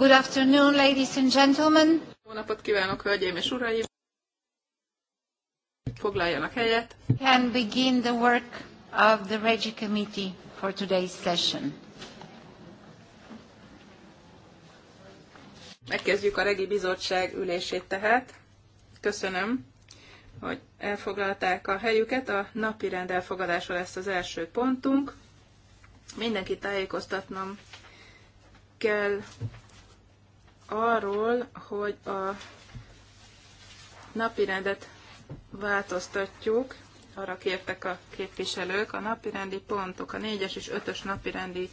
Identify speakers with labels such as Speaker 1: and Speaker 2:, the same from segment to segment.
Speaker 1: Good afternoon, ladies and gentlemen.
Speaker 2: Jó napot kívánok, hölgyeim és uraim! Foglaljanak helyet. Can begin the work of the Regi Committee for today's session. Megkezdjük a Regi Bizottság ülését tehát. Köszönöm, hogy elfoglalták a helyüket. A napi rend elfogadása lesz az első pontunk. Mindenki tájékoztatnom kell arról, hogy a napirendet változtatjuk, arra kértek a képviselők, a napirendi pontok, a 4-es és 5-ös napirendi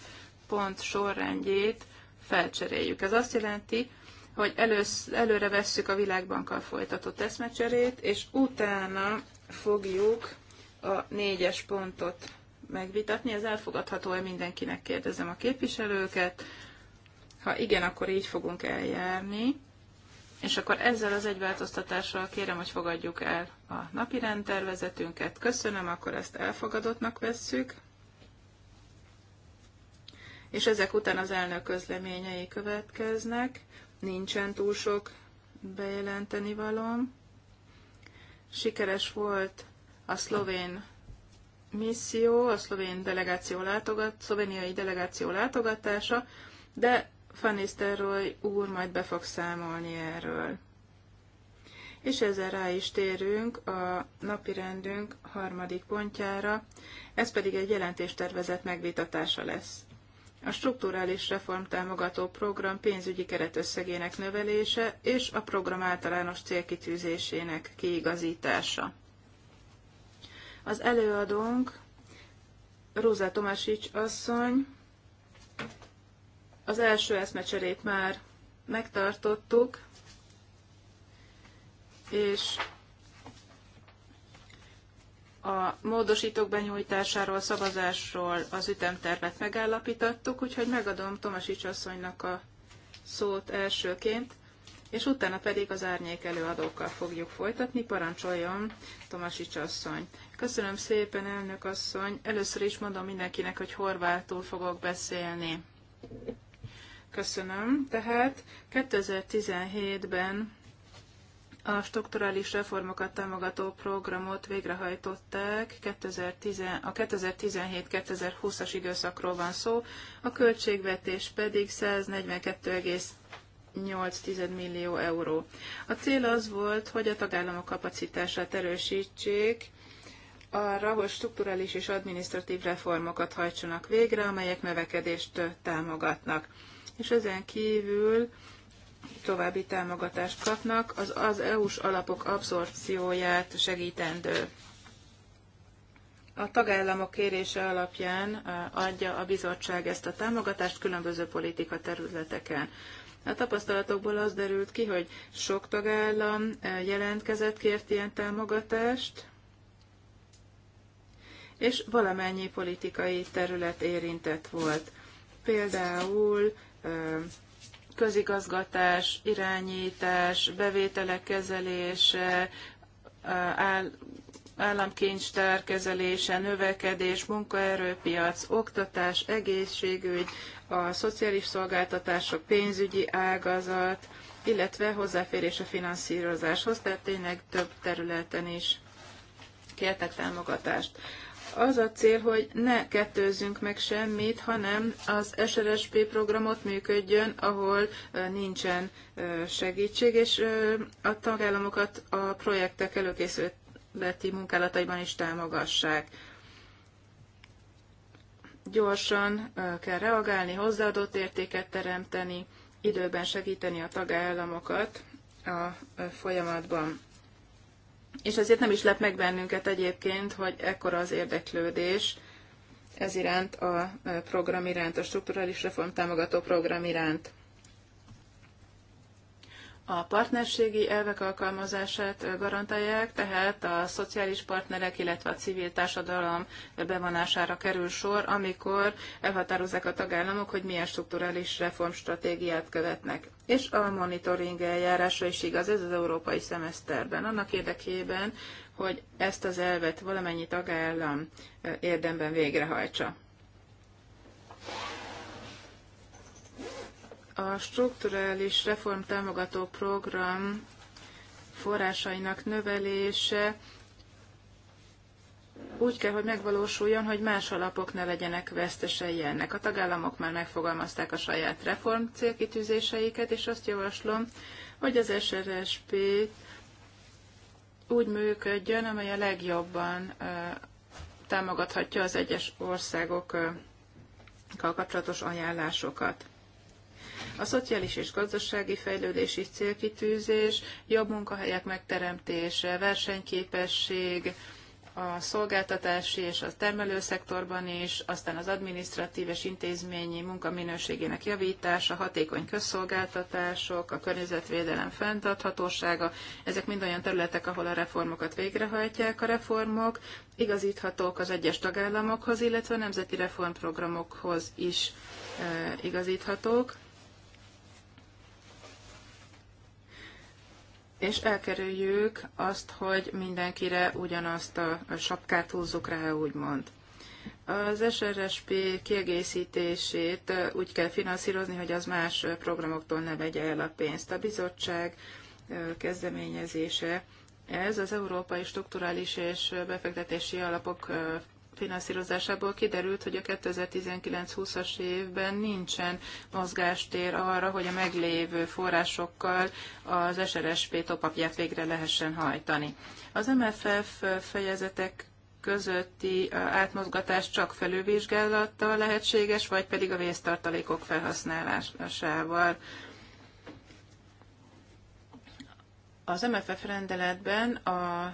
Speaker 2: pont sorrendjét felcseréljük. Ez azt jelenti, hogy elősz, előre vesszük a világbankkal folytatott eszmecserét, és utána fogjuk a négyes pontot megvitatni. Ez elfogadható-e mindenkinek? Kérdezem a képviselőket. Ha igen, akkor így fogunk eljárni. És akkor ezzel az egy változtatással kérem, hogy fogadjuk el a napi rendtervezetünket. Köszönöm, akkor ezt elfogadottnak vesszük. És ezek után az elnök közleményei következnek. Nincsen túl sok bejelenteni valom. Sikeres volt a szlovén misszió, a szlovén delegáció látogat, szlovéniai delegáció látogatása, de Fanisterroy úr majd be fog számolni erről. És ezzel rá is térünk a napi rendünk harmadik pontjára, ez pedig egy jelentéstervezet megvitatása lesz. A strukturális reform támogató program pénzügyi keretösszegének növelése és a program általános célkitűzésének kiigazítása. Az előadónk Róza Tomásics asszony, az első eszmecserét már megtartottuk, és a módosítók benyújtásáról, szavazásról az ütemtervet megállapítottuk, úgyhogy megadom Tomasics asszonynak a szót elsőként, és utána pedig az árnyék előadókkal fogjuk folytatni. Parancsoljon, Tomasics asszony! Köszönöm szépen, elnök asszony! Először is mondom mindenkinek, hogy horvátul fogok beszélni. Köszönöm. Tehát 2017-ben a strukturális reformokat támogató programot végrehajtották. 2010, a 2017-2020-as időszakról van szó, a költségvetés pedig 142,8 millió euró. A cél az volt, hogy a tagállamok kapacitását erősítsék, arra, hogy strukturális és adminisztratív reformokat hajtsanak végre, amelyek növekedést támogatnak és ezen kívül további támogatást kapnak az, az EU-s alapok abszorpcióját segítendő. A tagállamok kérése alapján adja a bizottság ezt a támogatást különböző politika területeken. A tapasztalatokból az derült ki, hogy sok tagállam jelentkezett, kért ilyen támogatást, és valamennyi politikai terület érintett volt. Például közigazgatás, irányítás, bevételek kezelése, államkincstár kezelése, növekedés, munkaerőpiac, oktatás, egészségügy, a szociális szolgáltatások, pénzügyi ágazat, illetve hozzáférés a finanszírozáshoz, tehát tényleg több területen is kértek támogatást az a cél, hogy ne kettőzzünk meg semmit, hanem az SRSP programot működjön, ahol nincsen segítség, és a tagállamokat a projektek előkészületi munkálataiban is támogassák. Gyorsan kell reagálni, hozzáadott értéket teremteni, időben segíteni a tagállamokat a folyamatban. És ezért nem is lep meg bennünket egyébként, hogy ekkora az érdeklődés ez iránt a program iránt, a strukturális reform támogató program iránt a partnerségi elvek alkalmazását garantálják, tehát a szociális partnerek, illetve a civil társadalom bevonására kerül sor, amikor elhatározzák a tagállamok, hogy milyen strukturális reformstratégiát követnek. És a monitoring eljárása is igaz ez az európai szemeszterben. Annak érdekében, hogy ezt az elvet valamennyi tagállam érdemben végrehajtsa. a strukturális reform támogató program forrásainak növelése úgy kell, hogy megvalósuljon, hogy más alapok ne legyenek vesztesei ennek. A tagállamok már megfogalmazták a saját reform célkitűzéseiket, és azt javaslom, hogy az SRSP úgy működjön, amely a legjobban támogathatja az egyes országokkal kapcsolatos ajánlásokat. A szociális és gazdasági fejlődési célkitűzés, jobb munkahelyek megteremtése, versenyképesség, a szolgáltatási és a termelőszektorban is, aztán az adminisztratív és intézményi munka minőségének javítása, hatékony közszolgáltatások, a környezetvédelem fenntarthatósága, ezek mind olyan területek, ahol a reformokat végrehajtják a reformok, igazíthatók az egyes tagállamokhoz, illetve a nemzeti reformprogramokhoz is e, igazíthatók és elkerüljük azt, hogy mindenkire ugyanazt a sapkát húzzuk rá, úgymond. Az SRSP kiegészítését uh, úgy kell finanszírozni, hogy az más uh, programoktól ne vegye el a pénzt. A bizottság uh, kezdeményezése ez az Európai Strukturális és Befektetési Alapok finanszírozásából kiderült, hogy a 2019-20-as évben nincsen mozgástér arra, hogy a meglévő forrásokkal az SRSP topapját végre lehessen hajtani. Az MFF fejezetek közötti átmozgatás csak felülvizsgálattal lehetséges, vagy pedig a vésztartalékok felhasználásával. Az MFF rendeletben a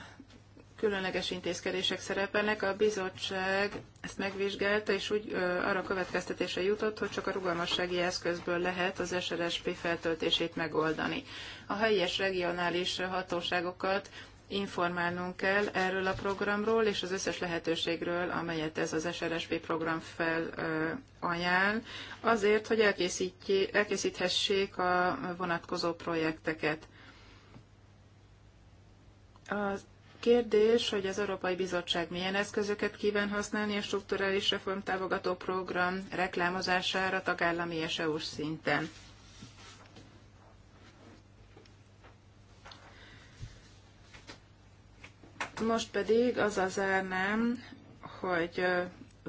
Speaker 2: különleges intézkedések szerepelnek. A bizottság ezt megvizsgálta, és úgy ö, arra következtetése jutott, hogy csak a rugalmassági eszközből lehet az SRSP feltöltését megoldani. A helyes regionális hatóságokat informálnunk kell erről a programról és az összes lehetőségről, amelyet ez az SRSP program felajánl, azért, hogy elkészíthessék a vonatkozó projekteket. Az Kérdés, hogy az Európai Bizottság milyen eszközöket kíván használni a strukturális Reformtávogató program reklámozására tagállami és EU-s szinten. Most pedig azzal zárnám, hogy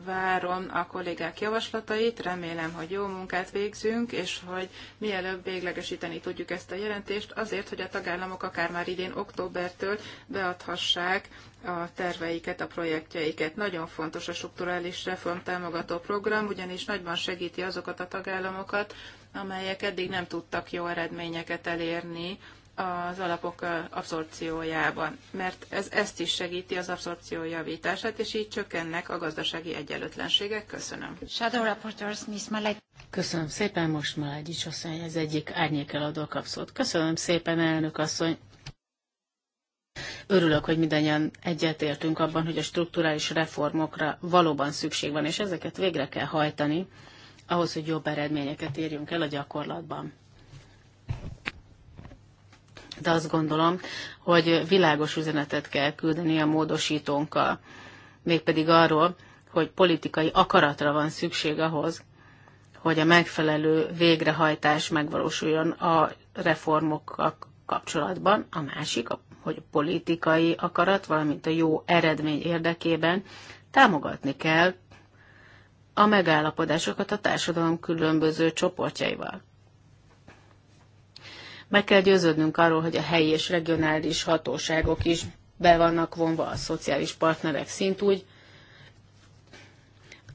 Speaker 2: várom a kollégák javaslatait, remélem, hogy jó munkát végzünk, és hogy mielőbb véglegesíteni tudjuk ezt a jelentést, azért, hogy a tagállamok akár már idén októbertől beadhassák a terveiket, a projektjeiket. Nagyon fontos a strukturális reform támogató program, ugyanis nagyban segíti azokat a tagállamokat, amelyek eddig nem tudtak jó eredményeket elérni az alapok abszorpciójában, mert ez ezt is segíti az abszorpció javítását, és így csökkennek a gazdasági egyenlőtlenségek. Köszönöm.
Speaker 3: Shadow Reporters Miss Malek. Köszönöm szépen, most Malagyics asszony, ez egyik árnyék eladó kapszót. Köszönöm szépen, elnök asszony. Örülök, hogy mindannyian egyetértünk abban, hogy a strukturális reformokra valóban szükség van, és ezeket végre kell hajtani, ahhoz, hogy jobb eredményeket érjünk el a gyakorlatban de azt gondolom, hogy világos üzenetet kell küldeni a módosítónkkal, mégpedig arról, hogy politikai akaratra van szükség ahhoz, hogy a megfelelő végrehajtás megvalósuljon a reformokkal kapcsolatban. A másik, hogy a politikai akarat, valamint a jó eredmény érdekében támogatni kell a megállapodásokat a társadalom különböző csoportjaival. Meg kell győződnünk arról, hogy a helyi és regionális hatóságok is be vannak vonva a szociális partnerek szintúgy,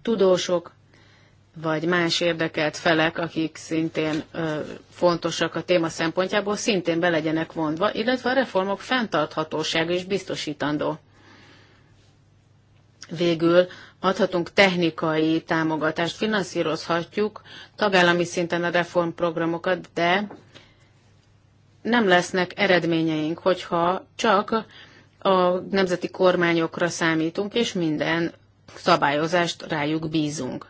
Speaker 3: tudósok, vagy más érdekelt felek, akik szintén ö, fontosak a téma szempontjából, szintén be legyenek vonva, illetve a reformok fenntarthatósága is biztosítandó. Végül adhatunk technikai támogatást, finanszírozhatjuk tagállami szinten a reformprogramokat, de nem lesznek eredményeink, hogyha csak a nemzeti kormányokra számítunk, és minden szabályozást rájuk bízunk.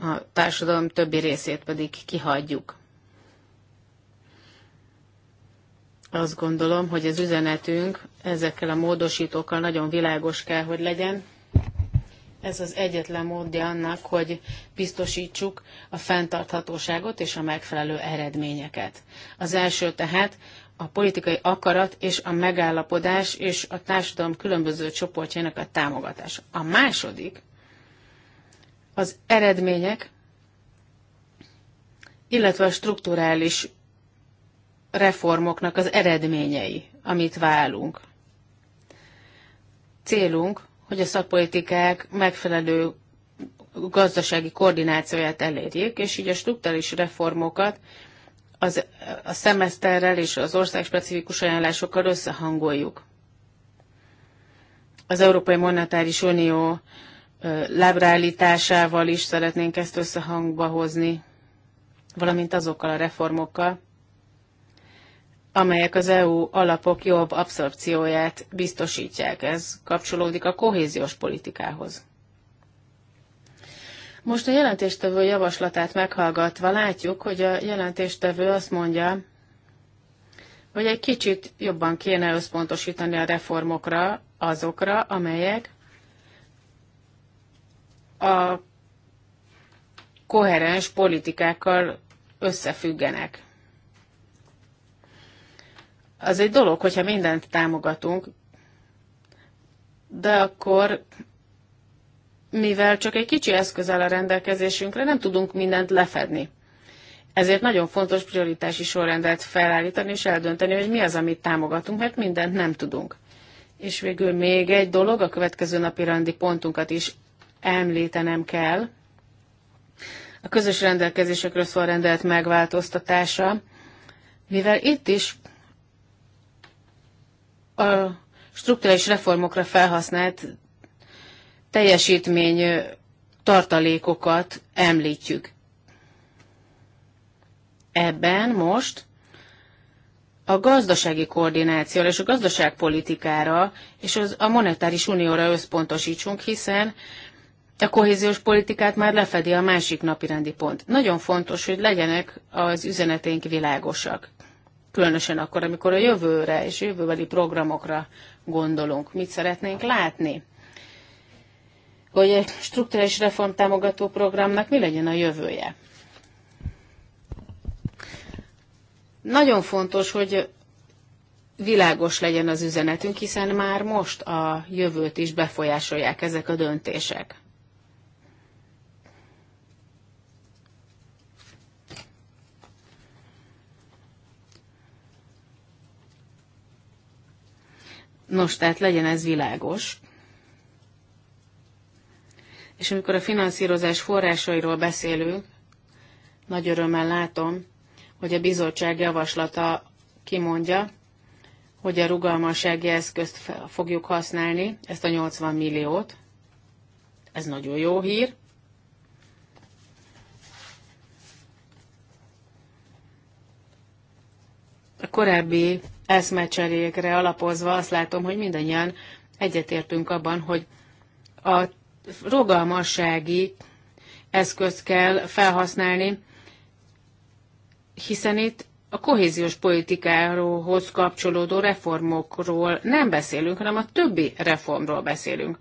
Speaker 3: A társadalom többi részét pedig kihagyjuk. Azt gondolom, hogy az üzenetünk ezekkel a módosítókkal nagyon világos kell, hogy legyen, ez az egyetlen módja annak, hogy biztosítsuk a fenntarthatóságot és a megfelelő eredményeket. Az első tehát a politikai akarat és a megállapodás és a társadalom különböző csoportjának a támogatása. A második az eredmények, illetve a strukturális reformoknak az eredményei, amit válunk. Célunk hogy a szakpolitikák megfelelő gazdasági koordinációját elérjék, és így a struktúrális reformokat az, a szemeszterrel és az országspecifikus ajánlásokkal összehangoljuk. Az Európai Monetáris Unió lábráállításával is szeretnénk ezt összehangba hozni, valamint azokkal a reformokkal, amelyek az EU alapok jobb abszorpcióját biztosítják. Ez kapcsolódik a kohéziós politikához. Most a jelentéstevő javaslatát meghallgatva látjuk, hogy a jelentéstevő azt mondja, hogy egy kicsit jobban kéne összpontosítani a reformokra, azokra, amelyek a koherens politikákkal összefüggenek az egy dolog, hogyha mindent támogatunk, de akkor mivel csak egy kicsi eszköz áll a rendelkezésünkre, nem tudunk mindent lefedni. Ezért nagyon fontos prioritási sorrendet felállítani és eldönteni, hogy mi az, amit támogatunk, mert mindent nem tudunk. És végül még egy dolog, a következő napi rendi pontunkat is említenem kell. A közös rendelkezésekről szól rendelt megváltoztatása, mivel itt is a strukturális reformokra felhasznált teljesítmény tartalékokat említjük. Ebben most a gazdasági koordinációra és a gazdaságpolitikára és az, a monetáris unióra összpontosítsunk, hiszen a kohéziós politikát már lefedi a másik napirendi pont. Nagyon fontos, hogy legyenek az üzeneténk világosak. Különösen akkor, amikor a jövőre és jövőbeli programokra gondolunk, mit szeretnénk látni. Hogy egy strukturális reformtámogató programnak mi legyen a jövője. Nagyon fontos, hogy világos legyen az üzenetünk, hiszen már most a jövőt is befolyásolják ezek a döntések. Nos, tehát legyen ez világos. És amikor a finanszírozás forrásairól beszélünk, nagy örömmel látom, hogy a bizottság javaslata kimondja, hogy a rugalmassági eszközt fogjuk használni, ezt a 80 milliót. Ez nagyon jó hír. A korábbi eszmecserékre alapozva azt látom, hogy mindannyian egyetértünk abban, hogy a rugalmassági eszközt kell felhasználni, hiszen itt a kohéziós politikához kapcsolódó reformokról nem beszélünk, hanem a többi reformról beszélünk.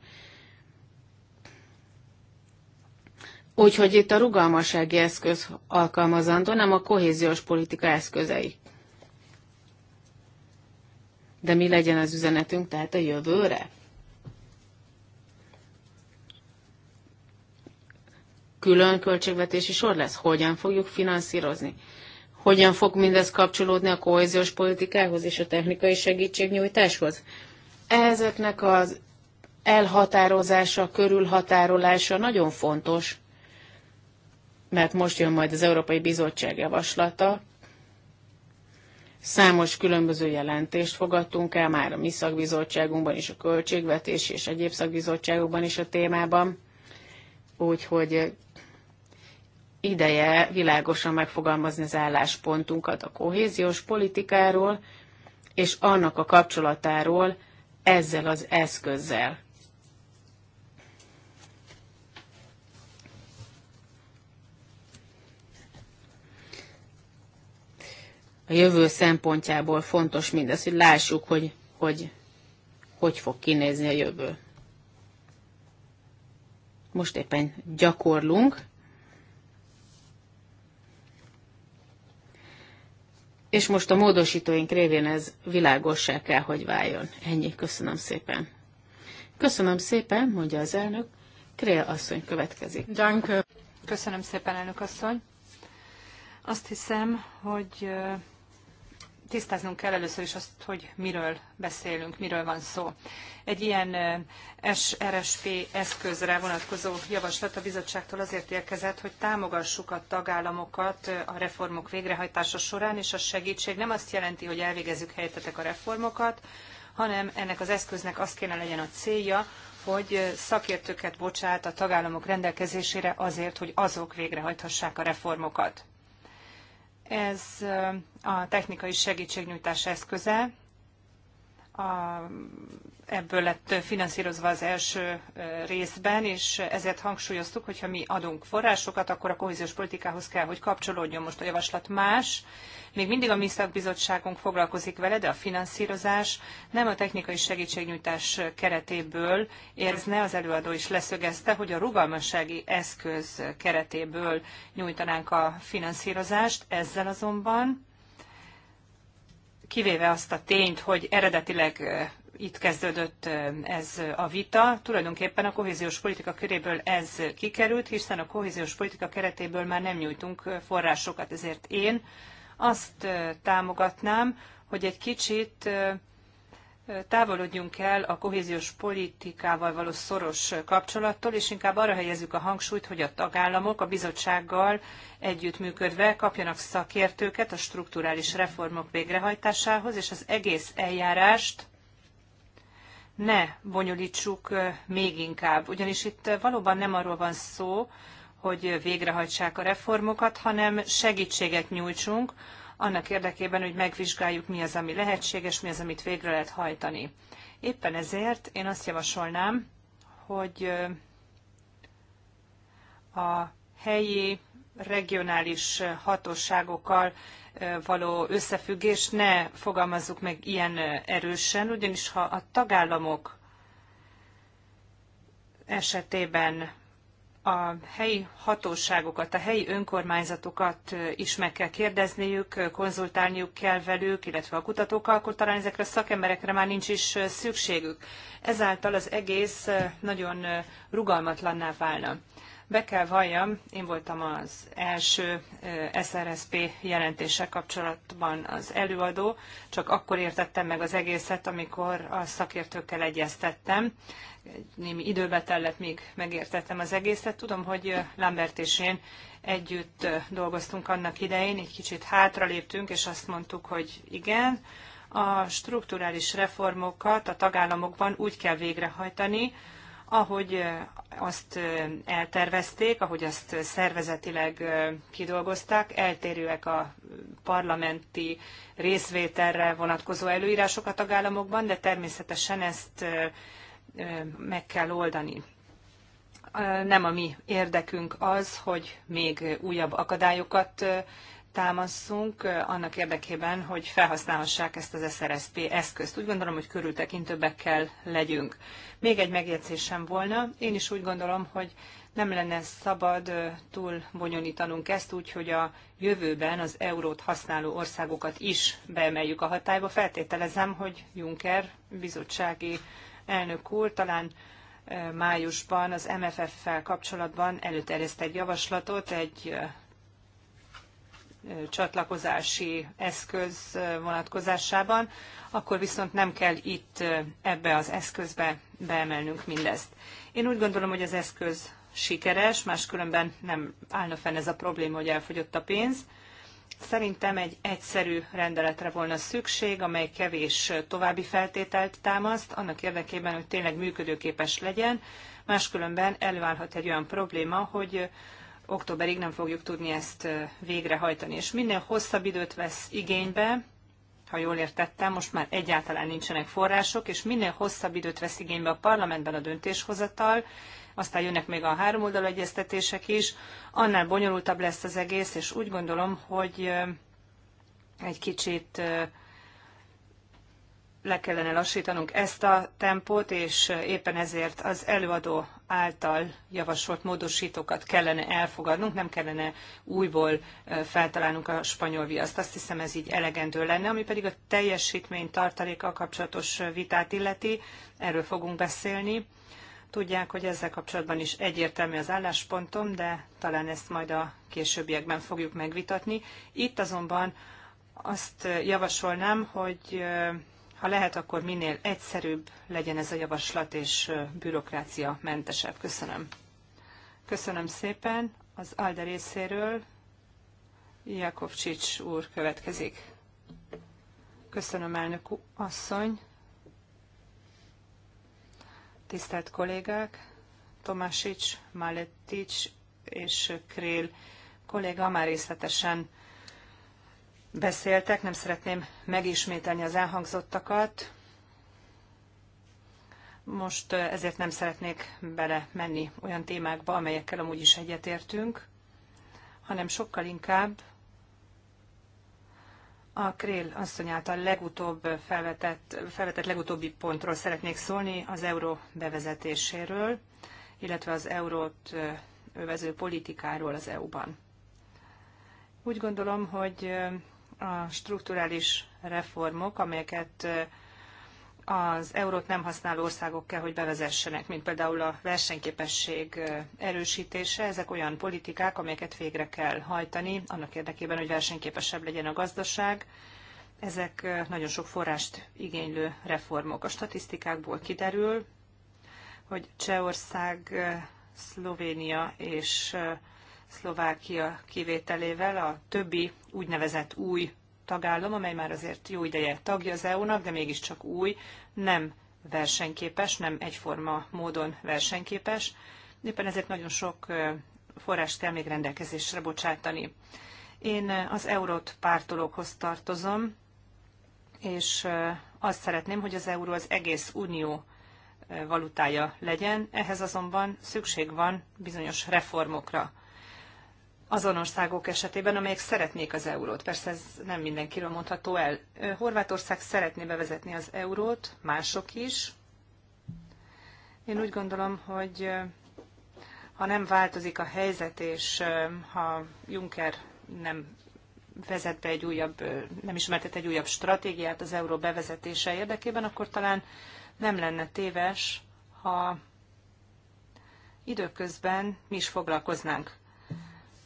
Speaker 3: Úgyhogy itt a rugalmassági eszköz alkalmazandó, nem a kohéziós politika eszközei. De mi legyen az üzenetünk tehát a jövőre? Külön költségvetési sor lesz? Hogyan fogjuk finanszírozni? Hogyan fog mindez kapcsolódni a kohéziós politikához és a technikai segítségnyújtáshoz? Ezeknek az elhatározása, körülhatárolása nagyon fontos, mert most jön majd az Európai Bizottság javaslata, Számos különböző jelentést fogadtunk el már a mi szakbizottságunkban is, a költségvetés és egyéb szakbizottságokban is a témában, úgyhogy ideje világosan megfogalmazni az álláspontunkat a kohéziós politikáról és annak a kapcsolatáról ezzel az eszközzel. a jövő szempontjából fontos mindez, hogy lássuk, hogy hogy, hogy fog kinézni a jövő. Most éppen gyakorlunk, és most a módosítóink révén ez világossá kell, hogy váljon. Ennyi, köszönöm szépen. Köszönöm szépen, mondja az elnök. Krél asszony következik. Danke. Köszönöm
Speaker 1: szépen, elnök asszony. Azt hiszem, hogy tisztáznunk kell először is azt, hogy miről beszélünk, miről van szó. Egy ilyen eh, SRSP eszközre vonatkozó javaslat a bizottságtól azért érkezett, hogy támogassuk a tagállamokat eh, a reformok végrehajtása során, és a segítség nem azt jelenti, hogy elvégezzük helyetetek a reformokat, hanem ennek az eszköznek az kéne legyen a célja, hogy eh, szakértőket bocsát a tagállamok rendelkezésére azért, hogy azok végrehajthassák a reformokat. Ez a technikai segítségnyújtás eszköze, a ebből lett finanszírozva az első részben, és ezért hangsúlyoztuk, hogy ha mi adunk forrásokat, akkor a kohéziós politikához kell, hogy kapcsolódjon most a javaslat más. Még mindig a mi szakbizottságunk foglalkozik vele, de a finanszírozás nem a technikai segítségnyújtás keretéből érzne, az előadó is leszögezte, hogy a rugalmassági eszköz keretéből nyújtanánk a finanszírozást, ezzel azonban kivéve azt a tényt, hogy eredetileg itt kezdődött ez a vita. Tulajdonképpen a kohéziós politika köréből ez kikerült, hiszen a kohéziós politika keretéből már nem nyújtunk forrásokat, ezért én azt támogatnám, hogy egy kicsit távolodjunk el a kohéziós politikával való szoros kapcsolattól, és inkább arra helyezzük a hangsúlyt, hogy a tagállamok a bizottsággal együttműködve kapjanak szakértőket a strukturális reformok végrehajtásához, és az egész eljárást ne bonyolítsuk még inkább. Ugyanis itt valóban nem arról van szó, hogy végrehajtsák a reformokat, hanem segítséget nyújtsunk annak érdekében, hogy megvizsgáljuk, mi az, ami lehetséges, mi az, amit végre lehet hajtani. Éppen ezért én azt javasolnám, hogy a helyi, regionális hatóságokkal való összefüggést ne fogalmazzuk meg ilyen erősen, ugyanis ha a tagállamok esetében a helyi hatóságokat, a helyi önkormányzatokat is meg kell kérdezniük, konzultálniuk kell velük, illetve a kutatókkal, akkor talán ezekre a szakemberekre már nincs is szükségük. Ezáltal az egész nagyon rugalmatlanná válna. Be kell valljam, én voltam az első SRSP jelentése kapcsolatban az előadó, csak akkor értettem meg az egészet, amikor a szakértőkkel egyeztettem. Némi időbe tellett, míg megértettem az egészet. Tudom, hogy Lambert és én együtt dolgoztunk annak idején, egy kicsit hátraléptünk, és azt mondtuk, hogy igen, a strukturális reformokat a tagállamokban úgy kell végrehajtani, ahogy azt eltervezték, ahogy azt szervezetileg kidolgozták, eltérőek a parlamenti részvételre vonatkozó előírások a tagállamokban, de természetesen ezt meg kell oldani. Nem a mi érdekünk az, hogy még újabb akadályokat támaszunk annak érdekében, hogy felhasználhassák ezt az SRSP eszközt. Úgy gondolom, hogy körültekintőbbekkel kell legyünk. Még egy megjegyzésem volna. Én is úgy gondolom, hogy nem lenne szabad túl bonyolítanunk ezt úgy, hogy a jövőben az eurót használó országokat is beemeljük a hatályba. Feltételezem, hogy Juncker bizottsági elnök úr talán májusban az MFF-fel kapcsolatban előterjeszt egy javaslatot, egy csatlakozási eszköz vonatkozásában, akkor viszont nem kell itt ebbe az eszközbe beemelnünk mindezt. Én úgy gondolom, hogy az eszköz sikeres, máskülönben nem állna fenn ez a probléma, hogy elfogyott a pénz. Szerintem egy egyszerű rendeletre volna szükség, amely kevés további feltételt támaszt, annak érdekében, hogy tényleg működőképes legyen. Máskülönben előállhat egy olyan probléma, hogy októberig nem fogjuk tudni ezt végrehajtani. És minél hosszabb időt vesz igénybe, ha jól értettem, most már egyáltalán nincsenek források, és minél hosszabb időt vesz igénybe a parlamentben a döntéshozatal, aztán jönnek még a háromoldalú egyeztetések is, annál bonyolultabb lesz az egész, és úgy gondolom, hogy egy kicsit le kellene lassítanunk ezt a tempót, és éppen ezért az előadó által javasolt módosítókat kellene elfogadnunk, nem kellene újból feltalálnunk a spanyol viaszt. Azt hiszem ez így elegendő lenne, ami pedig a teljesítmény tartalékkal kapcsolatos vitát illeti, erről fogunk beszélni. Tudják, hogy ezzel kapcsolatban is egyértelmű az álláspontom, de talán ezt majd a későbbiekben fogjuk megvitatni. Itt azonban azt javasolnám, hogy ha lehet, akkor minél egyszerűbb legyen ez a javaslat, és bürokrácia mentesebb. Köszönöm. Köszönöm szépen. Az ALDE részéről Jakovcsics úr következik. Köszönöm, elnök asszony. Tisztelt kollégák, Tomásics, Maletics és Krél kolléga már részletesen beszéltek, nem szeretném megismételni az elhangzottakat. Most ezért nem szeretnék bele menni olyan témákba, amelyekkel amúgy is egyetértünk, hanem sokkal inkább a Krél asszony által legutóbb felvetett, felvetett legutóbbi pontról szeretnék szólni, az euró bevezetéséről, illetve az eurót övező politikáról az EU-ban. Úgy gondolom, hogy a strukturális reformok, amelyeket az eurót nem használó országok kell, hogy bevezessenek, mint például a versenyképesség erősítése. Ezek olyan politikák, amelyeket végre kell hajtani, annak érdekében, hogy versenyképesebb legyen a gazdaság. Ezek nagyon sok forrást igénylő reformok. A statisztikákból kiderül, hogy Csehország, Szlovénia és Szlovákia kivételével a többi úgynevezett új tagállam, amely már azért jó ideje tagja az EU-nak, de mégiscsak új, nem versenyképes, nem egyforma módon versenyképes. Éppen ezért nagyon sok forrást kell még rendelkezésre bocsátani. Én az eurót pártolókhoz tartozom, és azt szeretném, hogy az euró az egész unió valutája legyen, ehhez azonban szükség van bizonyos reformokra azon országok esetében, amelyek szeretnék az eurót. Persze ez nem mindenkiről mondható el. Horvátország szeretné bevezetni az eurót, mások is. Én úgy gondolom, hogy ha nem változik a helyzet, és ha Juncker nem vezet be egy újabb, nem ismertet egy újabb stratégiát az euró bevezetése érdekében, akkor talán nem lenne téves, ha időközben mi is foglalkoznánk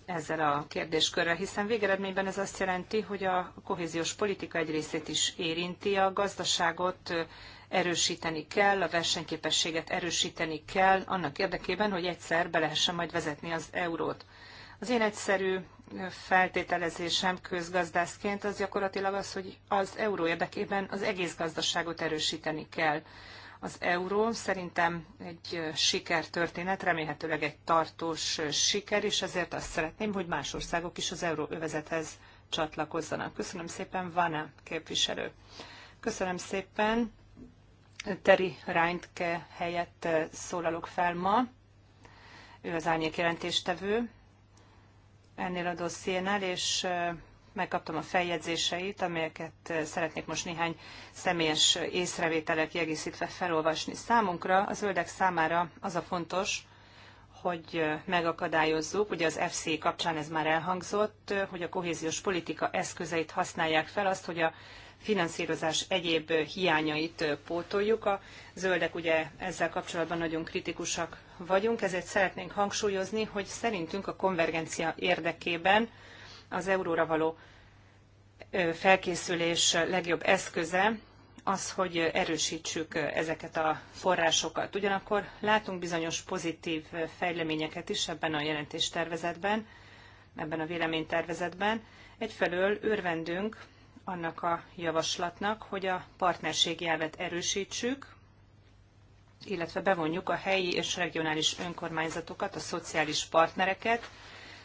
Speaker 1: ezzel a kérdéskörrel, hiszen végeredményben ez azt jelenti, hogy a kohéziós politika egy részét is érinti, a gazdaságot erősíteni kell, a versenyképességet erősíteni kell, annak érdekében, hogy egyszer be lehessen majd vezetni az eurót. Az én egyszerű feltételezésem közgazdászként az gyakorlatilag az, hogy az euró érdekében az egész gazdaságot erősíteni kell az euró. Szerintem egy sikertörténet, remélhetőleg egy tartós siker, és ezért azt szeretném, hogy más országok is az euróövezethez csatlakozzanak. Köszönöm szépen, Vana képviselő. Köszönöm szépen. Teri Reintke helyett szólalok fel ma. Ő az árnyék jelentéstevő ennél a dossziénál, és megkaptam a feljegyzéseit, amelyeket eh, szeretnék most néhány személyes észrevételek kiegészítve felolvasni. Számunkra, a zöldek számára az a fontos, hogy eh, megakadályozzuk, ugye az FC kapcsán ez már elhangzott, eh, hogy a kohéziós politika eszközeit használják fel, azt, hogy a finanszírozás egyéb hiányait pótoljuk. A zöldek ugye ezzel kapcsolatban nagyon kritikusak vagyunk, ezért szeretnénk hangsúlyozni, hogy szerintünk a konvergencia érdekében az euróra való felkészülés legjobb eszköze az, hogy erősítsük ezeket a forrásokat. Ugyanakkor látunk bizonyos pozitív fejleményeket is ebben a jelentéstervezetben, ebben a véleménytervezetben. Egyfelől örvendünk annak a javaslatnak, hogy a partnerségi elvet erősítsük, illetve bevonjuk a helyi és regionális önkormányzatokat, a szociális partnereket,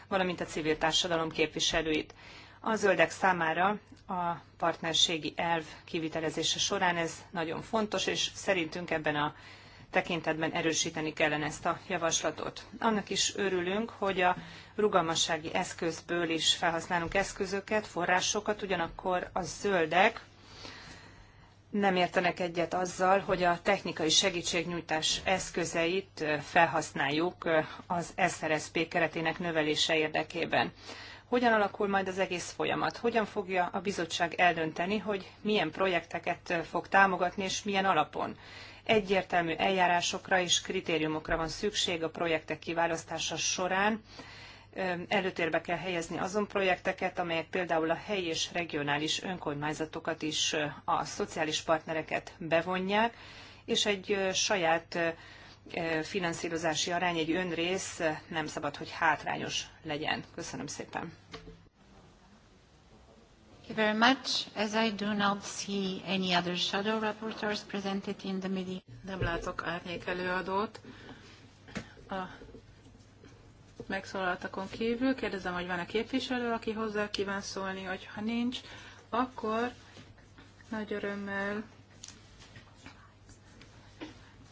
Speaker 1: valamint a civil társadalom képviselőit. A zöldek számára a partnerségi elv kivitelezése során ez nagyon fontos, és szerintünk ebben a tekintetben erősíteni kellene ezt a javaslatot. Annak is örülünk, hogy a rugalmassági eszközből is felhasználunk eszközöket, forrásokat, ugyanakkor a zöldek nem értenek egyet azzal, hogy a technikai segítségnyújtás eszközeit felhasználjuk az SRSP keretének növelése érdekében. Hogyan alakul majd az egész folyamat? Hogyan fogja a bizottság eldönteni, hogy milyen projekteket fog támogatni és milyen alapon? Egyértelmű eljárásokra és kritériumokra van szükség a projektek kiválasztása során, előtérbe kell helyezni azon projekteket, amelyek például a helyi és regionális önkormányzatokat is, a szociális partnereket bevonják, és egy saját finanszírozási arány, egy önrész nem szabad, hogy hátrányos legyen. Köszönöm szépen.
Speaker 2: Thank you very much. As I do not see any other shadow rapporteurs presented in the media, Nem látok árnyék előadót. A megszólaltakon kívül. Kérdezem, hogy van-e képviselő, aki hozzá kíván szólni, hogy ha nincs, akkor nagy örömmel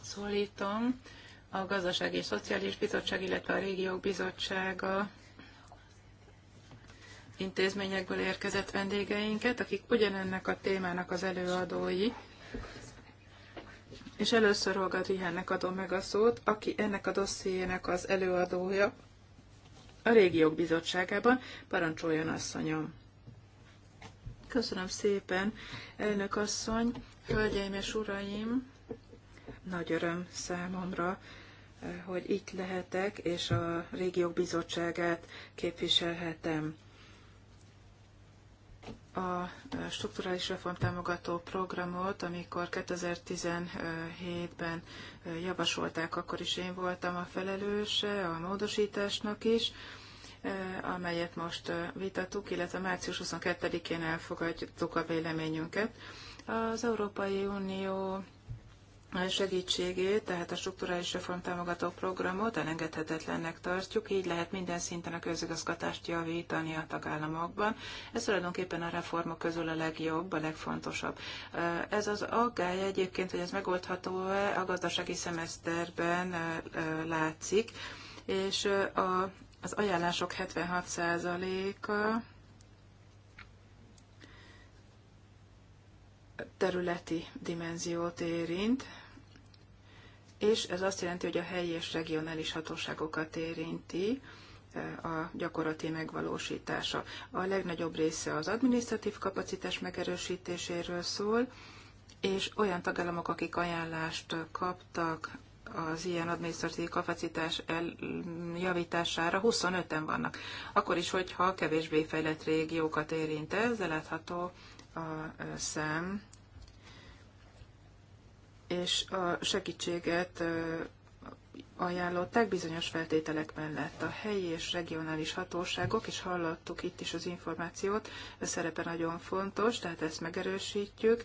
Speaker 2: szólítom a Gazdaság és Szociális Bizottság, illetve a Régiók Bizottsága intézményekből érkezett vendégeinket, akik ugyanennek a témának az előadói. És először Olga Rihennek adom meg a szót, aki ennek a dossziének az előadója, a régiók bizottságában. Parancsoljon asszonyom! Köszönöm szépen, elnök asszony, hölgyeim és uraim! Nagy öröm számomra, eh, hogy itt lehetek, és a régiók bizottságát képviselhetem a strukturális reform támogató programot, amikor 2017-ben javasolták, akkor is én voltam a felelőse a módosításnak is, amelyet most vitatuk, illetve március 22-én elfogadtuk a véleményünket. Az Európai Unió segítségét, tehát a strukturális reformtámogató programot elengedhetetlennek tartjuk, így lehet minden szinten a közigazgatást javítani a tagállamokban. Ez tulajdonképpen a reformok közül a legjobb, a legfontosabb. Ez az aggály egyébként, hogy ez megoldható-e, a gazdasági szemeszterben látszik, és a, az ajánlások 76%-a területi dimenziót érint, és ez azt jelenti, hogy a helyi és regionális hatóságokat érinti e, a gyakorlati megvalósítása. A legnagyobb része az adminisztratív kapacitás megerősítéséről szól, és olyan tagállamok, akik ajánlást kaptak az ilyen adminisztratív kapacitás javítására 25-en vannak. Akkor is, hogyha kevésbé fejlett régiókat érint ez, de látható a e, szám és a segítséget ajánlották bizonyos feltételek mellett. A helyi és regionális hatóságok, és hallottuk itt is az információt, a szerepe nagyon fontos, tehát ezt megerősítjük.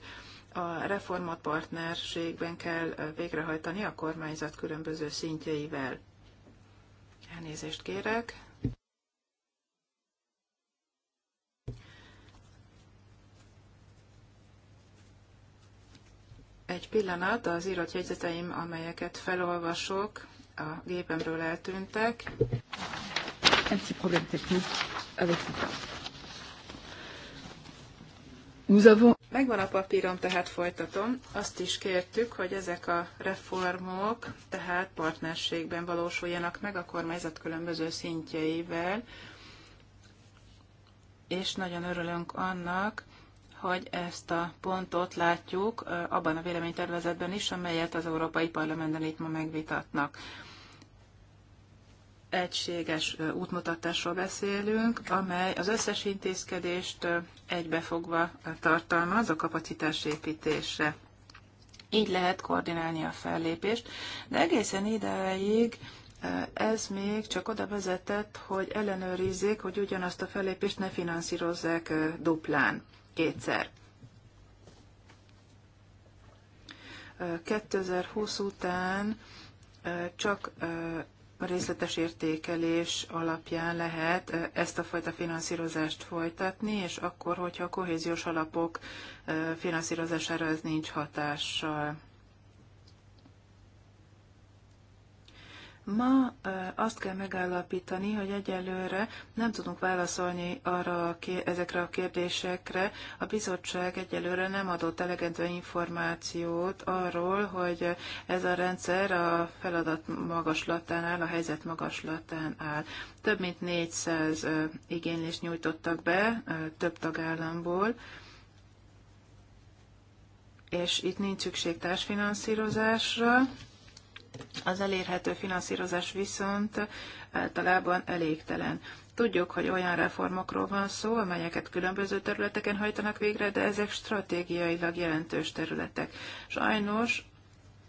Speaker 2: A reformapartnerségben kell végrehajtani a kormányzat különböző szintjeivel. Elnézést kérek. Egy pillanat, az írott jegyzeteim, amelyeket felolvasok, a gépemről eltűntek. Un
Speaker 3: petit problème technique avec Nous avons...
Speaker 2: Megvan a papírom, tehát folytatom. Azt is kértük, hogy ezek a reformok tehát partnerségben valósuljanak meg a kormányzat különböző szintjeivel, és nagyon örülünk annak, hogy ezt a pontot látjuk abban a véleménytervezetben is, amelyet az Európai Parlamentben itt ma megvitatnak. Egységes útmutatásról beszélünk, amely az összes intézkedést egybefogva tartalmaz a kapacitásépítésre. Így lehet koordinálni a fellépést, de egészen ideig ez még csak oda vezetett, hogy ellenőrizzék, hogy ugyanazt a fellépést ne finanszírozzák duplán kétszer. 2020 után csak részletes értékelés alapján lehet ezt a fajta finanszírozást folytatni, és akkor, hogyha a kohéziós alapok finanszírozására ez nincs hatással. Ma azt kell megállapítani, hogy egyelőre nem tudunk válaszolni arra a ezekre a kérdésekre. A bizottság egyelőre nem adott elegendő információt arról, hogy ez a rendszer a feladat magaslatán áll, a helyzet magaslatán áll. Több mint 400 igénylést nyújtottak be több tagállamból és itt nincs szükség társfinanszírozásra, az elérhető finanszírozás viszont általában elégtelen. Tudjuk, hogy olyan reformokról van szó, amelyeket különböző területeken hajtanak végre, de ezek stratégiailag jelentős területek. Sajnos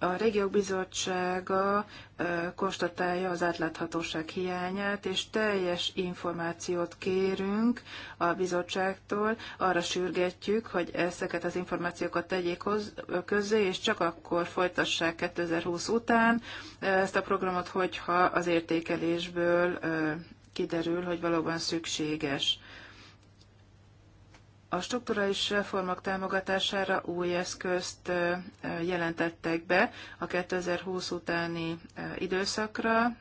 Speaker 2: a régiók bizottsága konstatálja az átláthatóság hiányát, és teljes információt kérünk a bizottságtól, arra sürgetjük, hogy ezeket az információkat tegyék hoz, közzé, és csak akkor folytassák 2020 után ezt a programot, hogyha az értékelésből kiderül, hogy valóban szükséges. A strukturális reformok támogatására új eszközt jelentettek be a 2020 utáni időszakra.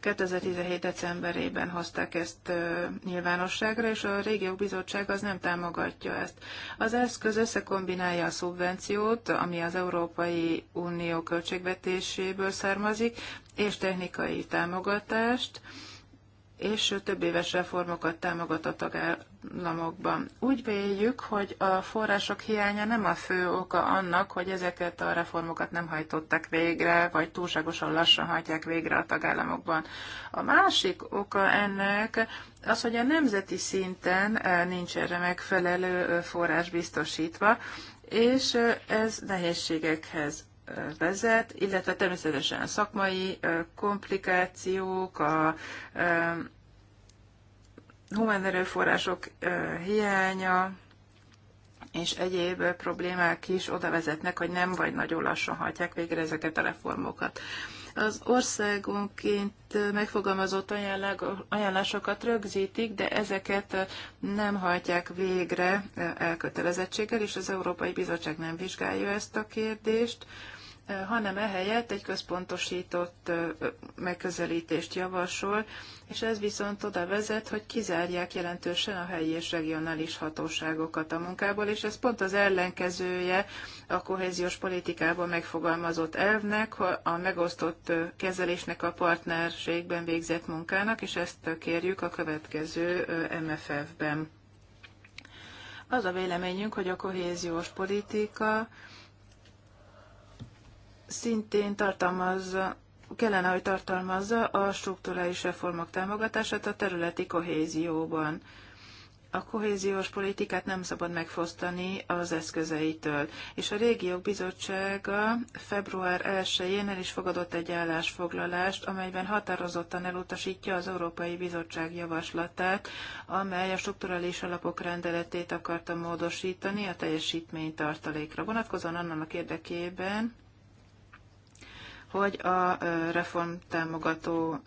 Speaker 2: 2017. decemberében hozták ezt nyilvánosságra, és a régiók bizottság az nem támogatja ezt. Az eszköz összekombinálja a szubvenciót, ami az Európai Unió költségvetéséből származik, és technikai támogatást és több éves reformokat támogat a tagállamokban. Úgy véljük, hogy a források hiánya nem a fő oka annak, hogy ezeket a reformokat nem hajtották végre, vagy túlságosan lassan hajtják végre a tagállamokban. A másik oka ennek az, hogy a nemzeti szinten eh, nincs erre megfelelő eh, forrás biztosítva, és eh, ez nehézségekhez vezet, illetve természetesen a szakmai komplikációk, a humán erőforrások hiánya, és egyéb problémák is oda vezetnek, hogy nem vagy nagyon lassan hajtják végre ezeket a reformokat. Az országonként megfogalmazott ajánlásokat rögzítik, de ezeket nem hajtják végre elkötelezettséggel, és az Európai Bizottság nem vizsgálja ezt a kérdést hanem ehelyett egy központosított megközelítést javasol, és ez viszont oda vezet, hogy kizárják jelentősen a helyi és regionális hatóságokat a munkából, és ez pont az ellenkezője a kohéziós politikában megfogalmazott elvnek, a megosztott kezelésnek a partnerségben végzett munkának, és ezt kérjük a következő MFF-ben. Az a véleményünk, hogy a kohéziós politika szintén tartalmazza, kellene, hogy tartalmazza a strukturális reformok támogatását a területi kohézióban. A kohéziós politikát nem szabad megfosztani az eszközeitől, és a régiók bizottsága február 1-én el is fogadott egy állásfoglalást, amelyben határozottan elutasítja az Európai Bizottság javaslatát, amely a strukturális alapok rendeletét akarta módosítani a teljesítménytartalékra vonatkozóan annak érdekében, hogy a reform támogató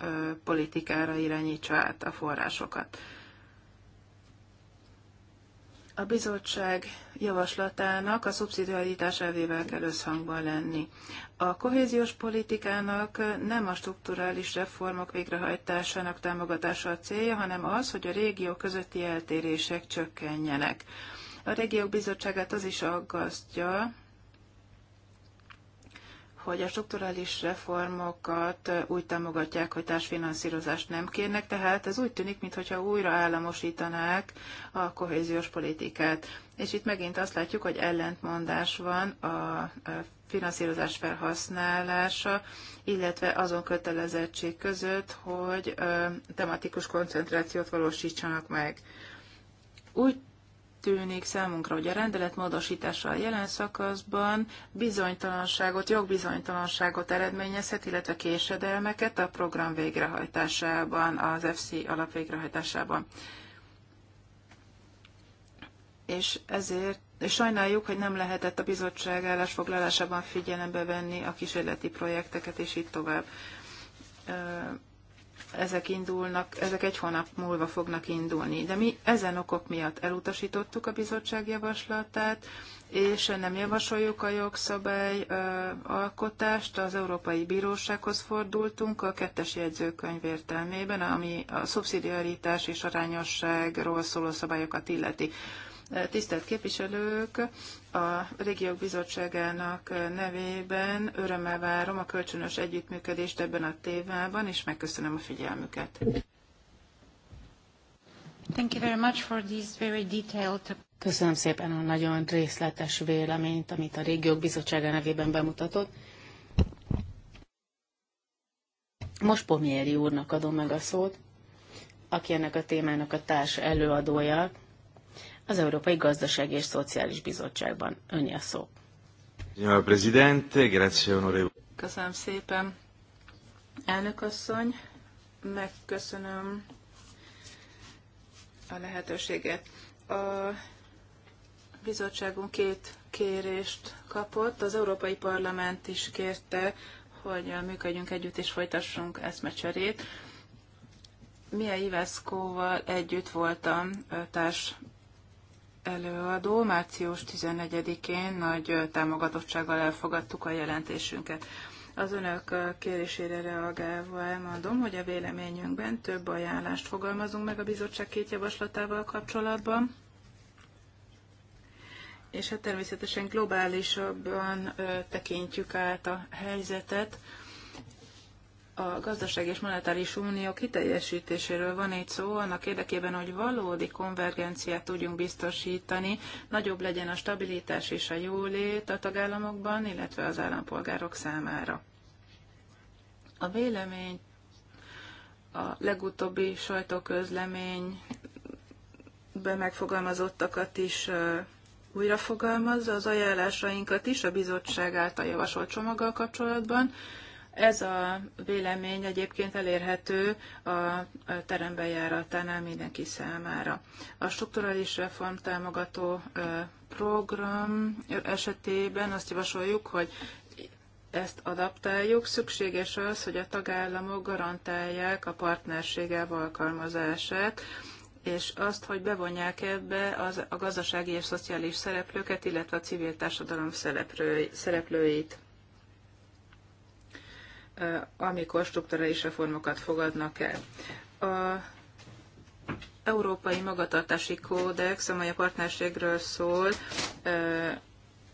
Speaker 2: politikára irányítsa át a forrásokat. A bizottság javaslatának a szubszidiaritás elvével kell összhangban lenni. A kohéziós politikának nem a strukturális reformok végrehajtásának támogatása a célja, hanem az, hogy a régió közötti eltérések csökkenjenek. A régiók bizottságát az is aggasztja, hogy a strukturális reformokat úgy támogatják, hogy társfinanszírozást nem kérnek, tehát ez úgy tűnik, mintha újra államosítanák a kohéziós politikát. És itt megint azt látjuk, hogy ellentmondás van a finanszírozás felhasználása, illetve azon kötelezettség között, hogy tematikus koncentrációt valósítsanak meg. Úgy tűnik számunkra, hogy a rendelet módosítása a jelen szakaszban bizonytalanságot, jogbizonytalanságot eredményezhet, illetve késedelmeket a program végrehajtásában, az FC alapvégrehajtásában. És ezért és sajnáljuk, hogy nem lehetett a bizottság állásfoglalásában figyelembe venni a kísérleti projekteket, és így tovább ezek indulnak, ezek egy hónap múlva fognak indulni. De mi ezen okok miatt elutasítottuk a bizottság javaslatát, és nem javasoljuk a jogszabály alkotást, az Európai Bírósághoz fordultunk a kettes jegyzőkönyv értelmében, ami a szubszidiaritás és arányosságról szóló szabályokat illeti. Tisztelt képviselők, a Régiók Bizottságának nevében örömmel várom a kölcsönös együttműködést ebben a témában, és megköszönöm a figyelmüket.
Speaker 3: Thank you very much for this very detailed... Köszönöm szépen a nagyon részletes véleményt, amit a Régiók Bizottsága nevében bemutatott. Most Pomieri úrnak adom meg a szót, aki ennek a témának a társ előadója, az Európai Gazdasági és Szociális Bizottságban. Önje szó. Köszönöm szépen. elnökasszony. megköszönöm
Speaker 2: a lehetőséget. A bizottságunk két kérést kapott. Az Európai Parlament is kérte, hogy működjünk együtt és folytassunk eszmecserét. Mia Iveszkóval együtt voltam társ előadó. Március 14-én nagy támogatottsággal elfogadtuk a jelentésünket. Az önök kérésére reagálva elmondom, hogy a véleményünkben több ajánlást fogalmazunk meg a bizottság két javaslatával kapcsolatban és hát természetesen globálisabban ö, tekintjük át a helyzetet, a gazdaság és monetáris unió kiteljesítéséről van egy szó, annak érdekében, hogy valódi konvergenciát tudjunk biztosítani, nagyobb legyen a stabilitás és a jólét a tagállamokban, illetve az állampolgárok számára. A vélemény a legutóbbi sajtóközleményben megfogalmazottakat is újrafogalmazza, az ajánlásainkat is a bizottság által javasolt csomaggal kapcsolatban, ez a vélemény egyébként elérhető a terem járatánál mindenki számára. A strukturális reform támogató program esetében azt javasoljuk, hogy ezt adaptáljuk, szükséges az, hogy a tagállamok garantálják a partnerségel alkalmazását, és azt, hogy bevonják ebbe az, a gazdasági és szociális szereplőket, illetve a civil társadalom szereplőit amikor strukturális reformokat fogadnak el. A Európai Magatartási Kódex, amely a partnerségről szól,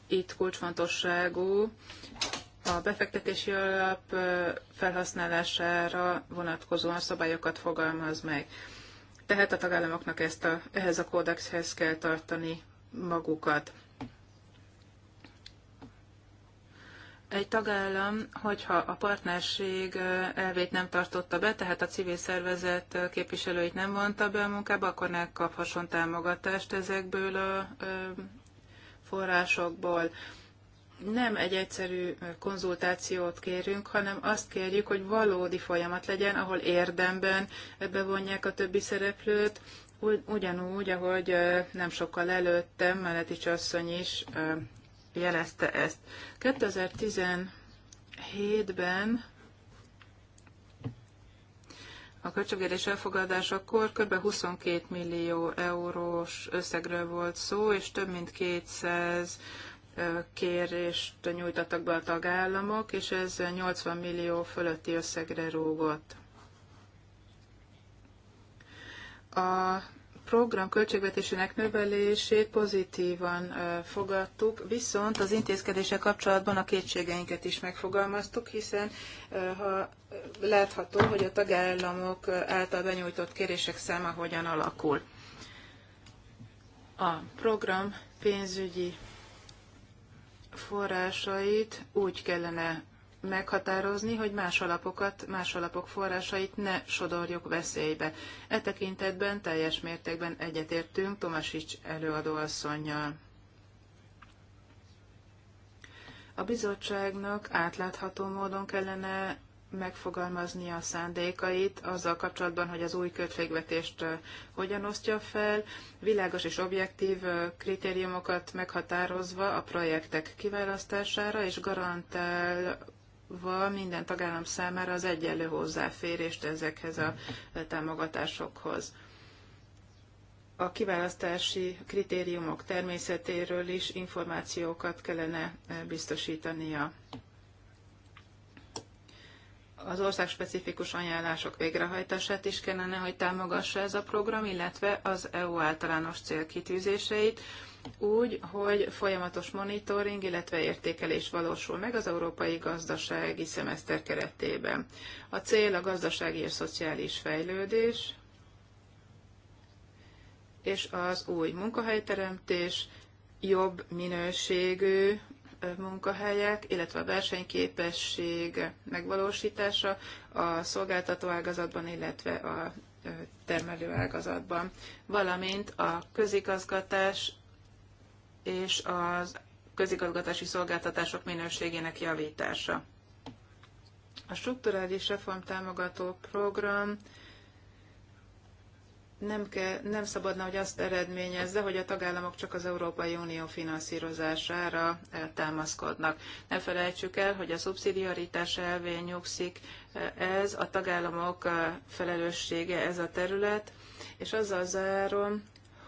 Speaker 2: itt kulcsfontosságú, a befektetési alap felhasználására vonatkozóan szabályokat fogalmaz meg. Tehát a tagállamoknak ezt a, ehhez a kódexhez kell tartani magukat. egy tagállam, hogyha a partnerség elvét nem tartotta be, tehát a civil szervezet képviselőit nem vonta be a munkába, akkor ne kaphasson támogatást ezekből a forrásokból. Nem egy egyszerű konzultációt kérünk, hanem azt kérjük, hogy valódi folyamat legyen, ahol érdemben bevonják a többi szereplőt, ugyanúgy, ahogy nem sokkal előttem Meletics asszony is jelezte ezt. 2017-ben a költségvetés elfogadásakor kb. 22 millió eurós összegről volt szó, és több mint 200 kérést nyújtottak be a tagállamok, és ez 80 millió fölötti összegre rúgott. A program költségvetésének növelését pozitívan fogadtuk, viszont az intézkedése kapcsolatban a kétségeinket is megfogalmaztuk, hiszen ha látható, hogy a tagállamok által benyújtott kérések száma hogyan alakul. A program pénzügyi forrásait úgy kellene meghatározni, hogy más alapokat, más alapok forrásait ne sodorjuk veszélybe. E tekintetben teljes mértékben egyetértünk Tomasics előadóasszonynal. A bizottságnak átlátható módon kellene megfogalmaznia a szándékait azzal kapcsolatban, hogy az új költségvetést hogyan osztja fel, világos és objektív kritériumokat meghatározva a projektek kiválasztására, és garantál val minden tagállam számára az egyenlő hozzáférést ezekhez a e, támogatásokhoz. A kiválasztási kritériumok természetéről is információkat kellene e, biztosítania. Az országspecifikus ajánlások végrehajtását is kellene, hogy támogassa ez a program, illetve az EU általános célkitűzéseit, úgy, hogy folyamatos monitoring, illetve értékelés valósul meg az európai gazdasági szemeszter keretében. A cél a gazdasági és szociális fejlődés, és az új munkahelyteremtés, jobb minőségű munkahelyek, illetve a versenyképesség megvalósítása a szolgáltató ágazatban, illetve a termelő ágazatban, valamint a közigazgatás és az közigazgatási szolgáltatások minőségének javítása. A strukturális támogató program nem, ke, nem szabadna, hogy azt eredményezze, hogy a tagállamok csak az Európai Unió finanszírozására eh, támaszkodnak. Ne felejtsük el, hogy a szubszidiaritás elvén nyugszik eh, ez, a tagállamok eh, felelőssége ez a terület, és azzal zárom,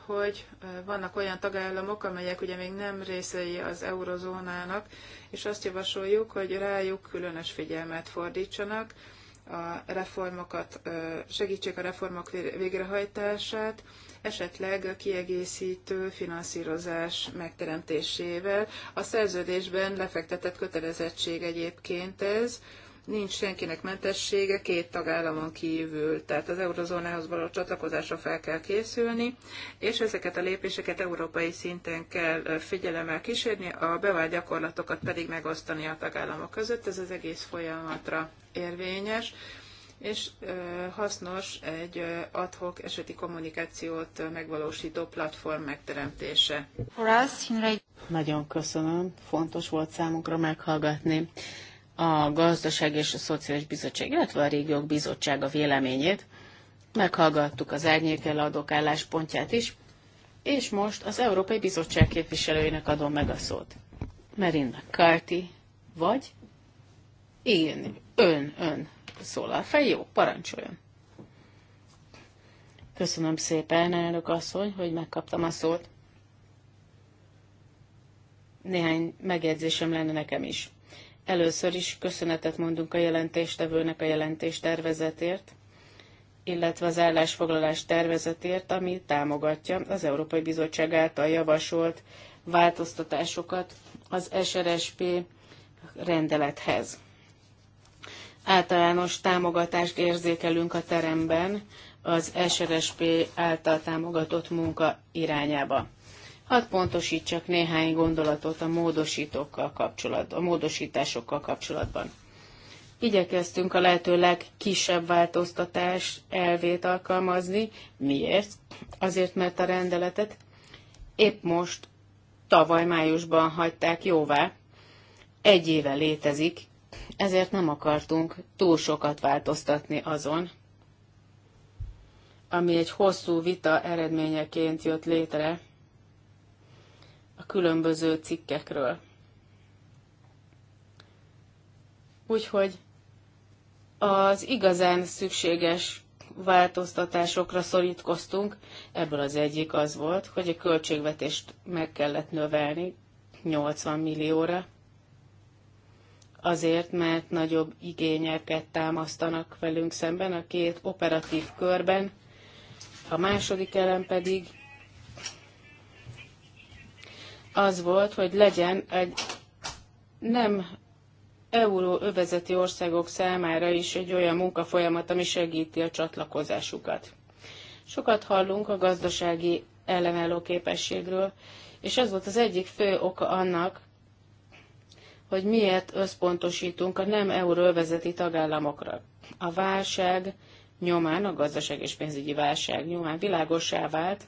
Speaker 2: hogy vannak olyan tagállamok, amelyek ugye még nem részei az eurozónának, és azt javasoljuk, hogy rájuk különös figyelmet fordítsanak, a reformokat, segítsék a reformok végrehajtását, esetleg a kiegészítő finanszírozás megteremtésével. A szerződésben lefektetett kötelezettség egyébként ez, nincs senkinek mentessége két tagállamon kívül, tehát az eurozónához való csatlakozásra fel kell készülni, és ezeket a lépéseket európai szinten kell figyelemmel kísérni, a bevált gyakorlatokat pedig megosztani a tagállamok között, ez az egész folyamatra érvényes és hasznos egy adhok eseti kommunikációt megvalósító platform megteremtése.
Speaker 3: Nagyon köszönöm, fontos volt számunkra meghallgatni a Gazdaság és a Szociális Bizottság, illetve a Régiók Bizottsága véleményét. Meghallgattuk az árnyék eladók álláspontját is, és most az Európai Bizottság képviselőinek adom meg a szót. Merinda Carty, vagy én, ön, ön szól a fej, jó, parancsoljon. Köszönöm szépen, elnök asszony, hogy megkaptam a szót. Néhány megjegyzésem lenne nekem is. Először is köszönetet mondunk a jelentéstevőnek a jelentés tervezetért, illetve az állásfoglalás tervezetért, ami támogatja az Európai Bizottság által javasolt változtatásokat az SRSP rendelethez. Általános támogatást érzékelünk a teremben az SRSP által támogatott munka irányába. Hadd pontosítsak néhány gondolatot a módosítókkal kapcsolatban, a módosításokkal kapcsolatban. Igyekeztünk a lehető legkisebb változtatás elvét alkalmazni. Miért? Azért, mert a rendeletet épp most, tavaly májusban hagyták jóvá. Egy éve létezik, ezért nem akartunk túl sokat változtatni azon, ami egy hosszú vita eredményeként jött létre, különböző cikkekről. Úgyhogy az igazán szükséges változtatásokra szorítkoztunk. Ebből az egyik az volt, hogy a költségvetést meg kellett növelni 80 millióra, azért, mert nagyobb igényeket támasztanak velünk szemben a két operatív körben. A második elem pedig az volt, hogy legyen egy nem euró övezeti országok számára is egy olyan munkafolyamat, ami segíti a csatlakozásukat. Sokat hallunk a gazdasági ellenálló képességről, és ez volt az egyik fő oka annak, hogy miért összpontosítunk a nem euróövezeti tagállamokra. A válság nyomán, a gazdaság és pénzügyi válság nyomán világosá vált,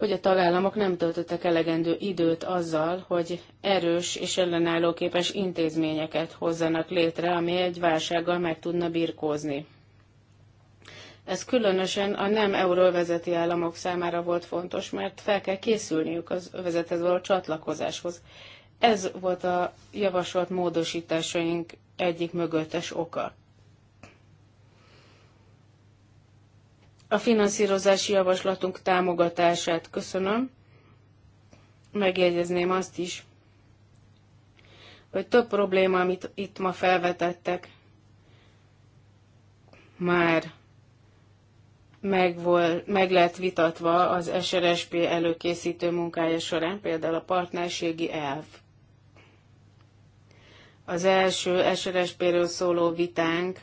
Speaker 3: hogy a tagállamok nem töltöttek elegendő időt azzal, hogy erős és ellenállóképes intézményeket hozzanak létre, ami egy válsággal meg tudna birkózni. Ez különösen a nem euróvezeti államok számára volt fontos, mert fel kell készülniük az övezethez való csatlakozáshoz. Ez volt a javasolt módosításaink egyik mögöttes oka. A finanszírozási javaslatunk támogatását köszönöm. Megjegyezném azt is, hogy több probléma, amit itt ma felvetettek, már meg, volt, meg lett vitatva az SRSP előkészítő munkája során, például a partnerségi elv. Az első SRSP-ről szóló vitánk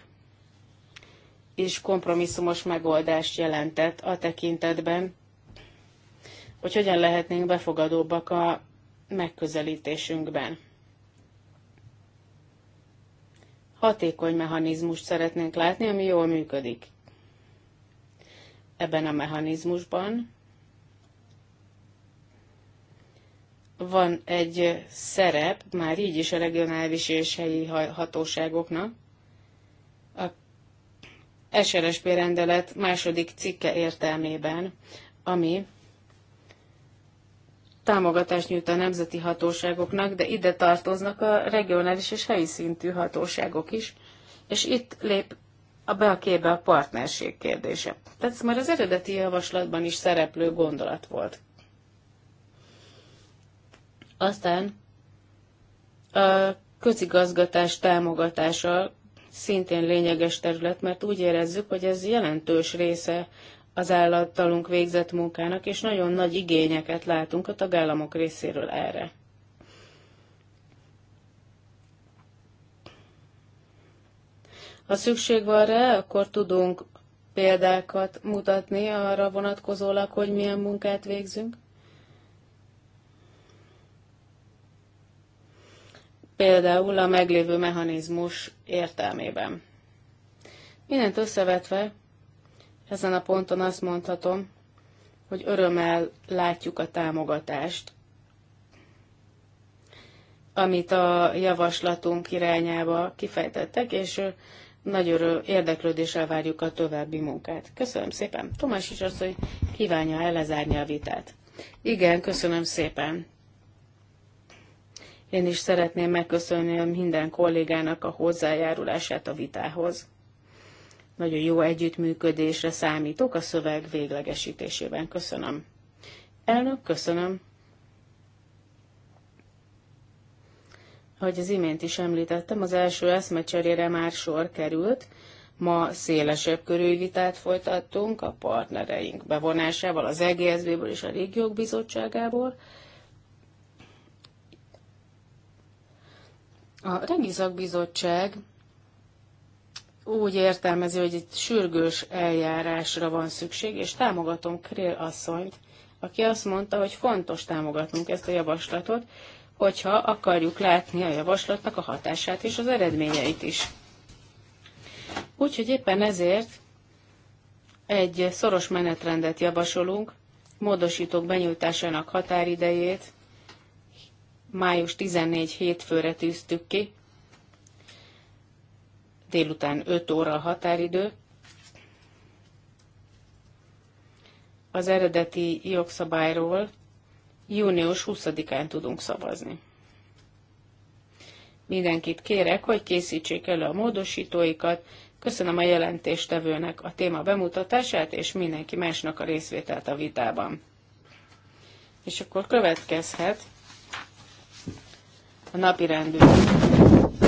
Speaker 3: is kompromisszumos megoldást jelentett a tekintetben, hogy hogyan lehetnénk befogadóbbak a megközelítésünkben. Hatékony mechanizmust szeretnénk látni, ami jól működik. Ebben a mechanizmusban van egy szerep, már így is a regionális és helyi hatóságoknak, SLSP rendelet második cikke értelmében, ami támogatást nyújt a nemzeti hatóságoknak, de ide tartoznak a regionális és helyi szintű hatóságok is, és itt lép a be a képbe a partnerség kérdése. Tehát ez már az eredeti javaslatban is szereplő gondolat volt. Aztán a közigazgatás támogatása szintén lényeges terület, mert úgy érezzük, hogy ez jelentős része az állattalunk végzett munkának, és nagyon nagy igényeket látunk a tagállamok részéről erre. Ha szükség van rá, akkor tudunk példákat mutatni arra vonatkozólag, hogy milyen munkát végzünk. például a meglévő mechanizmus értelmében. Mindent összevetve, ezen a ponton azt mondhatom, hogy örömmel látjuk a támogatást, amit a javaslatunk irányába kifejtettek, és nagy öröm, érdeklődéssel várjuk a további munkát. Köszönöm szépen. Tomás is azt, hogy kívánja elezárni a vitát. Igen, köszönöm szépen. Én is szeretném megköszönni minden kollégának a hozzájárulását a vitához. Nagyon jó együttműködésre számítok a szöveg véglegesítésében. Köszönöm. Elnök, köszönöm. Ahogy az imént is említettem, az első eszmecserére már sor került. Ma szélesebb körű vitát folytattunk a partnereink bevonásával, az EGSZB-ből és a Régiók Bizottságából A Regi Szakbizottság úgy értelmezi, hogy egy sürgős eljárásra van szükség, és támogatom Krél asszonyt, aki azt mondta, hogy fontos támogatnunk ezt a javaslatot, hogyha akarjuk látni a javaslatnak a hatását és az eredményeit is. Úgyhogy éppen ezért egy szoros menetrendet javasolunk, módosítók benyújtásának határidejét május 14 hétfőre tűztük ki, délután 5 óra a határidő. Az eredeti jogszabályról június 20-án tudunk szavazni. Mindenkit kérek, hogy készítsék elő a módosítóikat. Köszönöm a jelentéstevőnek a téma bemutatását, és mindenki másnak a részvételt a vitában. És akkor következhet napi rendünk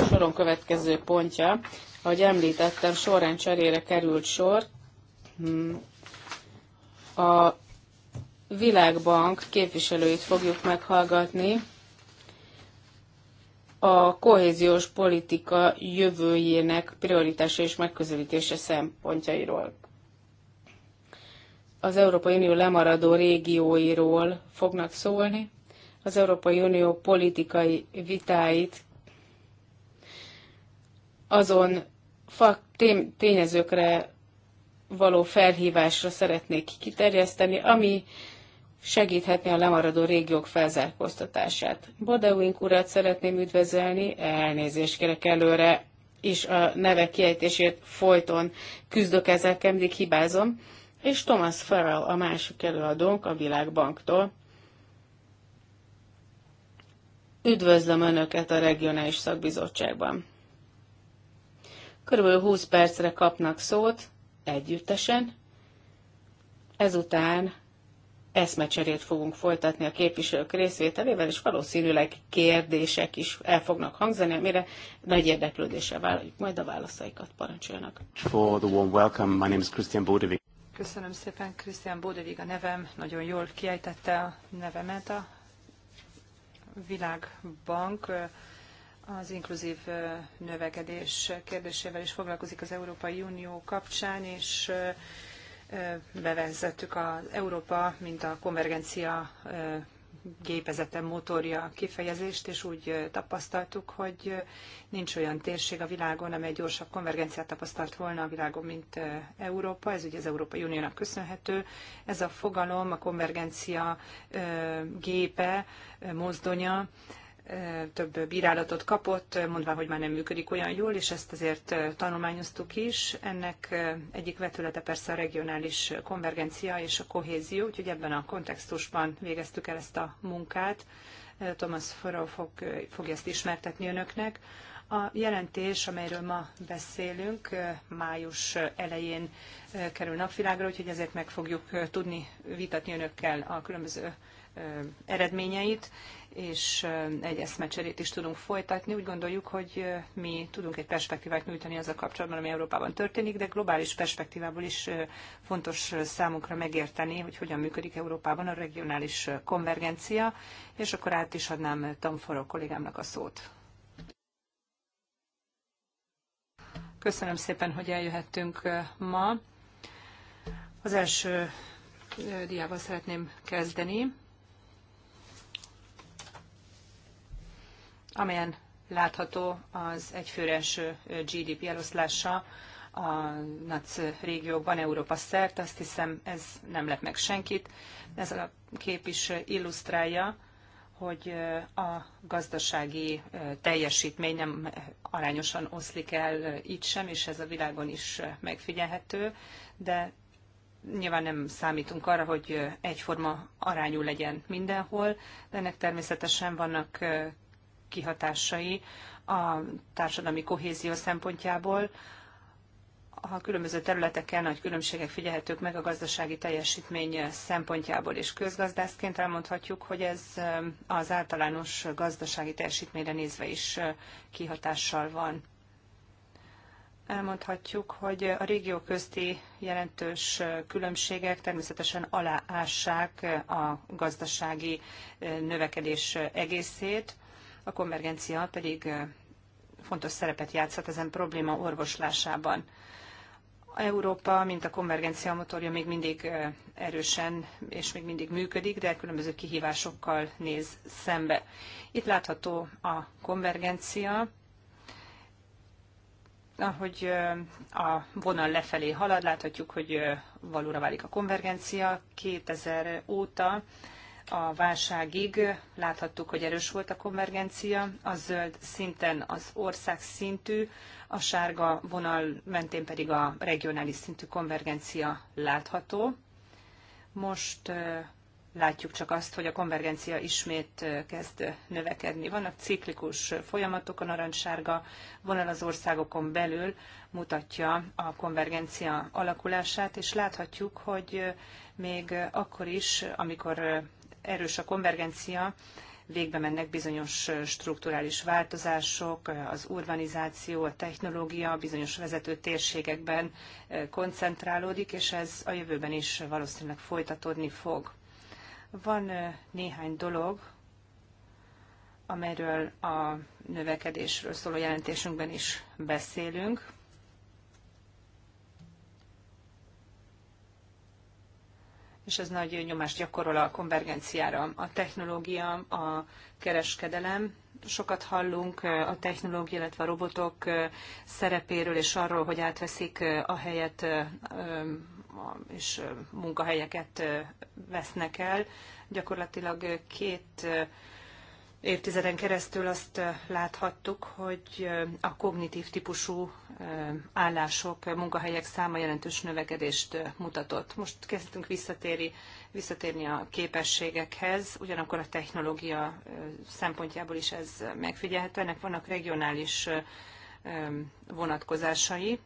Speaker 3: soron következő pontja. Ahogy említettem, sorrend cserére került sor. Hmm. A Világbank képviselőit fogjuk meghallgatni a kohéziós politika jövőjének prioritása és megközelítése szempontjairól. Az Európai Unió lemaradó régióiról fognak szólni, az Európai Unió politikai vitáit azon tényezőkre való felhívásra szeretnék kiterjeszteni, ami segíthetni a lemaradó régiók felzárkóztatását. Bodeuink urat szeretném üdvözölni, elnézést kérek előre, és a neve kiejtésért folyton küzdök ezzel, mindig hibázom, és Thomas Farrell a másik előadónk a Világbanktól, Üdvözlöm Önöket a regionális szakbizottságban. Körülbelül 20 percre kapnak szót együttesen, ezután eszmecserét fogunk folytatni a képviselők részvételével, és valószínűleg kérdések is el fognak hangzani, amire nagy érdeklődéssel vállaljuk majd a válaszaikat. Parancsoljanak! For the warm welcome, my name is Christian Bodevig.
Speaker 1: Köszönöm szépen, Krisztián Bódevig a nevem, nagyon jól kiejtette a nevemet a Világbank az inkluzív növekedés kérdésével is foglalkozik az Európai Unió kapcsán, és bevezettük az Európa, mint a konvergencia gépezete motorja kifejezést, és úgy tapasztaltuk, hogy nincs olyan térség a világon, amely gyorsabb konvergenciát tapasztalt volna a világon, mint Európa. Ez ugye az Európai Uniónak köszönhető. Ez a fogalom, a konvergencia gépe, mozdonya több bírálatot kapott, mondván, hogy már nem működik olyan jól, és ezt azért tanulmányoztuk is. Ennek egyik vetülete persze a regionális konvergencia és a kohézió, úgyhogy ebben a kontextusban végeztük el ezt a munkát. Thomas Farrow fog, fogja ezt ismertetni önöknek. A jelentés, amelyről ma beszélünk, május elején kerül napvilágra, úgyhogy ezért meg fogjuk tudni vitatni önökkel a különböző eredményeit, és egy eszmecserét is tudunk folytatni. Úgy gondoljuk, hogy mi tudunk egy perspektívát nyújtani az a kapcsolatban, ami Európában történik, de globális perspektívából is fontos számunkra megérteni, hogy hogyan működik Európában a regionális konvergencia, és akkor át is adnám Tamforó kollégámnak a szót. Köszönöm szépen, hogy eljöhettünk ma. Az első diával szeretném kezdeni. amelyen látható az egyfőre eső GDP eloszlása a NAC régióban Európa szert. Azt hiszem, ez nem lep meg senkit. Ez a kép is illusztrálja, hogy a gazdasági teljesítmény nem arányosan oszlik el itt sem, és ez a világon is megfigyelhető, de nyilván nem számítunk arra, hogy egyforma arányú legyen mindenhol, de ennek természetesen vannak kihatásai a társadalmi kohézió szempontjából. A különböző területeken nagy különbségek figyelhetők meg a gazdasági teljesítmény szempontjából, és közgazdászként elmondhatjuk, hogy ez um, az általános gazdasági teljesítményre nézve is uh, kihatással van elmondhatjuk, hogy a régió közti jelentős uh, különbségek természetesen aláássák uh, a gazdasági növekedés egészét a konvergencia pedig fontos szerepet játszhat ezen probléma orvoslásában. Európa, mint a konvergencia motorja még mindig erősen és még mindig működik, de különböző kihívásokkal néz szembe. Itt látható a konvergencia, ahogy a vonal lefelé halad, láthatjuk, hogy valóra válik a konvergencia 2000 óta a válságig láthattuk, hogy erős volt a konvergencia, a zöld szinten az ország szintű, a sárga vonal mentén pedig a regionális szintű konvergencia látható. Most látjuk csak azt, hogy a konvergencia ismét kezd növekedni. Vannak ciklikus folyamatok, a narancssárga vonal az országokon belül mutatja a konvergencia alakulását, és láthatjuk, hogy még akkor is, amikor erős a konvergencia, végbe mennek bizonyos strukturális változások, az urbanizáció, a technológia bizonyos vezető térségekben eh, koncentrálódik, és ez a jövőben is valószínűleg folytatódni fog. Van eh, néhány dolog, amelyről a növekedésről szóló jelentésünkben is beszélünk. és ez nagy nyomást gyakorol a konvergenciára. A technológia, a kereskedelem, sokat hallunk a technológia, illetve a robotok szerepéről, és arról, hogy átveszik a helyet, és munkahelyeket vesznek el. Gyakorlatilag két évtizeden keresztül azt láthattuk, hogy a kognitív típusú állások, munkahelyek száma jelentős növekedést mutatott. Most kezdtünk visszatérni a képességekhez, ugyanakkor a technológia szempontjából is ez megfigyelhető. Ennek vannak regionális vonatkozásai.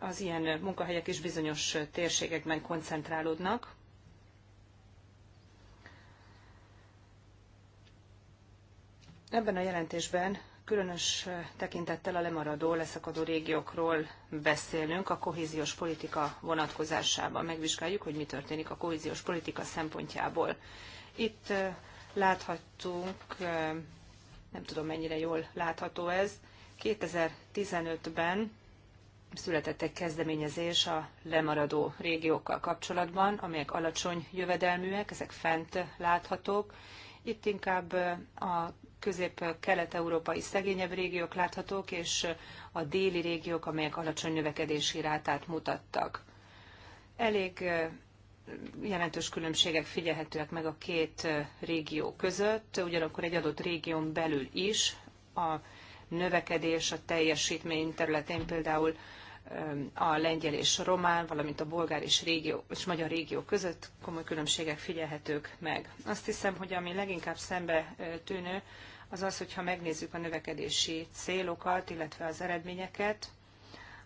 Speaker 1: Az ilyen munkahelyek is bizonyos térségekben koncentrálódnak Ebben a jelentésben különös tekintettel a lemaradó, leszakadó régiókról beszélünk a kohéziós politika vonatkozásában. Megvizsgáljuk, hogy mi történik a kohéziós politika szempontjából. Itt láthatunk, nem tudom mennyire jól látható ez, 2015-ben született egy kezdeményezés a lemaradó régiókkal kapcsolatban, amelyek alacsony jövedelműek, ezek fent láthatók. Itt inkább a közép-kelet-európai szegényebb régiók láthatók, és a déli régiók, amelyek alacsony növekedési rátát mutattak. Elég jelentős különbségek figyelhetőek meg a két régió között, ugyanakkor egy adott régión belül is a növekedés a teljesítmény területén például a lengyel és a román, valamint a bolgár és, régió, és magyar régió között komoly különbségek figyelhetők meg. Azt hiszem, hogy ami leginkább szembe tűnő, az az, hogyha megnézzük a növekedési célokat, illetve az eredményeket,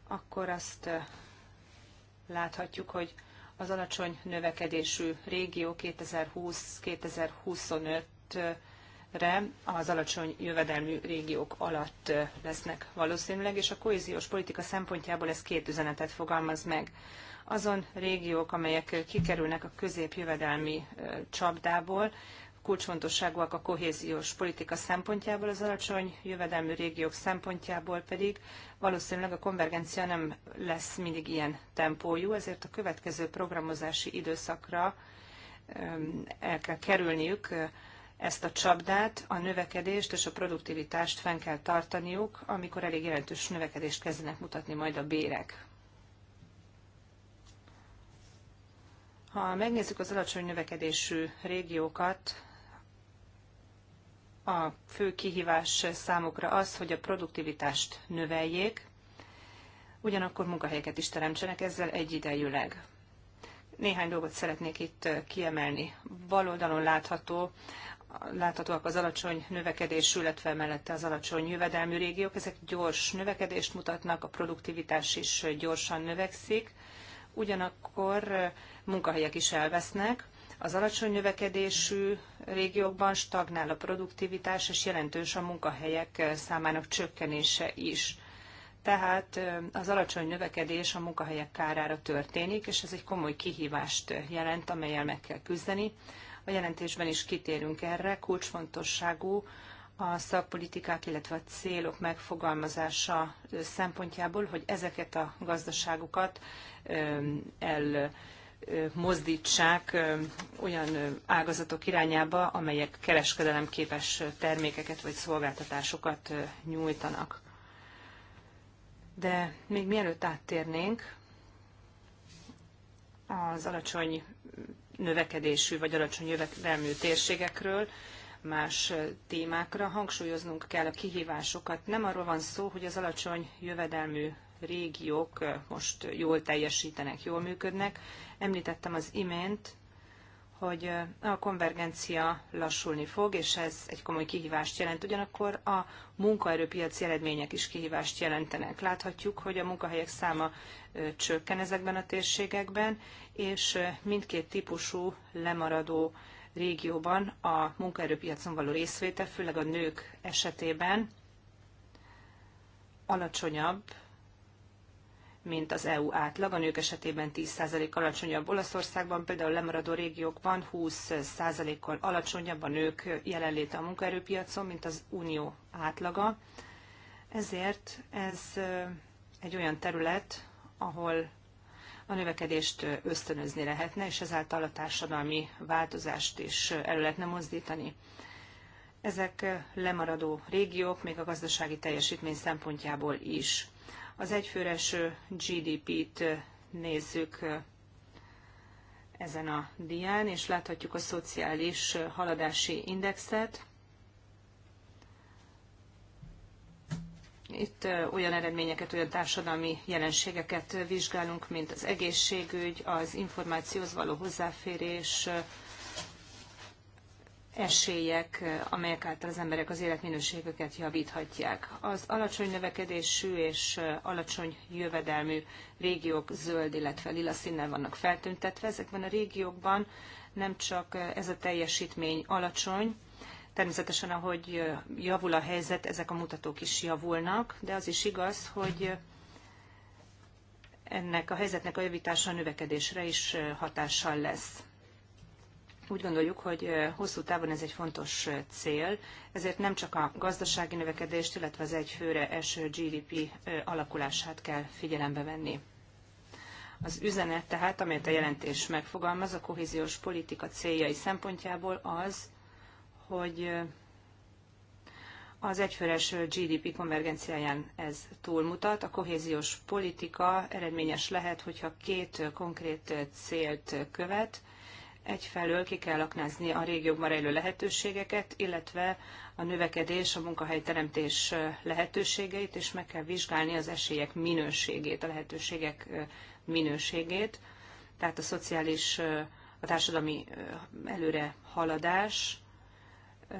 Speaker 1: akkor azt láthatjuk, hogy az alacsony növekedésű régió 2020-2025 re az alacsony jövedelmű régiók alatt lesznek valószínűleg, és a kohéziós politika szempontjából ez két üzenetet fogalmaz meg. Azon régiók, amelyek kikerülnek a középjövedelmi csapdából, kulcsfontosságúak a kohéziós politika szempontjából, az alacsony jövedelmű régiók szempontjából pedig valószínűleg a konvergencia nem lesz mindig ilyen tempójú, ezért a következő programozási időszakra el kell kerülniük ezt a csapdát, a növekedést és a produktivitást fenn kell tartaniuk, amikor elég jelentős növekedést kezdenek mutatni majd a bérek. Ha megnézzük az alacsony növekedésű régiókat, a fő kihívás számukra az, hogy a produktivitást növeljék, ugyanakkor munkahelyeket is teremtsenek ezzel egyidejűleg. Néhány dolgot szeretnék itt kiemelni. Bal oldalon látható láthatóak az alacsony növekedésű, illetve mellette az alacsony jövedelmű régiók. Ezek gyors növekedést mutatnak, a produktivitás is gyorsan növekszik, ugyanakkor munkahelyek is elvesznek. Az alacsony növekedésű régiókban stagnál a produktivitás, és jelentős a munkahelyek számának csökkenése is. Tehát az alacsony növekedés a munkahelyek kárára történik, és ez egy komoly kihívást jelent, amelyel meg kell küzdeni. A jelentésben is kitérünk erre, kulcsfontosságú a szakpolitikák, illetve a célok megfogalmazása szempontjából, hogy ezeket a gazdaságokat el mozdítsák olyan ágazatok irányába, amelyek kereskedelemképes termékeket vagy szolgáltatásokat nyújtanak. De még mielőtt áttérnénk az alacsony növekedésű vagy alacsony jövedelmű térségekről, más témákra. Hangsúlyoznunk kell a kihívásokat. Nem arról van szó, hogy az alacsony jövedelmű régiók most jól teljesítenek, jól működnek. Említettem az imént, hogy a konvergencia lassulni fog, és ez egy komoly kihívást jelent. Ugyanakkor a munkaerőpiaci eredmények is kihívást jelentenek. Láthatjuk, hogy a munkahelyek száma csökken ezekben a térségekben, és mindkét típusú lemaradó régióban a munkaerőpiacon való részvétel, főleg a nők esetében alacsonyabb, mint az EU átlag. A nők esetében 10% alacsonyabb. Olaszországban például lemaradó régiókban 20%-kal alacsonyabb a nők jelenléte a munkaerőpiacon, mint az unió átlaga. Ezért ez egy olyan terület, ahol a növekedést ösztönözni lehetne, és ezáltal a társadalmi változást is elő lehetne mozdítani. Ezek lemaradó régiók, még a gazdasági teljesítmény szempontjából is. Az egyfőres GDP-t nézzük ezen a dián, és láthatjuk a szociális haladási indexet. Itt olyan eredményeket, olyan társadalmi jelenségeket vizsgálunk, mint az egészségügy, az információhoz való hozzáférés, esélyek, amelyek által az emberek az életminőségüket javíthatják. Az alacsony növekedésű és alacsony jövedelmű régiók zöld, illetve lila színnel vannak feltüntetve. Ezekben a régiókban nem csak ez a teljesítmény alacsony, Természetesen, ahogy javul a helyzet, ezek a mutatók is javulnak, de az is igaz, hogy ennek a helyzetnek a javítása a növekedésre is hatással lesz. Úgy gondoljuk, hogy hosszú távon ez egy fontos cél, ezért nem csak a gazdasági növekedést, illetve az egyfőre eső GDP alakulását kell figyelembe venni. Az üzenet tehát, amelyet a jelentés megfogalmaz a kohéziós politika céljai szempontjából az, hogy az egyfőres GDP konvergenciáján ez túlmutat. A kohéziós politika eredményes lehet, hogyha két konkrét célt követ. Egyfelől ki kell aknázni a régiókban rejlő lehetőségeket, illetve a növekedés, a munkahelyteremtés lehetőségeit, és meg kell vizsgálni az esélyek minőségét, a lehetőségek minőségét, tehát a szociális, a társadalmi előre haladás,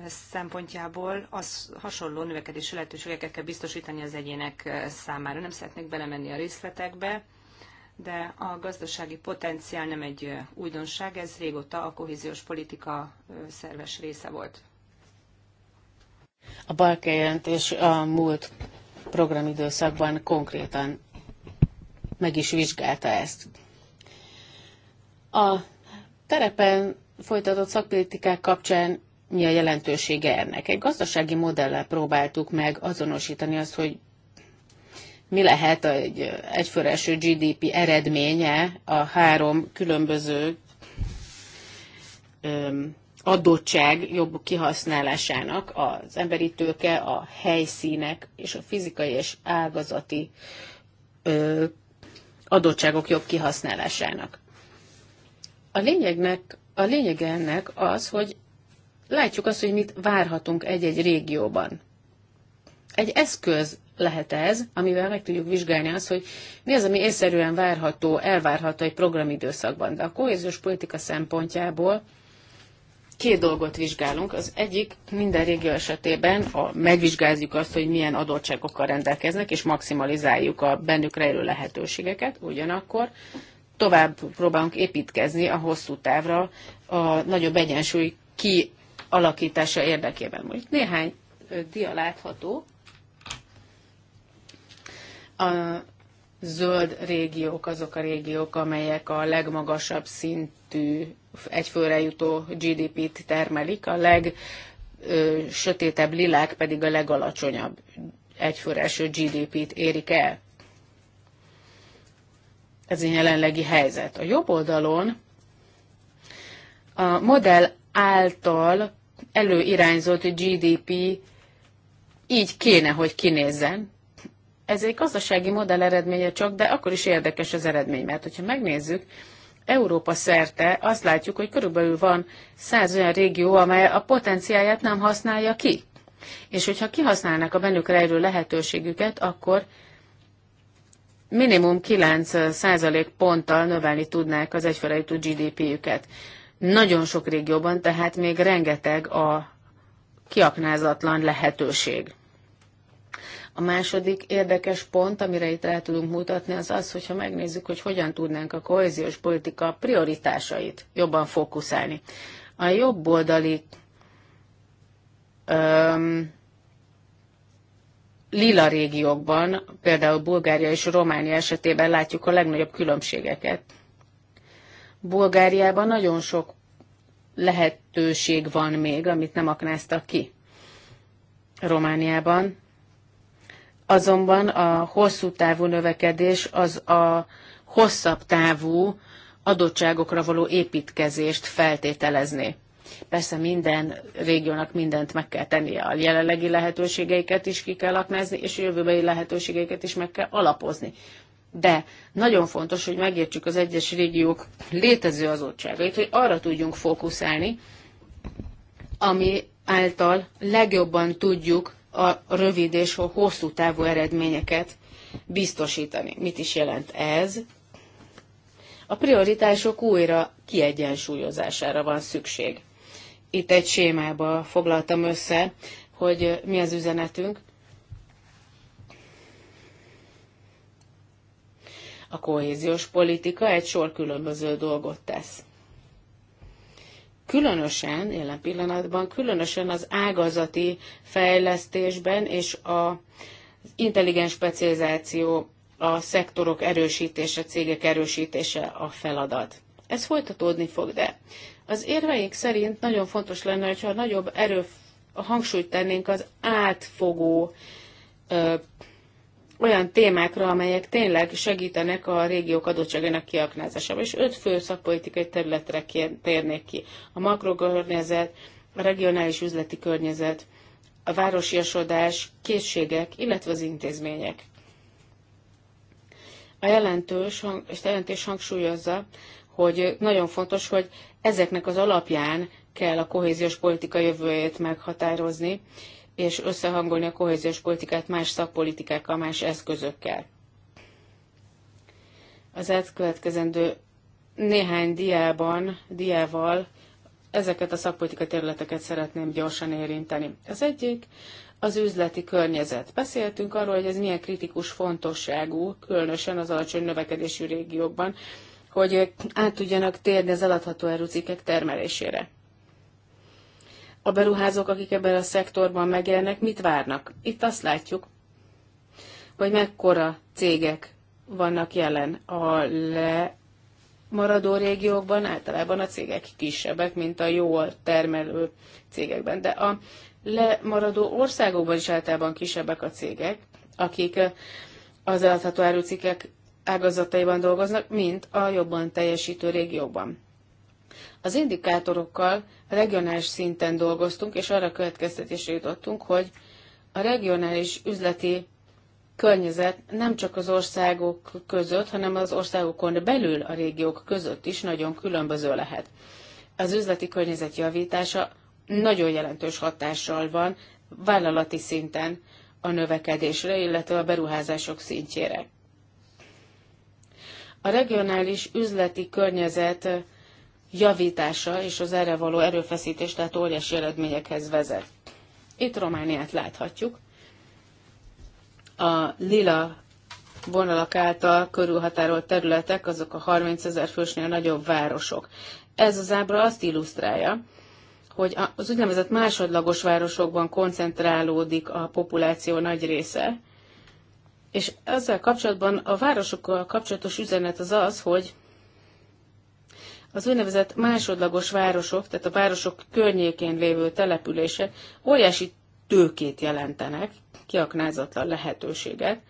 Speaker 1: szempontjából az hasonló növekedési lehetőségeket kell biztosítani az egyének eh, számára. Nem szeretnék belemenni a részletekbe, de a gazdasági potenciál nem egy eh, újdonság, ez régóta a kohéziós politika eh, szerves része volt.
Speaker 3: A Balke jelentés a múlt programidőszakban konkrétan meg is vizsgálta ezt. A terepen folytatott szakpolitikák kapcsán mi a jelentősége ennek. Egy gazdasági modellel próbáltuk meg azonosítani azt, hogy mi lehet egy egyfőre GDP eredménye a három különböző adottság jobb kihasználásának, az emberi tőke, a helyszínek és a fizikai és ágazati adottságok jobb kihasználásának. A lényegnek a lényege ennek az, hogy látjuk azt, hogy mit várhatunk egy-egy régióban. Egy eszköz lehet ez, amivel meg tudjuk vizsgálni azt, hogy mi az, ami észszerűen várható, elvárható egy programidőszakban. De a kohéziós politika szempontjából két dolgot vizsgálunk. Az egyik minden régió esetében a, megvizsgáljuk azt, hogy milyen adottságokkal rendelkeznek, és maximalizáljuk a bennük rejlő lehetőségeket. Ugyanakkor tovább próbálunk építkezni a hosszú távra a nagyobb egyensúly ki alakítása érdekében. Most néhány dia látható. A zöld régiók azok a régiók, amelyek a legmagasabb szintű egyfőre jutó GDP-t termelik, a legsötétebb lilák pedig a legalacsonyabb egyfőre eső GDP-t érik el. Ez a jelenlegi helyzet. A jobb oldalon a modell által előirányzott GDP így kéne, hogy kinézzen. Ez egy gazdasági modell eredménye csak, de akkor is érdekes az eredmény, mert hogyha megnézzük, Európa szerte azt látjuk, hogy körülbelül van száz olyan régió, amely a potenciáját nem használja ki. És hogyha kihasználnak a bennük rejlő lehetőségüket, akkor minimum 9 százalék ponttal növelni tudnák az egyfelejtő GDP-jüket. Nagyon sok régióban tehát még rengeteg a kiaknázatlan lehetőség. A második érdekes pont, amire itt rá tudunk mutatni, az az, hogyha megnézzük, hogy hogyan tudnánk a kohéziós politika prioritásait jobban fókuszálni. A jobb oldali lila régiókban, például Bulgária és Románia esetében látjuk a legnagyobb különbségeket Bulgáriában nagyon sok lehetőség van még, amit nem aknáztak ki. Romániában. Azonban a hosszú távú növekedés az a hosszabb távú adottságokra való építkezést feltételezné. Persze minden régiónak mindent meg kell tennie, a jelenlegi lehetőségeiket is ki kell aknázni, és a jövőbeli lehetőségeiket is meg kell alapozni de nagyon fontos, hogy megértsük az egyes régiók létező azottságait, hogy arra tudjunk fókuszálni, ami által legjobban tudjuk a rövid és a hosszú távú eredményeket biztosítani. Mit is jelent ez? A prioritások újra kiegyensúlyozására van szükség. Itt egy sémába foglaltam össze, hogy mi az üzenetünk. A kohéziós politika egy sor különböző dolgot tesz. Különösen, jelen pillanatban, különösen az ágazati fejlesztésben és a intelligens specializáció, a szektorok erősítése, cégek erősítése a feladat. Ez folytatódni fog, de az érveink szerint nagyon fontos lenne, hogyha nagyobb erő, a hangsúlyt tennénk az átfogó ö, olyan témákra, amelyek tényleg segítenek a régiók adottságának kiaknázásába, és öt fő szakpolitikai területre térnék ki. A makrokörnyezet, a regionális üzleti környezet, a városiasodás, készségek, illetve az intézmények. A jelentős, és a jelentés hangsúlyozza, hogy nagyon fontos, hogy ezeknek az alapján kell a kohéziós politika jövőjét meghatározni, és összehangolni a kohéziós politikát más szakpolitikákkal, más eszközökkel. Az elkövetkezendő néhány diában, diával ezeket a szakpolitika területeket szeretném gyorsan érinteni. Az egyik az üzleti környezet. Beszéltünk arról, hogy ez milyen kritikus fontosságú, különösen az alacsony növekedésű régiókban, hogy át tudjanak térni az eladható erőcikek termelésére a beruházók, akik ebben a szektorban megjelennek, mit várnak? Itt azt látjuk, hogy mekkora cégek vannak jelen a lemaradó régiókban, általában a cégek kisebbek, mint a jól termelő cégekben. De a lemaradó országokban is általában kisebbek a cégek, akik az eladható árucikkek ágazataiban dolgoznak, mint a jobban teljesítő régióban. Az indikátorokkal regionális szinten dolgoztunk, és arra következtetésre jutottunk, hogy a regionális üzleti környezet nem csak az országok között, hanem az országokon belül a régiók között is nagyon különböző lehet. Az üzleti környezet javítása nagyon jelentős hatással van vállalati szinten a növekedésre, illetve a beruházások szintjére. A regionális üzleti környezet javítása és az erre való erőfeszítés, tehát óriási eredményekhez vezet. Itt Romániát láthatjuk. A lila vonalak által körülhatárolt területek, azok a 30 ezer fősnél nagyobb városok. Ez az ábra azt illusztrálja, hogy az úgynevezett másodlagos városokban koncentrálódik a populáció nagy része, és ezzel kapcsolatban a városokkal kapcsolatos üzenet az az, hogy az úgynevezett másodlagos városok, tehát a városok környékén lévő települések óriási tőkét jelentenek, kiaknázatlan lehetőséget,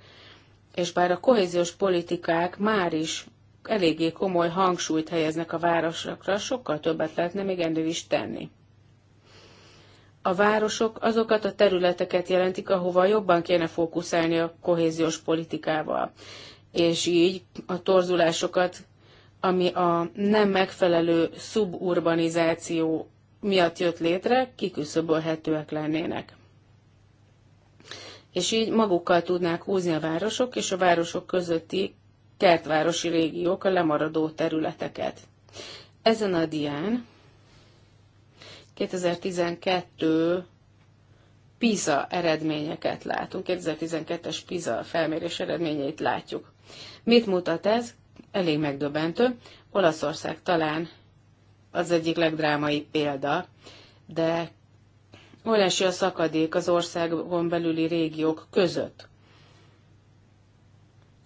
Speaker 3: és bár a kohéziós politikák már is eléggé komoly hangsúlyt helyeznek a városokra, sokkal többet lehetne még ennél is tenni. A városok azokat a területeket jelentik, ahova jobban kéne fókuszálni a kohéziós politikával, és így a torzulásokat ami a nem megfelelő suburbanizáció miatt jött létre, kiküszöbölhetőek lennének. És így magukkal tudnák húzni a városok és a városok közötti kertvárosi régiók a lemaradó területeket. Ezen a dián 2012 PISA eredményeket látunk, 2012-es PISA felmérés eredményeit látjuk. Mit mutat ez? elég megdöbbentő. Olaszország talán az egyik legdrámai példa, de óriási a szakadék az országon belüli régiók között.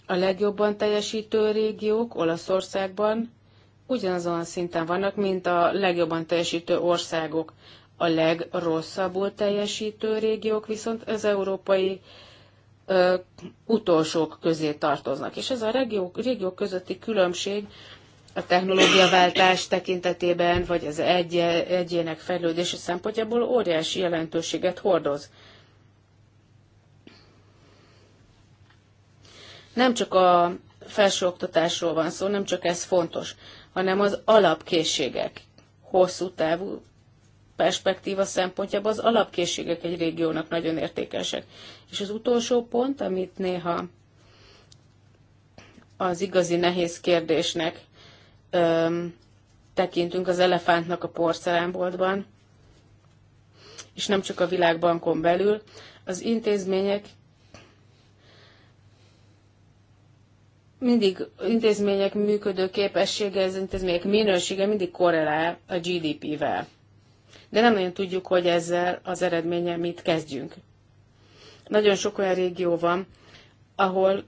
Speaker 3: A legjobban teljesítő régiók Olaszországban ugyanazon a szinten vannak, mint a legjobban teljesítő országok. A legrosszabbul teljesítő régiók viszont az európai ö, utolsók közé tartoznak. És ez a régiók, régiók közötti különbség a technológiaváltás tekintetében, vagy az egy, egyének fejlődése szempontjából óriási jelentőséget hordoz. Nem csak a felsőoktatásról van szó, nem csak ez fontos, hanem az alapkészségek, hosszú távú perspektíva szempontjából az alapkészségek egy régiónak nagyon értékesek. És az utolsó pont, amit néha az igazi nehéz kérdésnek öm, tekintünk az elefántnak a porcelánboltban, és nem csak a világbankon belül, az intézmények mindig intézmények működő képessége, az intézmények minősége mindig korrelál a GDP-vel de nem nagyon tudjuk, hogy ezzel az eredménnyel mit kezdjünk. Nagyon sok olyan régió van, ahol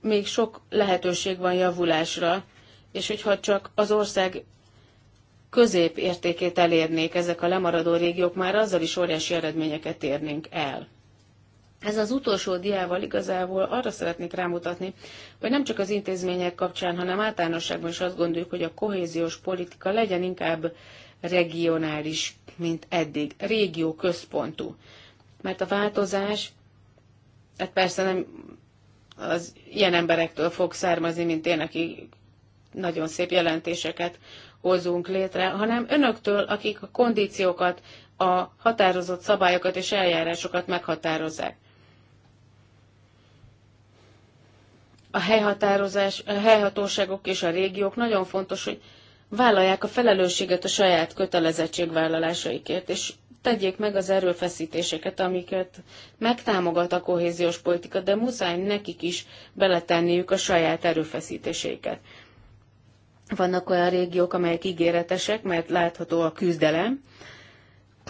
Speaker 3: még sok lehetőség van javulásra, és hogyha csak az ország közép értékét elérnék ezek a lemaradó régiók, már azzal is óriási eredményeket érnénk el. Ez az utolsó diával igazából arra szeretnék rámutatni, hogy nem csak az intézmények kapcsán, hanem általánosságban is azt gondoljuk, hogy a kohéziós politika legyen inkább regionális, mint eddig, régió központú. Mert a változás, hát persze nem az ilyen emberektől fog származni, mint én, aki nagyon szép jelentéseket hozunk létre, hanem önöktől, akik a kondíciókat, a határozott szabályokat és eljárásokat meghatározzák. A helyhatározás, a helyhatóságok és a régiók nagyon fontos, hogy vállalják a felelősséget a saját kötelezettségvállalásaikért, és tegyék meg az erőfeszítéseket, amiket megtámogat a kohéziós politika, de muszáj nekik is beletenniük a saját erőfeszítéseiket. Vannak olyan régiók, amelyek ígéretesek, mert látható a küzdelem,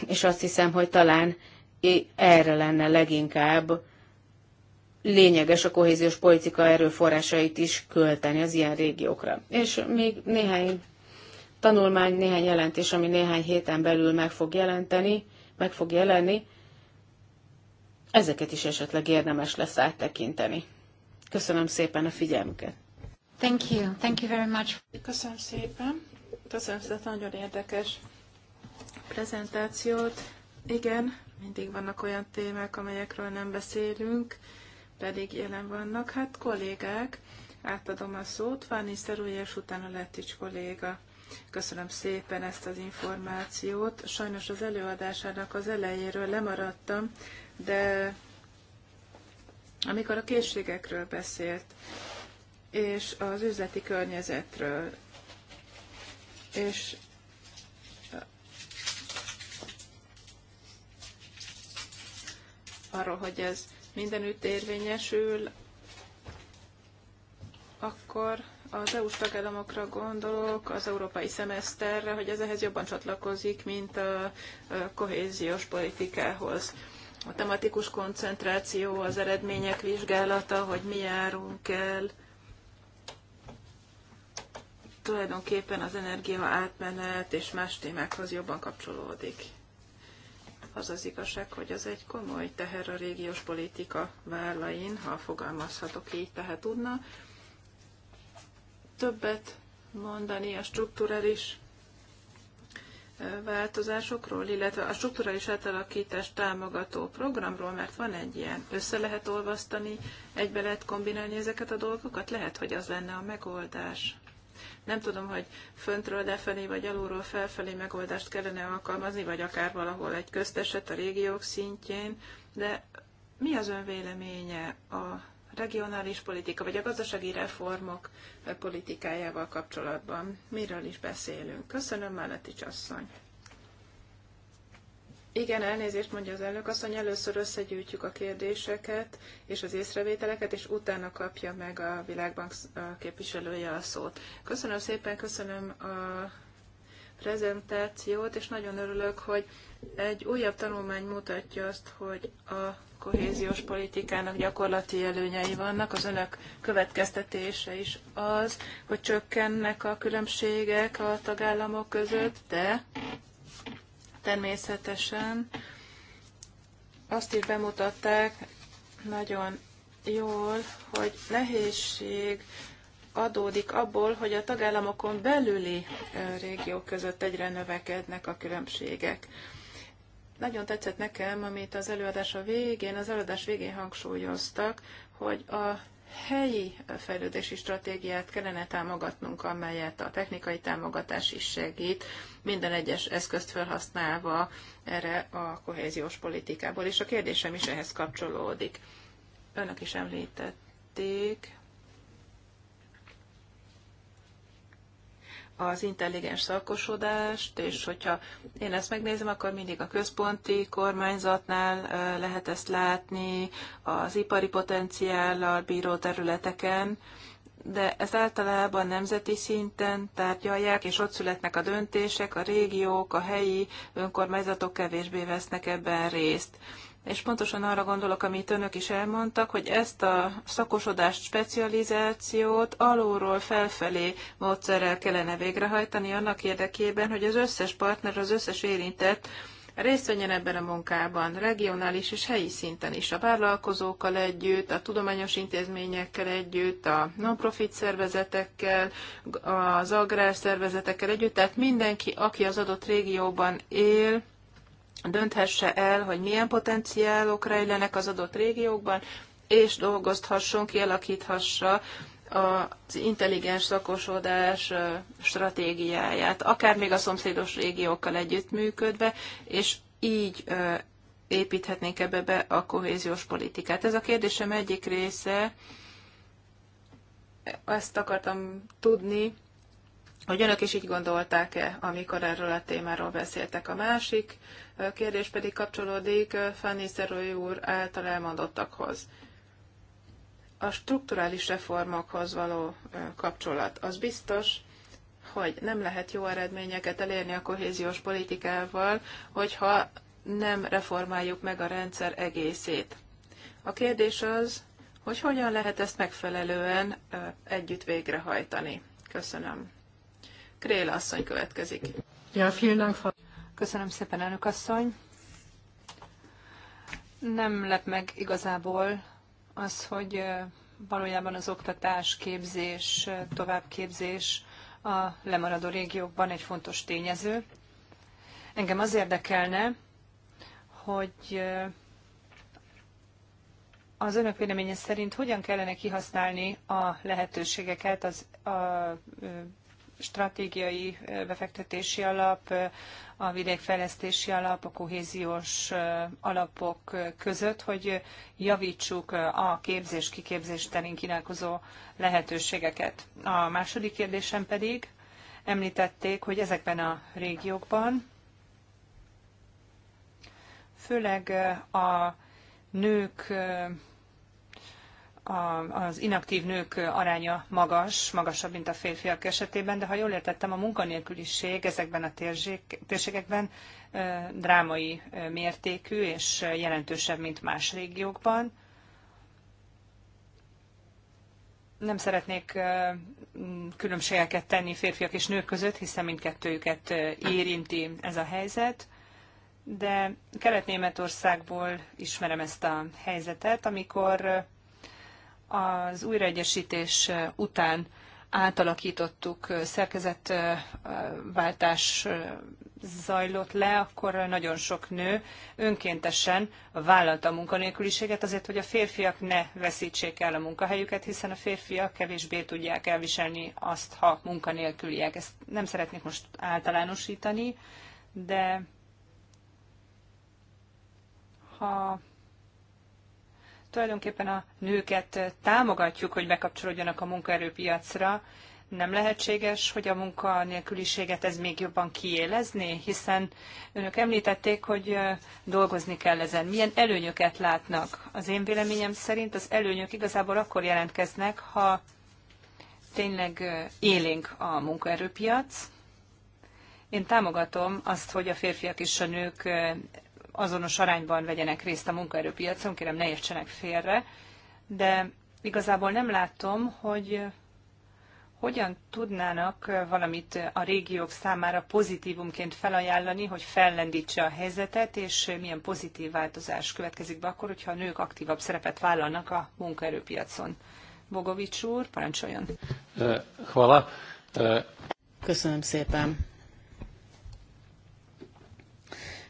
Speaker 3: és azt hiszem, hogy talán erre lenne leginkább lényeges a kohéziós politika erőforrásait is költeni az ilyen régiókra. És még néhány tanulmány, néhány jelentés, ami néhány héten belül meg fog jelenteni, meg fog jelenni, ezeket is esetleg érdemes lesz áttekinteni. Köszönöm szépen a figyelmüket.
Speaker 2: Thank you. Thank you very much. Köszönöm szépen. Köszönöm szépen, nagyon érdekes prezentációt. Igen, mindig vannak olyan témák, amelyekről nem beszélünk, pedig jelen vannak. Hát kollégák, átadom a szót, Fanny Szerúly, és utána Letics kolléga. Köszönöm szépen ezt az információt. Sajnos az előadásának az elejéről lemaradtam, de amikor a készségekről beszélt, és az üzleti környezetről, és arról, hogy ez mindenütt érvényesül, akkor az EU-s tagállamokra gondolok, az európai szemeszterre, hogy ez ehhez jobban csatlakozik, mint a kohéziós politikához. A tematikus koncentráció, az eredmények vizsgálata, hogy mi járunk el, tulajdonképpen az energia átmenet és más témákhoz jobban kapcsolódik. Az az igazság, hogy az egy komoly teher a régiós politika vállain, ha fogalmazhatok így, tehát tudna többet mondani a strukturális változásokról, illetve a strukturális átalakítást támogató programról, mert van egy ilyen, össze lehet olvasztani, egybe lehet kombinálni ezeket a dolgokat, lehet, hogy az lenne a megoldás. Nem tudom, hogy föntről lefelé vagy alulról felfelé megoldást kellene alkalmazni, vagy akár valahol egy közteset a régiók szintjén, de mi az ön véleménye a regionális politika, vagy a gazdasági reformok politikájával kapcsolatban. Miről is beszélünk? Köszönöm, Máletics Csasszony. Igen, elnézést mondja az elnök asszony, először összegyűjtjük a kérdéseket és az észrevételeket, és utána kapja meg a Világbank képviselője a szót. Köszönöm szépen, köszönöm a prezentációt, és nagyon örülök, hogy egy újabb tanulmány mutatja azt, hogy a kohéziós politikának gyakorlati előnyei vannak. Az önök következtetése is az, hogy csökkennek a különbségek a tagállamok között, de természetesen azt is bemutatták nagyon jól, hogy nehézség adódik abból, hogy a tagállamokon belüli régiók között egyre növekednek a különbségek. Nagyon tetszett nekem, amit az előadás a végén, az előadás végén hangsúlyoztak, hogy a helyi fejlődési stratégiát kellene támogatnunk, amelyet a technikai támogatás is segít, minden egyes eszközt felhasználva erre a kohéziós politikából. És a kérdésem is ehhez kapcsolódik. Önök is említették, az intelligens szakosodást, és hogyha én ezt megnézem, akkor mindig a központi kormányzatnál lehet ezt látni, az ipari potenciállal bíró területeken, de ez általában nemzeti szinten tárgyalják, és ott születnek a döntések, a régiók, a helyi önkormányzatok kevésbé vesznek ebben részt és pontosan arra gondolok, amit önök is elmondtak, hogy ezt a szakosodást, specializációt alulról felfelé módszerrel kellene végrehajtani annak érdekében, hogy az összes partner, az összes érintett részt vegyen ebben a munkában, regionális és helyi szinten is, a vállalkozókkal együtt, a tudományos intézményekkel együtt, a non-profit szervezetekkel, az agrár szervezetekkel együtt, tehát mindenki, aki az adott régióban él, dönthesse el, hogy milyen potenciálok rejlenek az adott régiókban, és dolgozhasson, kialakíthassa az intelligens szakosodás stratégiáját, akár még a szomszédos régiókkal együttműködve, és így építhetnénk ebbe be a kohéziós politikát. Ez a kérdésem egyik része, ezt akartam tudni, hogy önök is így gondolták-e, amikor erről a témáról beszéltek. A másik kérdés pedig kapcsolódik Fanny Szerói úr által elmondottakhoz. A strukturális reformokhoz való kapcsolat. Az biztos, hogy nem lehet jó eredményeket elérni a kohéziós politikával, hogyha nem reformáljuk meg a rendszer egészét. A kérdés az, hogy hogyan lehet ezt megfelelően együtt végrehajtani. Köszönöm. Kréla asszony
Speaker 1: következik. Ja, vielen Dank. Köszönöm szépen, elnök asszony. Nem lep meg igazából az, hogy valójában az oktatás, képzés, továbbképzés a lemaradó régiókban egy fontos tényező. Engem az érdekelne, hogy az önök véleménye szerint hogyan kellene kihasználni a lehetőségeket az a stratégiai befektetési alap, a vidékfejlesztési alap, a kohéziós alapok között, hogy javítsuk a képzés-kiképzés terén kínálkozó lehetőségeket. A második kérdésem pedig említették, hogy ezekben a régiókban főleg a nők az inaktív nők aránya magas, magasabb, mint a férfiak esetében, de ha jól értettem, a munkanélküliség ezekben a térség, térségekben drámai mértékű és jelentősebb, mint más régiókban. Nem szeretnék különbségeket tenni férfiak és nők között, hiszen mindkettőjüket érinti ez a helyzet de Kelet-Németországból ismerem ezt a helyzetet, amikor az újraegyesítés után átalakítottuk, szerkezetváltás zajlott le, akkor nagyon sok nő önkéntesen vállalta a munkanélküliséget azért, hogy a férfiak ne veszítsék el a munkahelyüket, hiszen a férfiak kevésbé tudják elviselni azt, ha munkanélküliek. Ezt nem szeretnék most általánosítani, de ha tulajdonképpen a nőket támogatjuk, hogy bekapcsolódjanak a munkaerőpiacra, nem lehetséges, hogy a munkanélküliséget ez még jobban kiélezni, hiszen önök említették, hogy dolgozni kell ezen. Milyen előnyöket látnak? Az én véleményem szerint az előnyök igazából akkor jelentkeznek, ha tényleg élénk a munkaerőpiac. Én támogatom azt, hogy a férfiak és a nők azonos arányban vegyenek részt a munkaerőpiacon, kérem ne értsenek félre, de igazából nem látom, hogy hogyan tudnának valamit a régiók számára pozitívumként felajánlani, hogy fellendítse a helyzetet, és milyen pozitív változás következik be akkor, hogyha a nők aktívabb szerepet vállalnak a munkaerőpiacon.
Speaker 3: Bogovics úr, parancsoljon. Eh, hvala. Eh, Köszönöm szépen.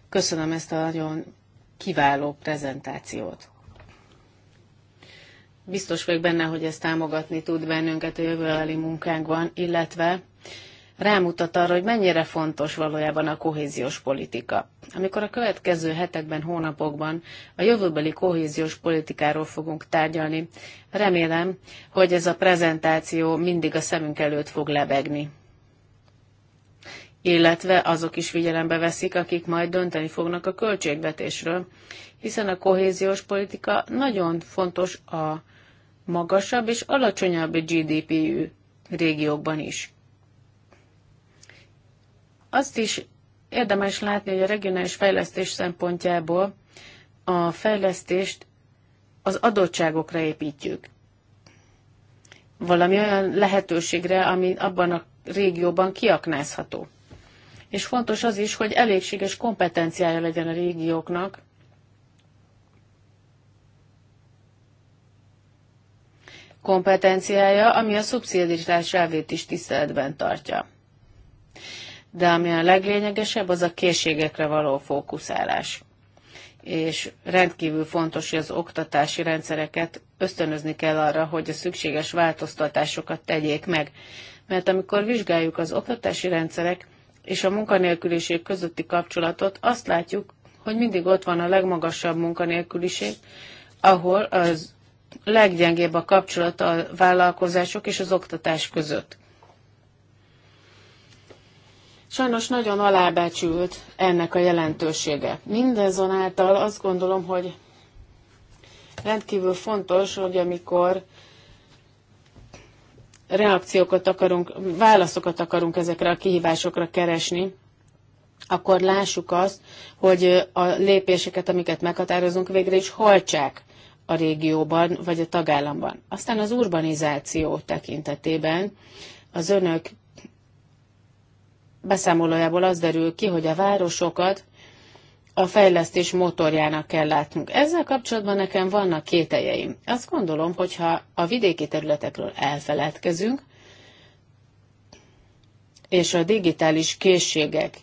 Speaker 3: Köszönöm ezt a nagyon kiváló prezentációt. Biztos vagyok benne, hogy ez támogatni tud bennünket a jövőbeli munkánkban, illetve rámutat arra, hogy mennyire fontos valójában a kohéziós politika. Amikor a következő hetekben, hónapokban a jövőbeli kohéziós politikáról fogunk tárgyalni, remélem, hogy ez a prezentáció mindig a szemünk előtt fog lebegni illetve azok is figyelembe veszik, akik majd dönteni fognak a költségvetésről, hiszen a kohéziós politika nagyon fontos a magasabb és alacsonyabb GDP-ű régiókban is. Azt is érdemes látni, hogy a regionális fejlesztés szempontjából a fejlesztést az adottságokra építjük. Valami olyan lehetőségre, ami abban a régióban kiaknázható és fontos az is, hogy elégséges kompetenciája legyen a régióknak, kompetenciája, ami a szubszidizás elvét is tiszteletben tartja. De ami a leglényegesebb, az a készségekre való fókuszálás. És rendkívül fontos, hogy az oktatási rendszereket ösztönözni kell arra, hogy a szükséges változtatásokat tegyék meg. Mert amikor vizsgáljuk az oktatási rendszerek és a munkanélküliség közötti kapcsolatot, azt látjuk, hogy mindig ott van a legmagasabb munkanélküliség, ahol az leggyengébb a kapcsolat a vállalkozások és az oktatás között. Sajnos nagyon alábecsült ennek a jelentősége. Mindezonáltal azt gondolom, hogy rendkívül fontos, hogy amikor reakciókat akarunk, válaszokat akarunk ezekre a kihívásokra keresni, akkor lássuk azt, hogy a lépéseket, amiket meghatározunk, végre is holtsák a régióban vagy a tagállamban. Aztán az urbanizáció tekintetében az önök beszámolójából az derül ki, hogy a városokat a fejlesztés motorjának kell látnunk. Ezzel kapcsolatban nekem vannak kételjeim. Azt gondolom, hogyha a vidéki területekről elfeledkezünk, és a digitális készségek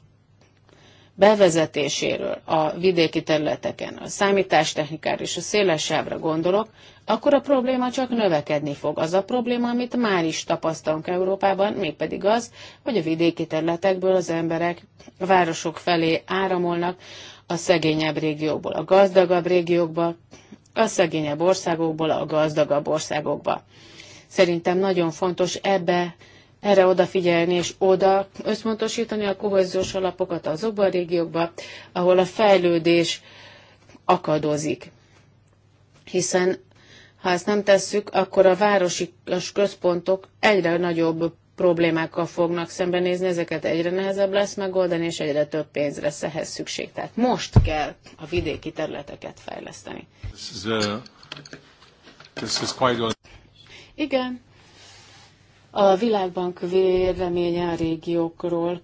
Speaker 3: bevezetéséről a vidéki területeken, a számítástechnikára és a szélesebbre gondolok, akkor a probléma csak növekedni fog. Az a probléma, amit már is tapasztalunk Európában, mégpedig az, hogy a vidéki területekből az emberek a városok felé áramolnak, a szegényebb régiókból a gazdagabb régiókba, a szegényebb országokból a gazdagabb országokba. Szerintem nagyon fontos ebbe erre odafigyelni és oda összpontosítani a kohéziós alapokat azokban a régiókba, ahol a fejlődés akadozik. Hiszen ha ezt nem tesszük, akkor a városi központok egyre nagyobb problémákkal fognak szembenézni, ezeket egyre nehezebb lesz megoldani, és egyre több pénz lesz ehhez szükség. Tehát most kell a vidéki területeket fejleszteni.
Speaker 1: This is, uh, this is quite...
Speaker 3: Igen. A Világbank véleménye a régiókról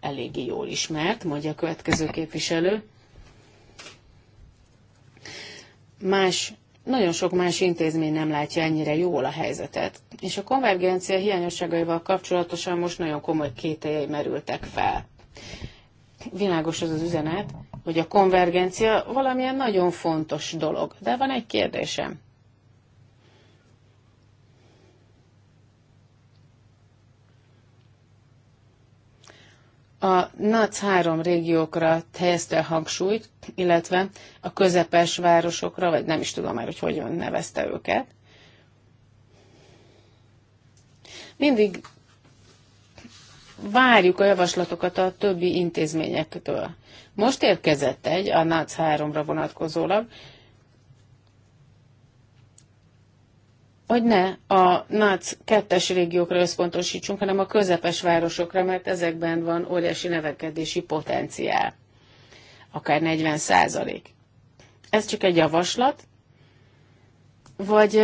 Speaker 3: eléggé jól ismert, mondja a következő képviselő. Más nagyon sok más intézmény nem látja ennyire jól a helyzetet. És a konvergencia hiányosságaival kapcsolatosan most nagyon komoly kételjei merültek fel. Világos az az üzenet, hogy a konvergencia valamilyen nagyon fontos dolog. De van egy kérdésem. a NAC három régiókra helyezte a hangsúlyt, illetve a közepes városokra, vagy nem is tudom már, hogy hogyan nevezte őket. Mindig várjuk a javaslatokat a többi intézményektől. Most érkezett egy, a NAC 3-ra vonatkozólag, hogy ne a NAC kettes régiókra összpontosítsunk, hanem a közepes városokra, mert ezekben van óriási nevekedési potenciál, akár 40 százalék. Ez csak egy javaslat, vagy,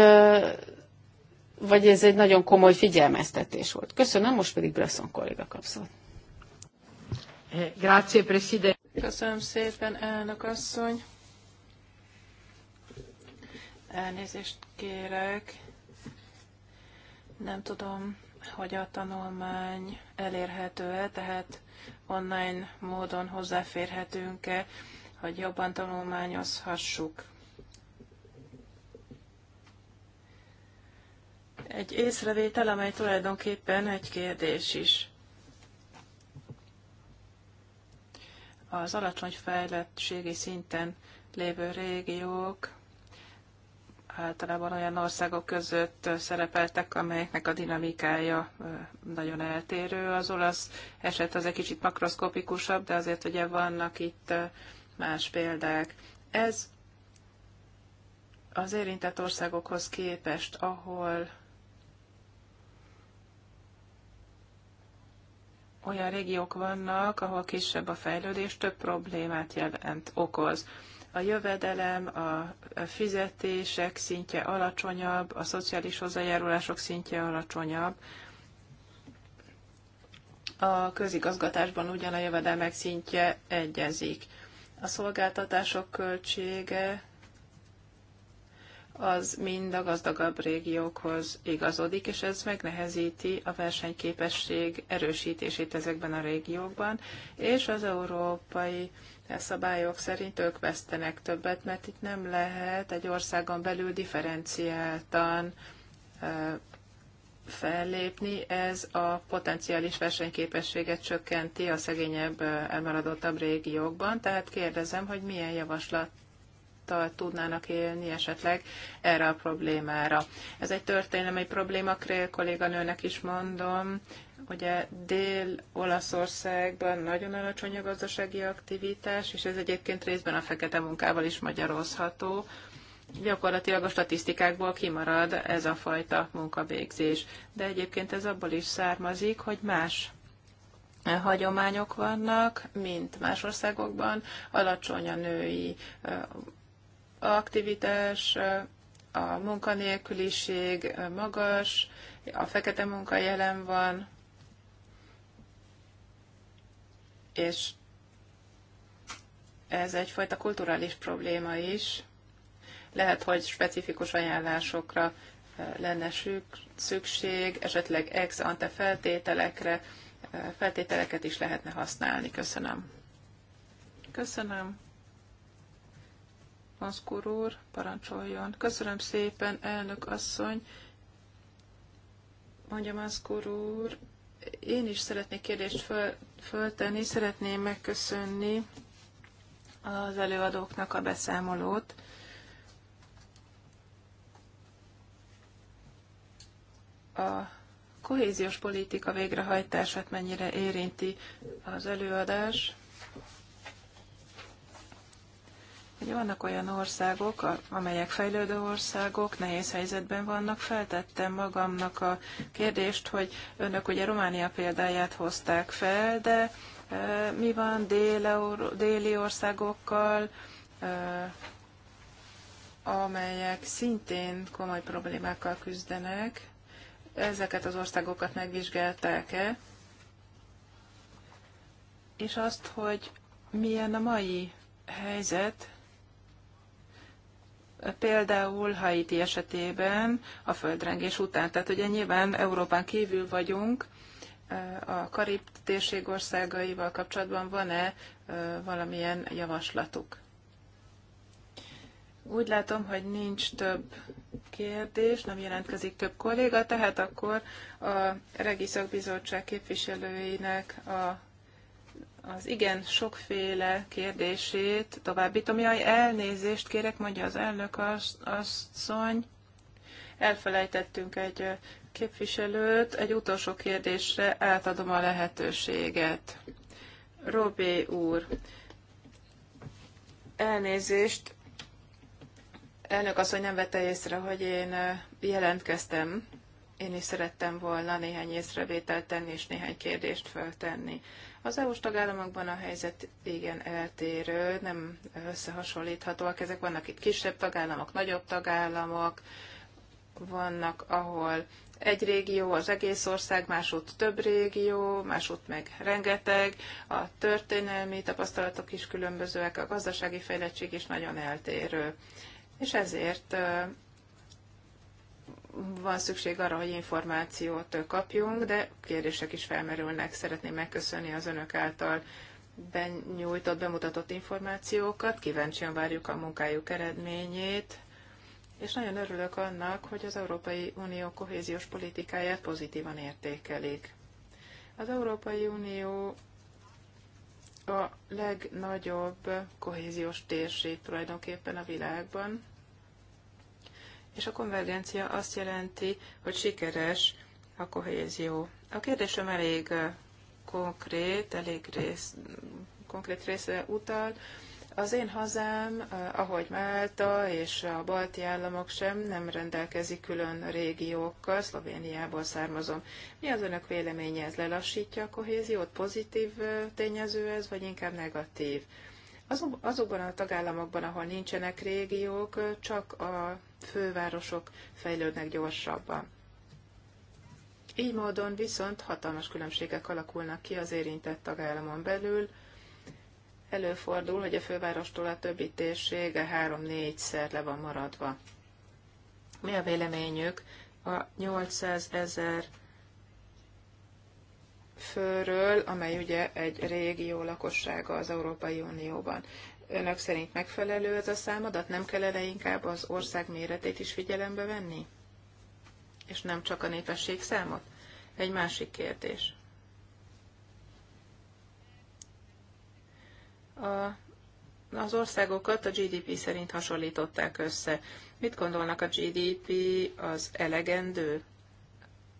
Speaker 3: vagy ez egy nagyon komoly figyelmeztetés volt. Köszönöm, most pedig Brasson kolléga kapszott.
Speaker 2: Köszönöm szépen, elnök asszony. Elnézést kérek nem tudom, hogy a tanulmány elérhető-e, tehát online módon hozzáférhetünk-e, hogy jobban tanulmányozhassuk. Egy észrevétel, amely tulajdonképpen egy kérdés is. Az alacsony fejlettségi szinten lévő régiók általában olyan országok között szerepeltek, amelyeknek a dinamikája nagyon eltérő. Az olasz eset az egy kicsit makroszkopikusabb, de azért ugye vannak itt más példák. Ez az érintett országokhoz képest, ahol olyan régiók vannak, ahol kisebb a fejlődés, több problémát jelent, okoz a jövedelem, a fizetések szintje alacsonyabb, a szociális hozzájárulások szintje alacsonyabb. A közigazgatásban ugyan a jövedelmek szintje egyezik. A szolgáltatások költsége az mind a gazdagabb régiókhoz igazodik, és ez megnehezíti a versenyképesség erősítését ezekben a régiókban, és az európai E szabályok szerint ők vesztenek többet, mert itt nem lehet egy országon belül differenciáltan e, fellépni, ez a potenciális versenyképességet csökkenti a szegényebb, e, elmaradottabb régiókban. Tehát kérdezem, hogy milyen javaslat tudnának élni esetleg erre a problémára. Ez egy történelmi probléma, kolléganőnek is mondom, Ugye Dél-Olaszországban nagyon alacsony a gazdasági aktivitás, és ez egyébként részben a fekete munkával is magyarozható. Gyakorlatilag a statisztikákból kimarad ez a fajta munkavégzés. De egyébként ez abból is származik, hogy más hagyományok vannak, mint más országokban. Alacsony a női aktivitás, a munkanélküliség magas, a fekete munka jelen van, és ez egyfajta kulturális probléma is. Lehet, hogy specifikus ajánlásokra eh, lenne szükség, esetleg ex ante feltételekre, eh, feltételeket is lehetne használni. Köszönöm. Köszönöm. Monszkur úr, parancsoljon. Köszönöm szépen, elnök asszony. Mondja Monszkur úr, én is szeretnék kérdést föl, föltenni, szeretném megköszönni az előadóknak a beszámolót. a kohéziós politika végrehajtását mennyire érinti az előadás. Ugye vannak olyan országok, amelyek fejlődő országok, nehéz helyzetben vannak. Feltettem magamnak a kérdést, hogy önök ugye Románia példáját hozták fel, de e, mi van déli országokkal, e, amelyek szintén komoly problémákkal küzdenek. Ezeket az országokat megvizsgálták-e? És azt, hogy milyen a mai helyzet, például Haiti esetében a földrengés után. Tehát ugye nyilván Európán kívül vagyunk, a Karib térség országaival kapcsolatban van-e valamilyen javaslatuk? Úgy látom, hogy nincs több kérdés, nem jelentkezik több kolléga, tehát akkor a Regi képviselőinek a az igen sokféle kérdését továbbítom. Jaj, elnézést kérek, mondja az elnök asszony. Elfelejtettünk egy képviselőt. Egy utolsó kérdésre átadom a lehetőséget. Robé úr, elnézést. Elnök asszony nem vette észre, hogy én jelentkeztem. Én is szerettem volna néhány észrevételt tenni és néhány kérdést feltenni. Az EU-s tagállamokban a helyzet igen eltérő, nem összehasonlíthatóak. Ezek vannak itt kisebb tagállamok, nagyobb tagállamok, vannak, ahol egy régió, az egész ország, másút több régió, másút meg rengeteg, a történelmi tapasztalatok is különbözőek, a gazdasági fejlettség is nagyon eltérő. És ezért van szükség arra, hogy információt kapjunk, de kérdések is felmerülnek. Szeretném megköszönni az önök által benyújtott, bemutatott információkat. Kíváncsian várjuk a munkájuk eredményét, és nagyon örülök annak, hogy az Európai Unió kohéziós politikáját pozitívan értékelik. Az Európai Unió a legnagyobb kohéziós térség tulajdonképpen a világban, és a konvergencia azt jelenti, hogy sikeres a kohézió. A kérdésem elég konkrét, elég rész, konkrét részre utal. Az én hazám, ahogy Málta és a balti államok sem nem rendelkezik külön régiókkal, Szlovéniából származom. Mi az önök véleménye? Ez lelassítja a kohéziót? Pozitív tényező ez, vagy inkább negatív? Azokban a tagállamokban, ahol nincsenek régiók, csak a fővárosok fejlődnek gyorsabban. Így módon viszont hatalmas különbségek alakulnak ki az érintett tagállamon belül. Előfordul, hogy a fővárostól a többi térsége három-négyszer le van maradva. Mi a véleményük a 800 ezer főről, amely ugye egy régió lakossága az Európai Unióban. Önök szerint megfelelő ez a számadat? Nem kellene inkább az ország méretét is figyelembe venni? És nem csak a népesség számot? Egy másik kérdés. A, az országokat a GDP szerint hasonlították össze. Mit gondolnak a GDP az elegendő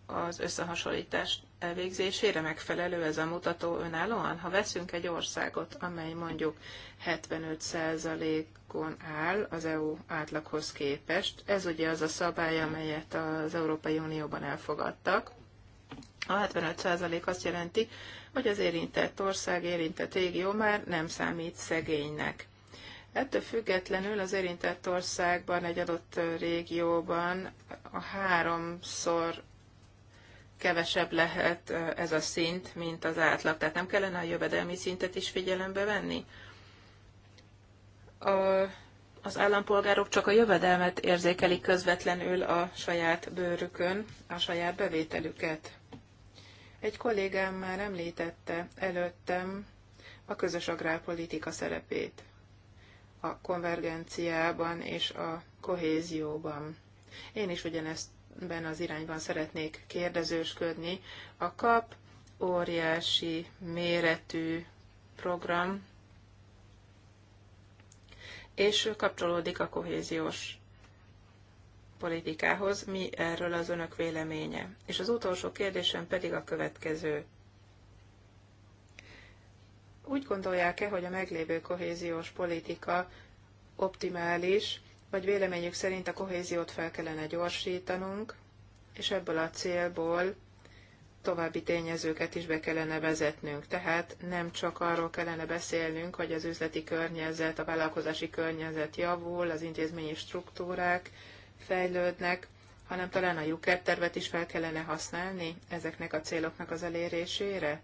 Speaker 2: az összehasonlítást elvégzésére megfelelő ez a mutató önállóan? Ha veszünk egy országot, amely mondjuk 75%-on áll az EU átlaghoz képest, ez ugye az a szabály, amelyet az Európai Unióban elfogadtak. A 75% azt jelenti, hogy az érintett ország, érintett régió már nem számít szegénynek. Ettől függetlenül az érintett országban, egy adott régióban a háromszor kevesebb lehet ez a szint, mint az átlag. Tehát nem kellene a jövedelmi szintet is figyelembe venni? A, az állampolgárok csak a jövedelmet érzékelik közvetlenül a saját bőrükön, a saját bevételüket. Egy kollégám már említette előttem a közös agrárpolitika szerepét a konvergenciában és a kohézióban. Én is ugyanezt ebben az irányban szeretnék kérdezősködni. A KAP óriási méretű program, és kapcsolódik a kohéziós politikához. Mi erről az önök véleménye? És az utolsó kérdésem pedig a következő. Úgy gondolják-e, hogy a meglévő kohéziós politika optimális, vagy véleményük szerint a kohéziót fel kellene gyorsítanunk, és ebből a célból további tényezőket is be kellene vezetnünk. Tehát nem csak arról kellene beszélnünk, hogy az üzleti környezet, a vállalkozási környezet javul, az intézményi struktúrák fejlődnek, hanem talán a Juker tervet is fel kellene használni ezeknek a céloknak az elérésére,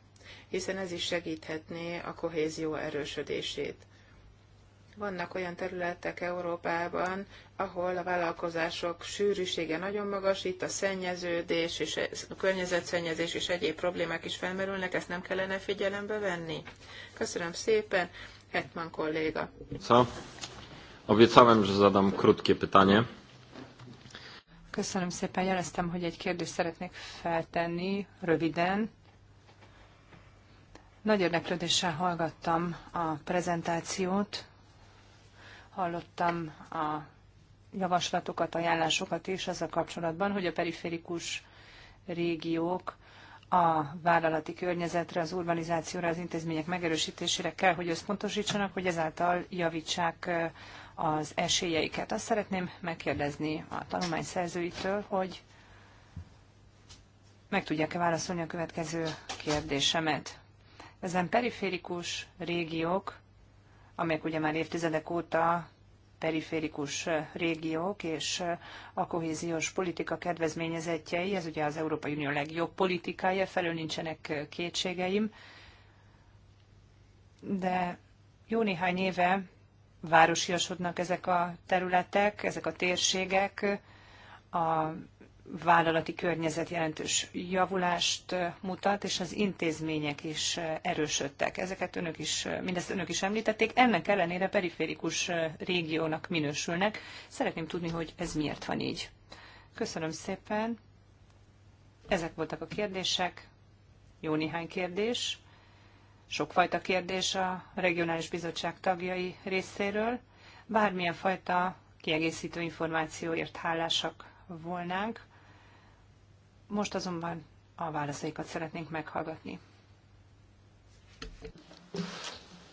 Speaker 2: hiszen ez is segíthetné a kohézió erősödését. Vannak olyan területek Európában, ahol a vállalkozások sűrűsége nagyon magas, itt a szennyeződés és e- a környezetszennyezés és egyéb problémák is felmerülnek, ezt nem kellene figyelembe venni. Köszönöm szépen, Hetman kolléga.
Speaker 3: Co? Obiecałem, że zadam krótkie pytanie.
Speaker 1: Köszönöm szépen, jeleztem, hogy egy kérdést szeretnék feltenni röviden. Nagy érdeklődéssel hallgattam a prezentációt, Hallottam a javaslatokat, ajánlásokat is ezzel kapcsolatban, hogy a periférikus régiók a vállalati környezetre, az urbanizációra, az intézmények megerősítésére kell, hogy összpontosítsanak, hogy ezáltal javítsák az esélyeiket. Azt szeretném megkérdezni a tanulmány szerzőitől, hogy meg tudják-e válaszolni a következő kérdésemet. Ezen periférikus régiók amelyek ugye már évtizedek óta periférikus régiók és a kohéziós politika kedvezményezettjei, ez ugye az Európai Unió legjobb politikája, felől nincsenek kétségeim, de jó néhány éve városiasodnak ezek a területek, ezek a térségek, a vállalati környezet jelentős javulást eh, mutat, és az intézmények is eh, erősödtek. Ezeket önök is, eh, mindezt önök is említették, ennek ellenére periférikus régiónak minősülnek. Szeretném tudni, hogy ez miért van így. Köszönöm szépen. Ezek voltak a kérdések. Jó néhány kérdés. Sokfajta kérdés a regionális bizottság tagjai részéről. Bármilyen fajta kiegészítő információért hálásak volnánk. Most azonban a válaszaikat szeretnénk meghallgatni.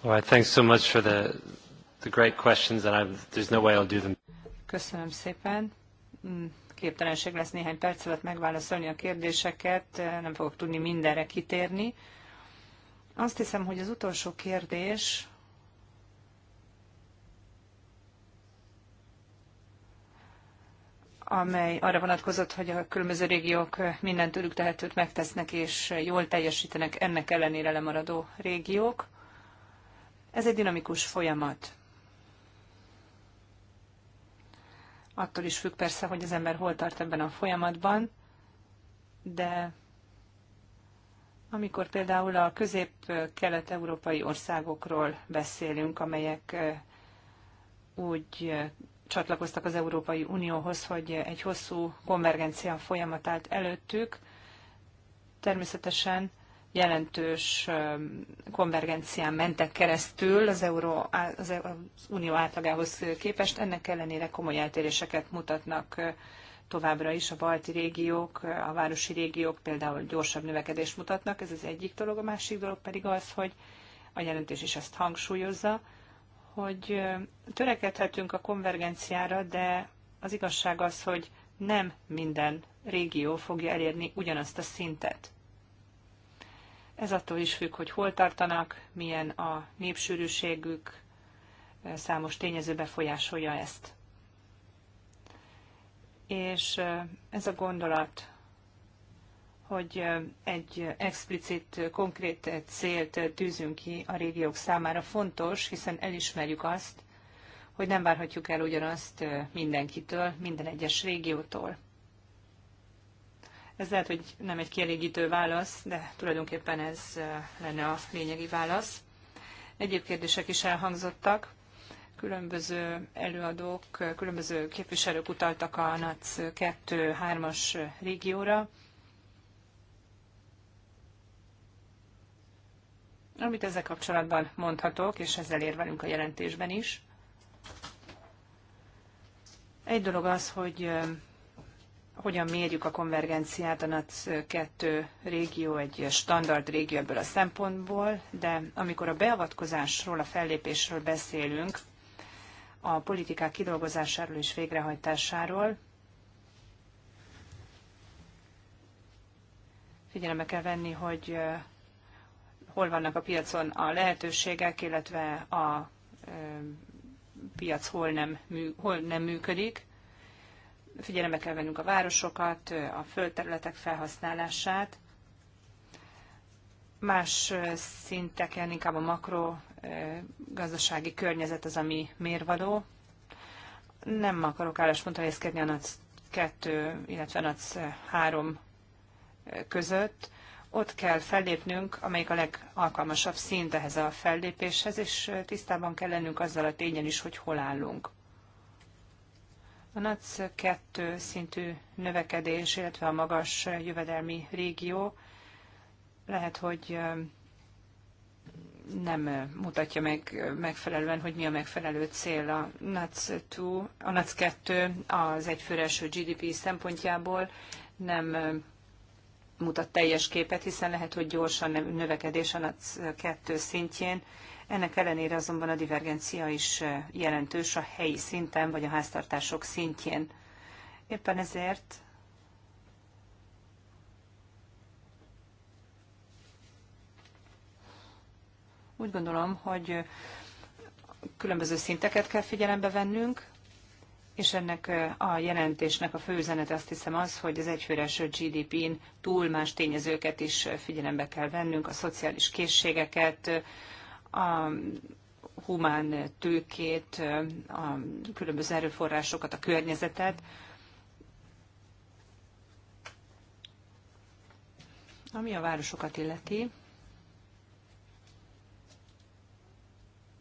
Speaker 3: All right, thanks so much for the, the great questions, and I'm, there's no way I'll do them.
Speaker 1: Köszönöm szépen. Mm, képtelenség lesz néhány perc alatt megválaszolni a kérdéseket, nem fogok tudni mindenre kitérni. Azt hiszem, hogy az utolsó kérdés amely arra vonatkozott, hogy a különböző régiók minden tőlük tehetőt megtesznek, és jól teljesítenek ennek ellenére lemaradó régiók. Ez egy dinamikus folyamat. Attól is függ persze, hogy az ember hol tart ebben a folyamatban, de amikor például a közép-kelet-európai országokról beszélünk, amelyek úgy csatlakoztak az Európai Unióhoz, hogy egy hosszú konvergencia folyamat állt előttük. Természetesen jelentős konvergencián mentek keresztül az, Euró, az Unió átlagához képest, ennek ellenére komoly eltéréseket mutatnak továbbra is a balti régiók, a városi régiók például gyorsabb növekedést mutatnak, ez az egyik dolog, a másik dolog pedig az, hogy a jelentés is ezt hangsúlyozza, hogy törekedhetünk a konvergenciára, de az igazság az, hogy nem minden régió fogja elérni ugyanazt a szintet. Ez attól is függ, hogy hol tartanak, milyen a népsűrűségük, számos tényező befolyásolja ezt. És ez a gondolat, hogy egy explicit, konkrét célt tűzünk ki a régiók számára. Fontos, hiszen elismerjük azt, hogy nem várhatjuk el ugyanazt mindenkitől, minden egyes régiótól. Ez lehet, hogy nem egy kielégítő válasz, de tulajdonképpen ez lenne a lényegi válasz. Egyéb kérdések is elhangzottak. Különböző előadók, különböző képviselők utaltak a NAC 2-3-as régióra. Amit ezzel kapcsolatban mondhatok, és ezzel érvelünk a jelentésben is, egy dolog az, hogy hogyan mérjük a konvergenciát a NAC 2 régió, egy standard régió ebből a szempontból, de amikor a beavatkozásról, a fellépésről beszélünk, a politikák kidolgozásáról és végrehajtásáról, figyelembe kell venni, hogy hol vannak a piacon a lehetőségek, illetve a piac hol nem, hol nem működik. Figyelembe kell vennünk a városokat, a földterületek felhasználását. Más szinteken inkább a makro gazdasági környezet az, ami mérvadó. Nem akarok álláspontra helyezkedni a NAC 2, illetve a NAC 3 között ott kell fellépnünk, amelyik a legalkalmasabb szint ehhez a fellépéshez, és tisztában kell lennünk azzal a tényen is, hogy hol állunk. A NAC 2 szintű növekedés, illetve a magas jövedelmi régió lehet, hogy nem mutatja meg megfelelően, hogy mi a megfelelő cél a NAC 2, a NAC 2 az egyfőre GDP szempontjából nem mutat teljes képet, hiszen lehet, hogy gyorsan növekedés a NAC 2 szintjén. Ennek ellenére azonban a divergencia is jelentős a helyi szinten, vagy a háztartások szintjén. Éppen ezért úgy gondolom, hogy különböző szinteket kell figyelembe vennünk, és ennek a jelentésnek a főüzenete azt hiszem az, hogy az egyfőre eső GDP-n túl más tényezőket is figyelembe kell vennünk, a szociális készségeket, a humán tőkét, a különböző erőforrásokat, a környezetet. Ami a városokat illeti,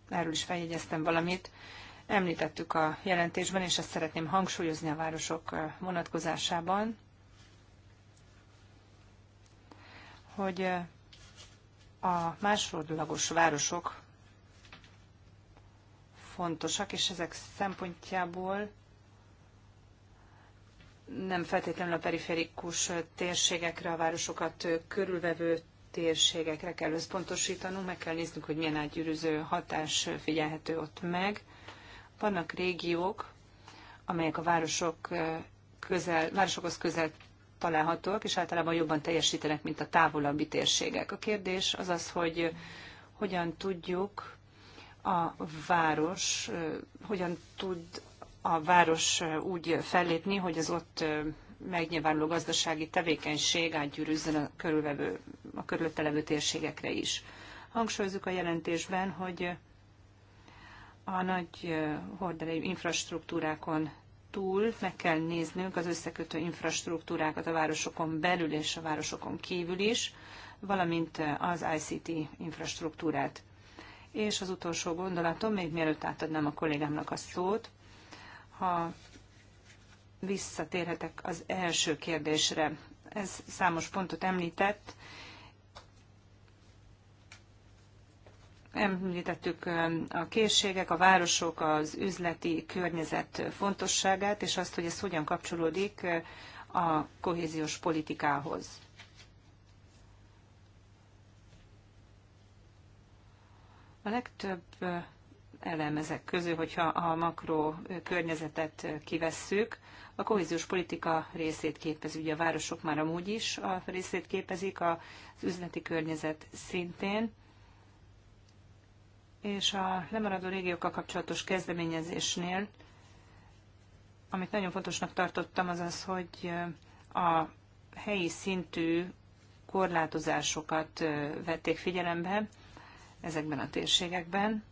Speaker 1: erről is feljegyeztem valamit, Említettük a jelentésben, és ezt szeretném hangsúlyozni a városok vonatkozásában, hogy a másodlagos városok fontosak, és ezek szempontjából nem feltétlenül a periférikus térségekre, a városokat körülvevő térségekre kell összpontosítanunk, meg kell néznünk, hogy milyen átgyűrűző hatás figyelhető ott meg. Vannak régiók, amelyek a városok közel, városokhoz közel találhatóak, és általában jobban teljesítenek, mint a távolabbi térségek. A kérdés az az, hogy hogyan tudjuk a város, hogyan tud a város úgy fellépni, hogy az ott megnyilvánuló gazdasági tevékenység átgyűrűzzen a, körülvevő, a körülötte levő térségekre is. Hangsúlyozzuk a jelentésben, hogy a nagy horderejű infrastruktúrákon túl meg kell néznünk az összekötő infrastruktúrákat a városokon belül és a városokon kívül is, valamint az ICT infrastruktúrát. És az utolsó gondolatom, még mielőtt átadnám a kollégámnak a szót, ha visszatérhetek az első kérdésre. Ez számos pontot említett, Említettük um, a készségek, a városok, az üzleti környezet fontosságát, és azt, hogy ez hogyan kapcsolódik uh, a kohéziós politikához. A legtöbb uh, elem ezek közül, hogyha a makro uh, környezetet kivesszük, a kohéziós politika részét képezi, ugye a városok már amúgy is a részét képezik, az üzleti környezet szintén, és a lemaradó régiókkal kapcsolatos kezdeményezésnél, amit nagyon fontosnak tartottam, az az, hogy a helyi szintű korlátozásokat vették figyelembe ezekben a térségekben,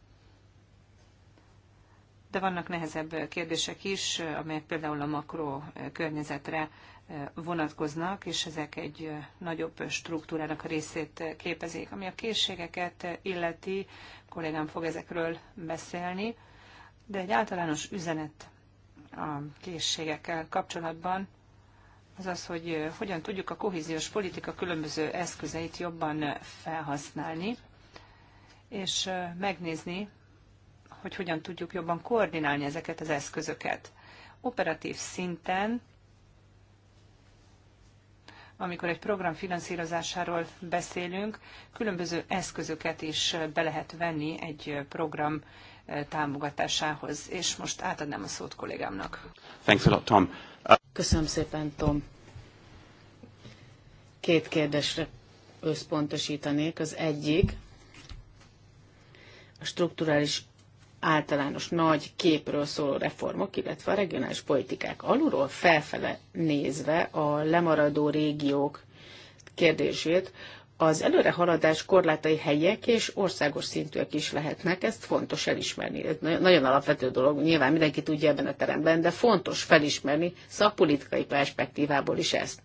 Speaker 1: de vannak nehezebb kérdések is, amelyek például a makro környezetre vonatkoznak, és ezek egy nagyobb struktúrának a részét képezik. Ami a készségeket illeti, kollégám fog ezekről beszélni, de egy általános üzenet a készségekkel kapcsolatban az az, hogy hogyan tudjuk a kohéziós politika különböző eszközeit jobban felhasználni, és megnézni, hogy hogyan tudjuk jobban koordinálni ezeket az eszközöket. Operatív szinten amikor egy program finanszírozásáról beszélünk, különböző eszközöket is be lehet venni egy program eh, támogatásához. És most átadnám a szót
Speaker 3: kollégámnak. Thanks a lot, Tom. Köszönöm szépen, Tom. Két kérdésre összpontosítanék. Az egyik a strukturális általános nagy képről szóló reformok, illetve a regionális politikák alulról felfele nézve a lemaradó régiók kérdését, az előrehaladás korlátai helyek és országos szintűek is lehetnek, ezt fontos elismerni. Ez nagyon alapvető dolog, nyilván mindenki tudja ebben a teremben, de fontos felismerni szakpolitikai perspektívából is ezt.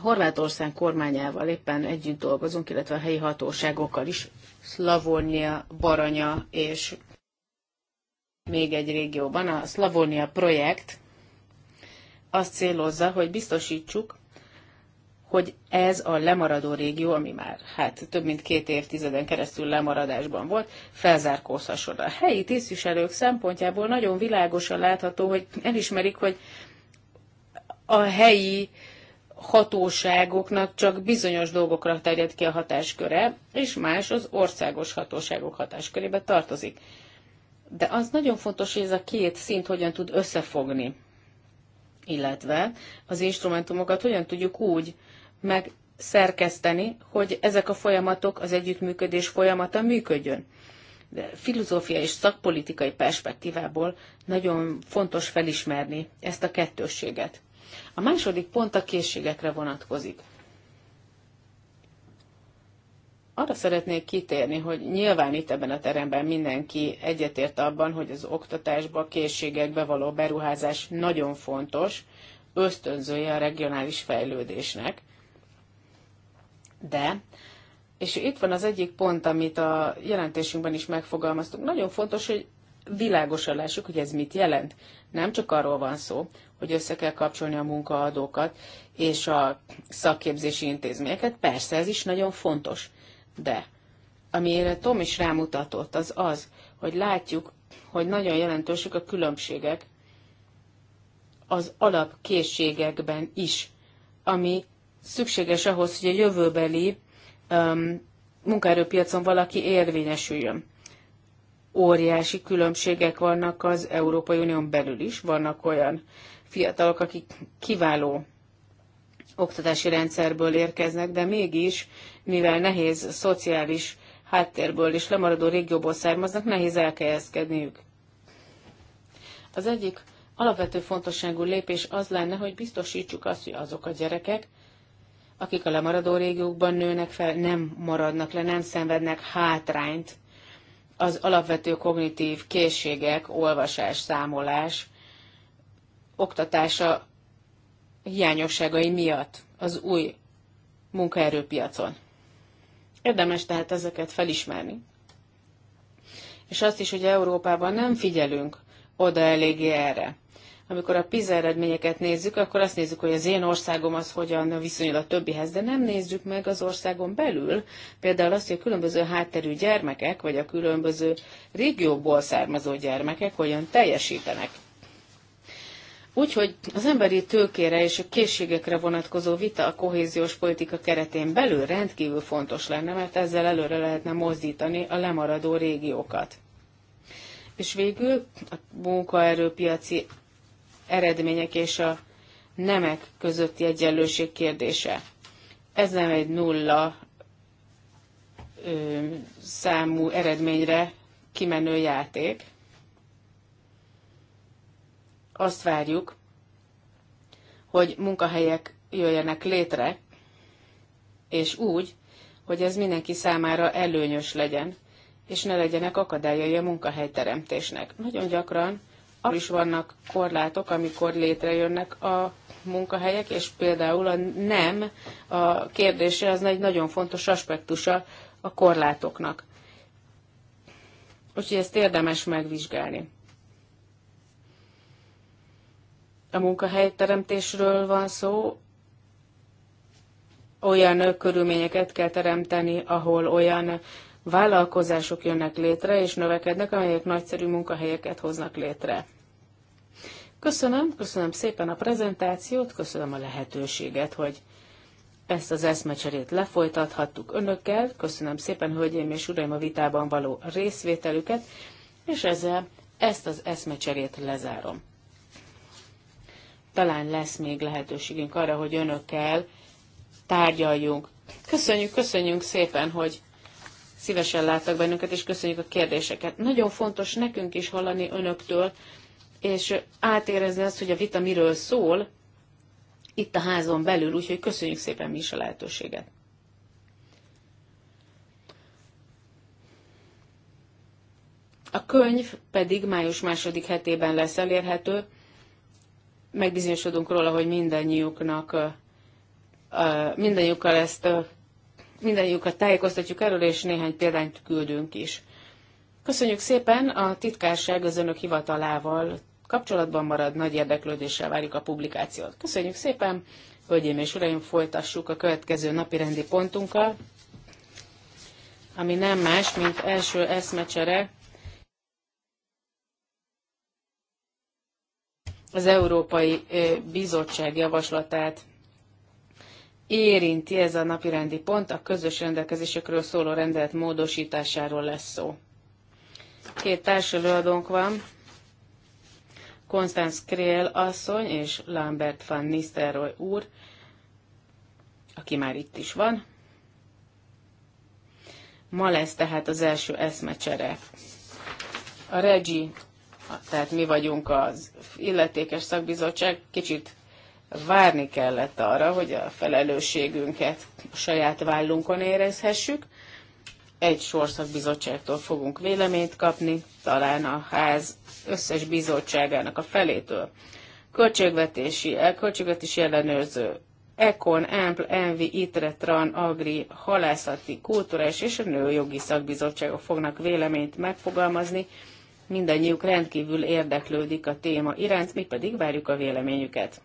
Speaker 3: Horvátország kormányával éppen együtt dolgozunk, illetve a helyi hatóságokkal is, Szlavónia, Baranya és még egy régióban. A Szlavónia projekt azt célozza, hogy biztosítsuk, hogy ez a lemaradó régió, ami már hát több mint két évtizeden keresztül lemaradásban volt, felzárkózhasson. A helyi tisztviselők szempontjából nagyon világosan látható, hogy elismerik, hogy a helyi hatóságoknak csak bizonyos dolgokra terjed ki a hatásköre, és más az országos hatóságok hatáskörébe tartozik. De az nagyon fontos, hogy ez a két szint hogyan tud összefogni, illetve az instrumentumokat hogyan tudjuk úgy megszerkeszteni, hogy ezek a folyamatok, az együttműködés folyamata működjön. De filozófiai és szakpolitikai perspektívából nagyon fontos felismerni ezt a kettősséget. A második pont a készségekre vonatkozik. Arra szeretnék kitérni, hogy nyilván itt ebben a teremben mindenki egyetért abban, hogy az oktatásba, készségekbe való beruházás nagyon fontos, ösztönzője a regionális fejlődésnek. De és itt van az egyik pont, amit a jelentésünkben is megfogalmaztunk. Nagyon fontos, hogy világosan lássuk, hogy ez mit jelent. Nem csak arról van szó, hogy össze kell kapcsolni a munkaadókat és a szakképzési intézményeket. Persze ez is nagyon fontos, de amire Tom is rámutatott, az az, hogy látjuk, hogy nagyon jelentősek a különbségek az alapkészségekben is, ami szükséges ahhoz, hogy a jövőbeli um, munkaerőpiacon valaki érvényesüljön. Óriási különbségek vannak az Európai Unión belül is, vannak olyan fiatalok, akik kiváló oktatási rendszerből érkeznek, de mégis, mivel nehéz szociális háttérből és lemaradó régióból származnak, nehéz elkehelyezkedniük. Az egyik alapvető fontosságú lépés az lenne, hogy biztosítsuk azt, hogy azok a gyerekek, akik a lemaradó régiókban nőnek fel, nem maradnak le, nem szenvednek hátrányt az alapvető kognitív készségek, olvasás, számolás oktatása hiányosságai miatt az új munkaerőpiacon. Érdemes tehát ezeket felismerni. És azt is, hogy Európában nem figyelünk oda eléggé erre. Amikor a PISA eredményeket nézzük, akkor azt nézzük, hogy az én országom az hogyan viszonyul a többihez, de nem nézzük meg az országon belül, például azt, hogy a különböző hátterű gyermekek, vagy a különböző régióból származó gyermekek hogyan teljesítenek. Úgyhogy az emberi tőkére és a készségekre vonatkozó vita a kohéziós politika keretén belül rendkívül fontos lenne, mert ezzel előre lehetne mozdítani a lemaradó régiókat. És végül a munkaerőpiaci eredmények és a nemek közötti egyenlőség kérdése. Ez nem egy nulla ö, számú eredményre kimenő játék, azt várjuk, hogy munkahelyek jöjjenek létre, és úgy, hogy ez mindenki számára előnyös legyen, és ne legyenek akadályai a munkahelyteremtésnek. Nagyon gyakran akkor is vannak korlátok, amikor létrejönnek a munkahelyek, és például a nem a kérdése az egy nagyon fontos aspektusa a korlátoknak. Úgyhogy ezt érdemes megvizsgálni. a munkahelyteremtésről van szó, olyan körülményeket kell teremteni, ahol olyan vállalkozások jönnek létre és növekednek, amelyek nagyszerű munkahelyeket hoznak létre. Köszönöm, köszönöm szépen a prezentációt, köszönöm a lehetőséget, hogy ezt az eszmecserét lefolytathattuk önökkel. Köszönöm szépen, hölgyeim és uraim, a vitában való részvételüket, és ezzel ezt az eszmecserét lezárom talán lesz még lehetőségünk arra, hogy önökkel tárgyaljunk. Köszönjük, köszönjük szépen, hogy szívesen láttak bennünket, és köszönjük a kérdéseket. Nagyon fontos nekünk is hallani önöktől, és átérezni azt, hogy a vita miről szól, itt a házon belül, úgyhogy köszönjük szépen mi is a lehetőséget. A könyv pedig május második hetében lesz elérhető, megbizonyosodunk róla, hogy mindannyiuknak, mindannyiukkal ezt, mindannyiukat tájékoztatjuk erről, és néhány példányt küldünk is. Köszönjük szépen, a titkárság az önök hivatalával kapcsolatban marad, nagy érdeklődéssel várjuk a publikációt. Köszönjük szépen, hölgyeim és uraim, folytassuk a következő napi rendi pontunkkal, ami nem más, mint első eszmecsere az Európai Bizottság javaslatát érinti ez a napirendi pont, a közös rendelkezésekről szóló rendelet módosításáról lesz szó. Két társelőadónk van, Konstanz Krél asszony és Lambert van Nisterroy úr, aki már itt is van. Ma lesz tehát az első eszmecsere. A Regi tehát mi vagyunk az illetékes szakbizottság, kicsit várni kellett arra, hogy a felelősségünket a saját vállunkon érezhessük. Egy sorszakbizottságtól fogunk véleményt kapni, talán a ház összes bizottságának a felétől. Költségvetési, e, költségvetési ellenőrző, Ekon, Ampl, Envi, Itre, Tran, Agri, Halászati, Kultúrás és a Nőjogi Szakbizottságok fognak véleményt megfogalmazni, mindannyiuk rendkívül érdeklődik a téma iránt, mi pedig várjuk a véleményüket.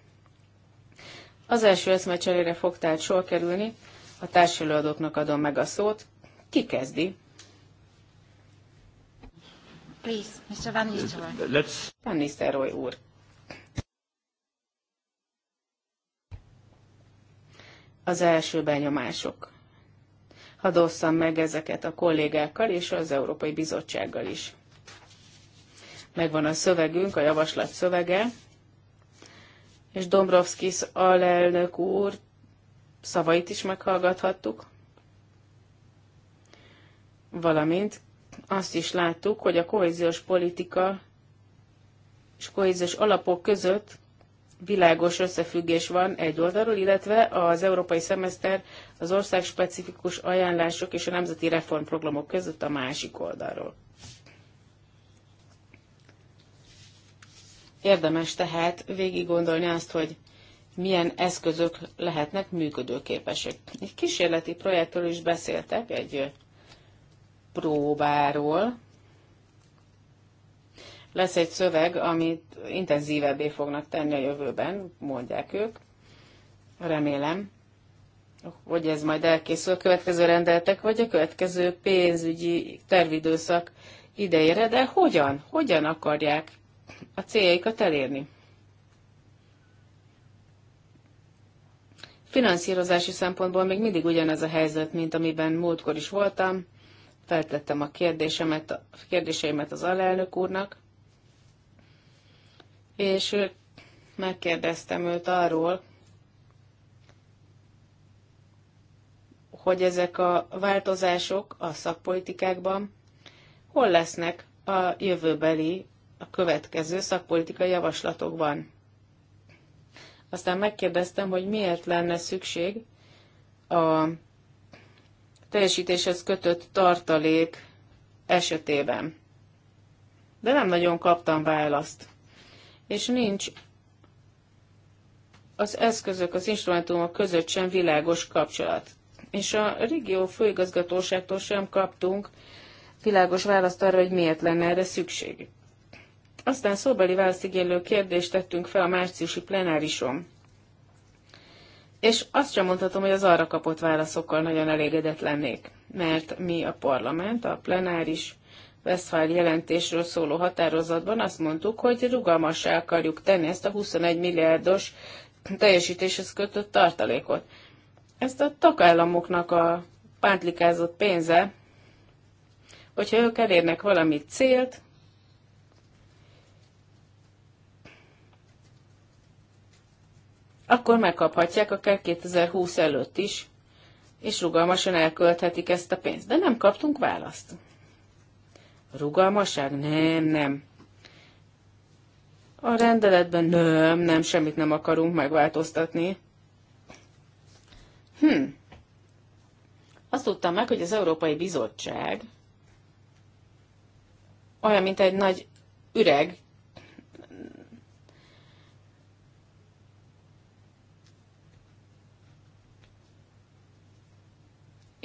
Speaker 3: Az első eszmecserére fog tehát sor kerülni, a társelőadóknak adom meg a szót. Ki kezdi?
Speaker 2: Please, Mr. Van Nistelrooy.
Speaker 3: Uh, Van Nistelrooy úr. Az első benyomások. Hadd osszam meg ezeket a kollégákkal és az Európai Bizottsággal is megvan a szövegünk, a javaslat szövege, és Dombrovskis alelnök úr szavait is meghallgathattuk, valamint azt is láttuk, hogy a kohéziós politika és kohéziós alapok között világos összefüggés van egy oldalról, illetve az európai szemeszter az ország specifikus ajánlások és a nemzeti reformprogramok között a másik oldalról. Érdemes tehát végig gondolni azt, hogy milyen eszközök lehetnek működőképesek. Egy kísérleti projektről is beszéltek, egy próbáról. Lesz egy szöveg, amit intenzívebbé fognak tenni a jövőben, mondják ők. Remélem, hogy ez majd elkészül a következő rendeltek, vagy a következő pénzügyi tervidőszak idejére, de hogyan, hogyan akarják a céljaikat elérni. Finanszírozási szempontból még mindig ugyanez a helyzet, mint amiben múltkor is voltam. Feltettem a kérdésemet, a kérdéseimet az alelnök úrnak, és megkérdeztem őt arról, hogy ezek a változások a szakpolitikákban hol lesznek a jövőbeli a következő szakpolitikai javaslatokban. Aztán megkérdeztem, hogy miért lenne szükség a teljesítéshez kötött tartalék esetében. De nem nagyon kaptam választ. És nincs az eszközök, az instrumentumok között sem világos kapcsolat. És a régió főigazgatóságtól sem kaptunk világos választ arra, hogy miért lenne erre szükség. Aztán szóbeli válaszigénylő kérdést tettünk fel a márciusi plenárison. És azt sem mondhatom, hogy az arra kapott válaszokkal nagyon elégedett lennék, mert mi a parlament, a plenáris Westfál jelentésről szóló határozatban azt mondtuk, hogy rugalmassá akarjuk tenni ezt a 21 milliárdos teljesítéshez kötött tartalékot. Ezt a takállamoknak a pántlikázott pénze, hogyha ők elérnek valami célt, akkor megkaphatják akár 2020 előtt is, és rugalmasan elkölthetik ezt a pénzt. De nem kaptunk választ. Rugalmasság? Nem, nem. A rendeletben nem, nem, semmit nem akarunk megváltoztatni. Hm. Azt tudtam meg, hogy az Európai Bizottság olyan, mint egy nagy üreg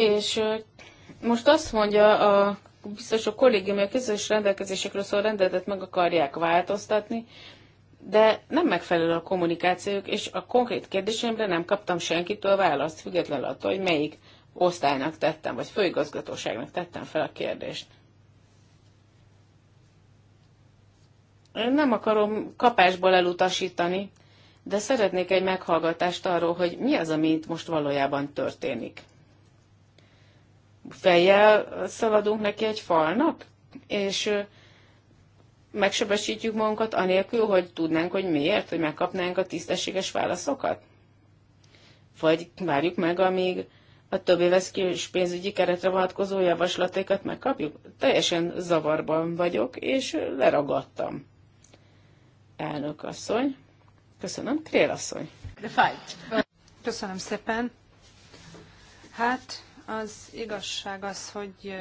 Speaker 3: És most azt mondja a biztos a kollégium, a közös rendelkezésekről szól rendeletet meg akarják változtatni, de nem megfelelő a kommunikációjuk, és a konkrét kérdésemre nem kaptam senkitől választ, függetlenül attól, hogy melyik osztálynak tettem, vagy főigazgatóságnak tettem fel a kérdést. Én nem akarom kapásból elutasítani, de szeretnék egy meghallgatást arról, hogy mi az, ami itt most valójában történik fejjel szaladunk neki egy falnak, és megsebesítjük magunkat anélkül, hogy tudnánk, hogy miért, hogy megkapnánk a tisztességes válaszokat? Vagy várjuk meg, amíg a több éves pénzügyi keretre vonatkozó javaslatékat megkapjuk? Teljesen zavarban vagyok, és leragadtam. Elnök asszony. Köszönöm, Krél asszony.
Speaker 1: Köszönöm szépen. Hát, az igazság az, hogy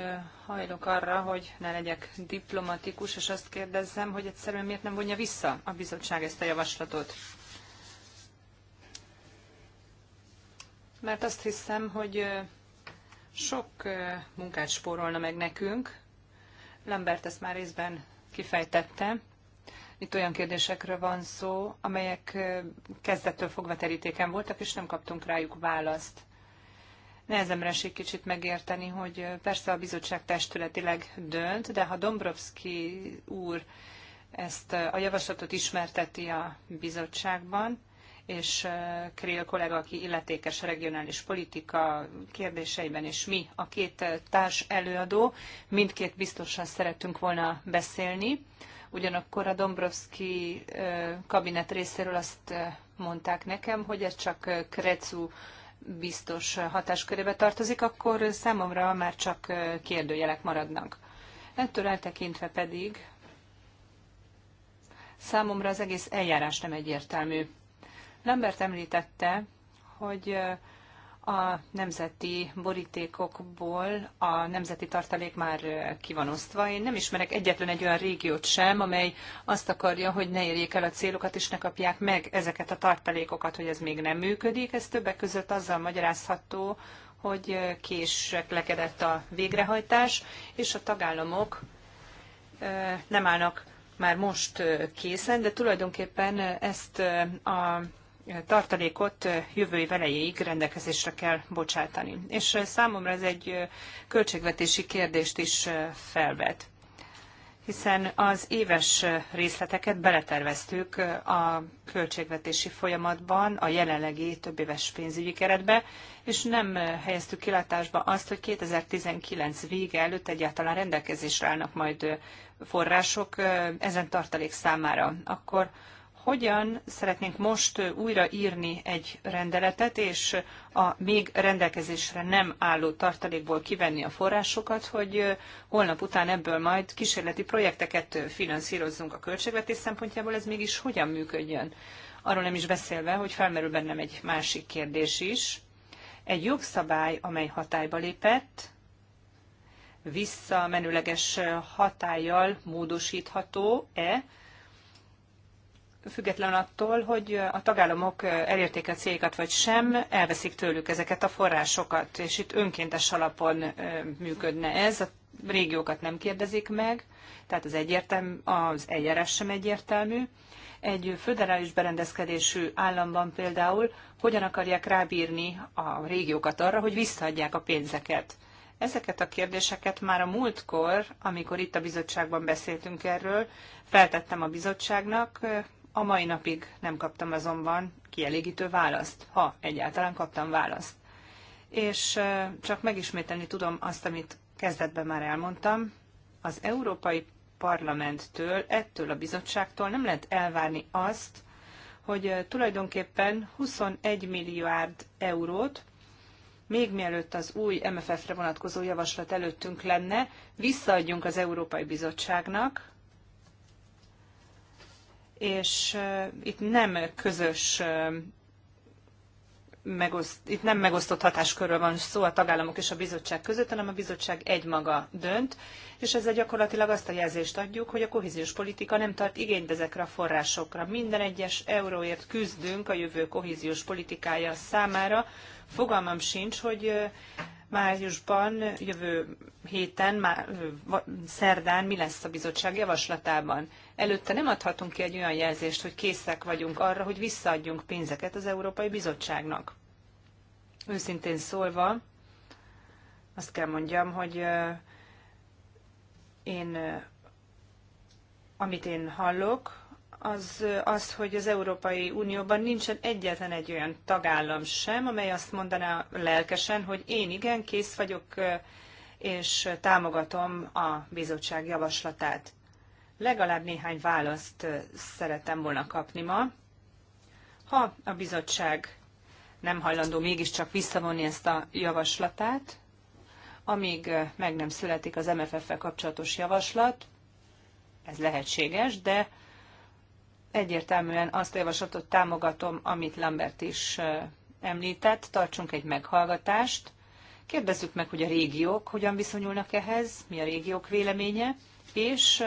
Speaker 1: hajlok arra, hogy ne legyek diplomatikus, és azt kérdezzem, hogy egyszerűen miért nem vonja vissza a bizottság ezt a javaslatot. Mert azt hiszem, hogy sok munkát spórolna meg nekünk. Lambert ezt már részben kifejtette. Itt olyan kérdésekről van szó, amelyek kezdettől fogva terítéken voltak, és nem kaptunk rájuk választ nehezemre esik kicsit megérteni, hogy persze a bizottság testületileg dönt, de ha Dombrovski úr ezt a javaslatot ismerteti a bizottságban, és Krél kollega, aki illetékes a regionális politika kérdéseiben, és mi, a két társ előadó, mindkét biztosan szeretünk volna beszélni. Ugyanakkor a Dombrovski kabinet részéről azt mondták nekem, hogy ez csak Krecu biztos hatáskörébe tartozik, akkor számomra már csak kérdőjelek maradnak. Ettől eltekintve pedig számomra az egész eljárás nem egyértelmű. Lambert említette, hogy a nemzeti borítékokból a nemzeti tartalék már ki van osztva. Én nem ismerek egyetlen egy olyan régiót sem, amely azt akarja, hogy ne érjék el a célokat, és ne kapják meg ezeket a tartalékokat, hogy ez még nem működik. Ez többek között azzal magyarázható, hogy lekedett a végrehajtás, és a tagállamok nem állnak már most készen, de tulajdonképpen ezt a tartalékot jövő év elejéig rendelkezésre kell bocsátani. És számomra ez egy költségvetési kérdést is felvet hiszen az éves részleteket beleterveztük a költségvetési folyamatban, a jelenlegi többéves pénzügyi keretbe, és nem helyeztük kilátásba azt, hogy 2019 vége előtt egyáltalán rendelkezésre állnak majd források ezen tartalék számára. Akkor hogyan szeretnénk most újraírni egy rendeletet, és a még rendelkezésre nem álló tartalékból kivenni a forrásokat, hogy holnap után ebből majd kísérleti projekteket finanszírozzunk a költségvetés szempontjából, ez mégis hogyan működjön? Arról nem is beszélve, hogy felmerül bennem egy másik kérdés is. Egy jogszabály, amely hatályba lépett, visszamenőleges hatállyal módosítható-e, független attól, hogy a tagállamok elérték a céljaikat vagy sem, elveszik tőlük ezeket a forrásokat, és itt önkéntes alapon működne ez, a régiókat nem kérdezik meg, tehát az, egyértelm, az eljárás sem egyértelmű. Egy föderális berendezkedésű államban például hogyan akarják rábírni a régiókat arra, hogy visszaadják a pénzeket. Ezeket a kérdéseket már a múltkor, amikor itt a bizottságban beszéltünk erről, feltettem a bizottságnak, a mai napig nem kaptam azonban kielégítő választ, ha egyáltalán kaptam választ. És csak megismételni tudom azt, amit kezdetben már elmondtam, az Európai Parlamenttől, ettől a bizottságtól nem lehet elvárni azt, hogy tulajdonképpen 21 milliárd eurót, még mielőtt az új MFF-re vonatkozó javaslat előttünk lenne, visszaadjunk az Európai Bizottságnak, és itt nem közös megoszt, itt nem megosztott hatáskörről van szó a tagállamok és a bizottság között, hanem a bizottság egymaga dönt, és ezzel gyakorlatilag azt a jelzést adjuk, hogy a kohéziós politika nem tart igényt ezekre a forrásokra. Minden egyes euróért küzdünk a jövő kohéziós politikája számára. Fogalmam sincs, hogy májusban, jövő héten, már, szerdán mi lesz a bizottság javaslatában. Előtte nem adhatunk ki egy olyan jelzést, hogy készek vagyunk arra, hogy visszaadjunk pénzeket az Európai Bizottságnak. Őszintén szólva, azt kell mondjam, hogy én, amit én hallok, az az, hogy az Európai Unióban nincsen egyetlen egy olyan tagállam sem, amely azt mondaná lelkesen, hogy én igen, kész vagyok, és támogatom a bizottság javaslatát. Legalább néhány választ szeretem volna kapni ma. Ha a bizottság nem hajlandó mégiscsak visszavonni ezt a javaslatát, amíg meg nem születik az MFF-fel kapcsolatos javaslat, ez lehetséges, de egyértelműen azt a javaslatot támogatom, amit Lambert is említett, tartsunk egy meghallgatást, kérdezzük meg, hogy a régiók hogyan viszonyulnak ehhez, mi a régiók véleménye, és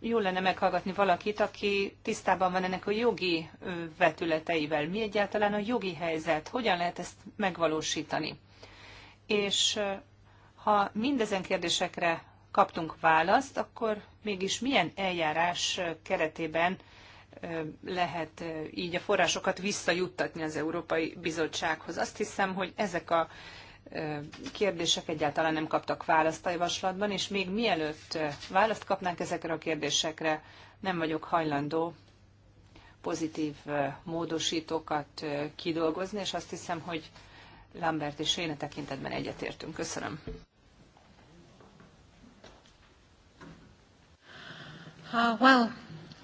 Speaker 1: jó lenne meghallgatni valakit, aki tisztában van ennek a jogi vetületeivel. Mi egyáltalán a jogi helyzet? Hogyan lehet ezt megvalósítani? És ha mindezen kérdésekre kaptunk választ, akkor mégis milyen eljárás keretében lehet így a forrásokat visszajuttatni az Európai Bizottsághoz. Azt hiszem, hogy ezek a kérdések egyáltalán nem kaptak választ a javaslatban, és még mielőtt választ kapnánk ezekre a kérdésekre, nem vagyok hajlandó pozitív módosítókat kidolgozni, és azt hiszem, hogy Lambert és én a tekintetben egyetértünk. Köszönöm.
Speaker 2: Uh,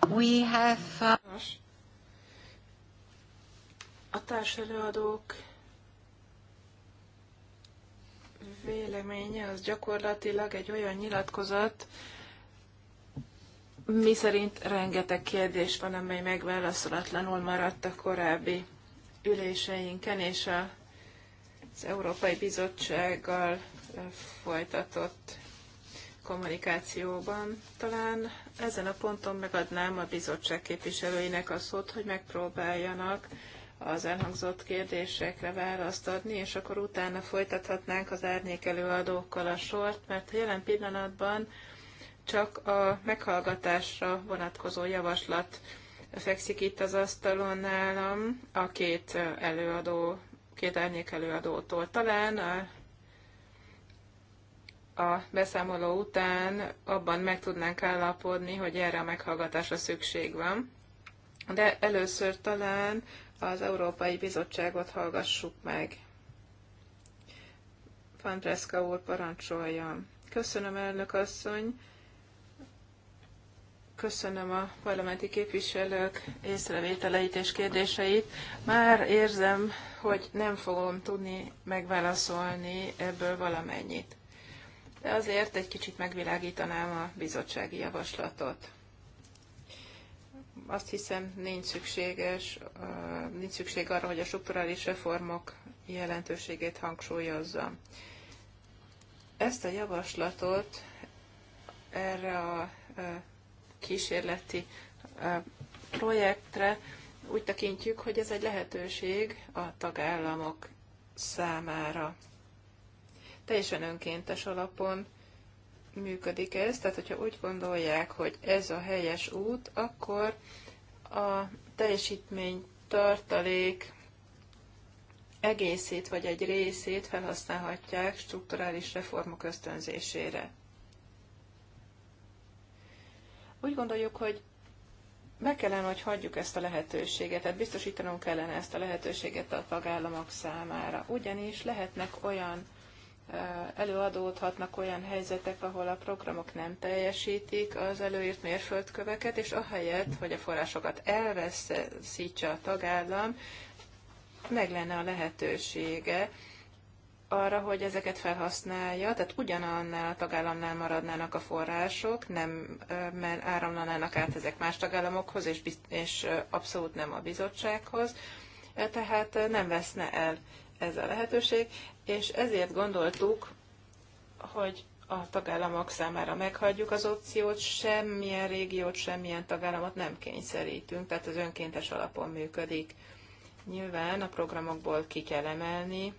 Speaker 2: uh, a társelőadók véleménye az gyakorlatilag egy olyan nyilatkozat, mi szerint rengeteg kérdés van, amely megválaszolatlanul maradt a korábbi üléseinken, és az Európai Bizottsággal folytatott kommunikációban. Talán ezen a ponton megadnám a bizottság képviselőinek a szót, hogy megpróbáljanak az elhangzott kérdésekre választ adni, és akkor utána folytathatnánk az árnyék előadókkal a sort, mert jelen pillanatban csak a meghallgatásra vonatkozó javaslat fekszik itt az asztalon nálam a két előadó, két árnyék előadótól. Talán a a beszámoló után abban meg tudnánk állapodni, hogy erre a meghallgatásra szükség van. De először talán az Európai Bizottságot hallgassuk meg. Van úr parancsolja. Köszönöm, elnök asszony. Köszönöm a parlamenti képviselők észrevételeit és kérdéseit. Már érzem, hogy nem fogom tudni megválaszolni ebből valamennyit de azért egy kicsit megvilágítanám a bizottsági javaslatot. Azt hiszem, nincs, szükséges, nincs szükség arra, hogy a strukturális reformok jelentőségét hangsúlyozza. Ezt a javaslatot erre a kísérleti projektre úgy tekintjük, hogy ez egy lehetőség a tagállamok számára teljesen önkéntes alapon működik ez, tehát hogyha úgy gondolják, hogy ez a helyes út, akkor a teljesítmény tartalék egészét vagy egy részét felhasználhatják strukturális reformok ösztönzésére. Úgy gondoljuk, hogy meg kellene, hogy hagyjuk ezt a lehetőséget, tehát biztosítanunk kellene ezt a lehetőséget a tagállamok számára. Ugyanis lehetnek olyan előadódhatnak olyan helyzetek, ahol a programok nem teljesítik az előírt mérföldköveket, és ahelyett, hogy a forrásokat elveszítse a tagállam, meg lenne a lehetősége arra, hogy ezeket felhasználja, tehát ugyanannál a tagállamnál maradnának a források, nem mert áramlanának át ezek más tagállamokhoz, és, és abszolút nem a bizottsághoz, e, tehát nem veszne el ez a lehetőség, és ezért gondoltuk, hogy a tagállamok számára meghagyjuk az opciót, semmilyen régiót, semmilyen tagállamot nem kényszerítünk, tehát az önkéntes alapon működik. Nyilván a programokból ki kell emelni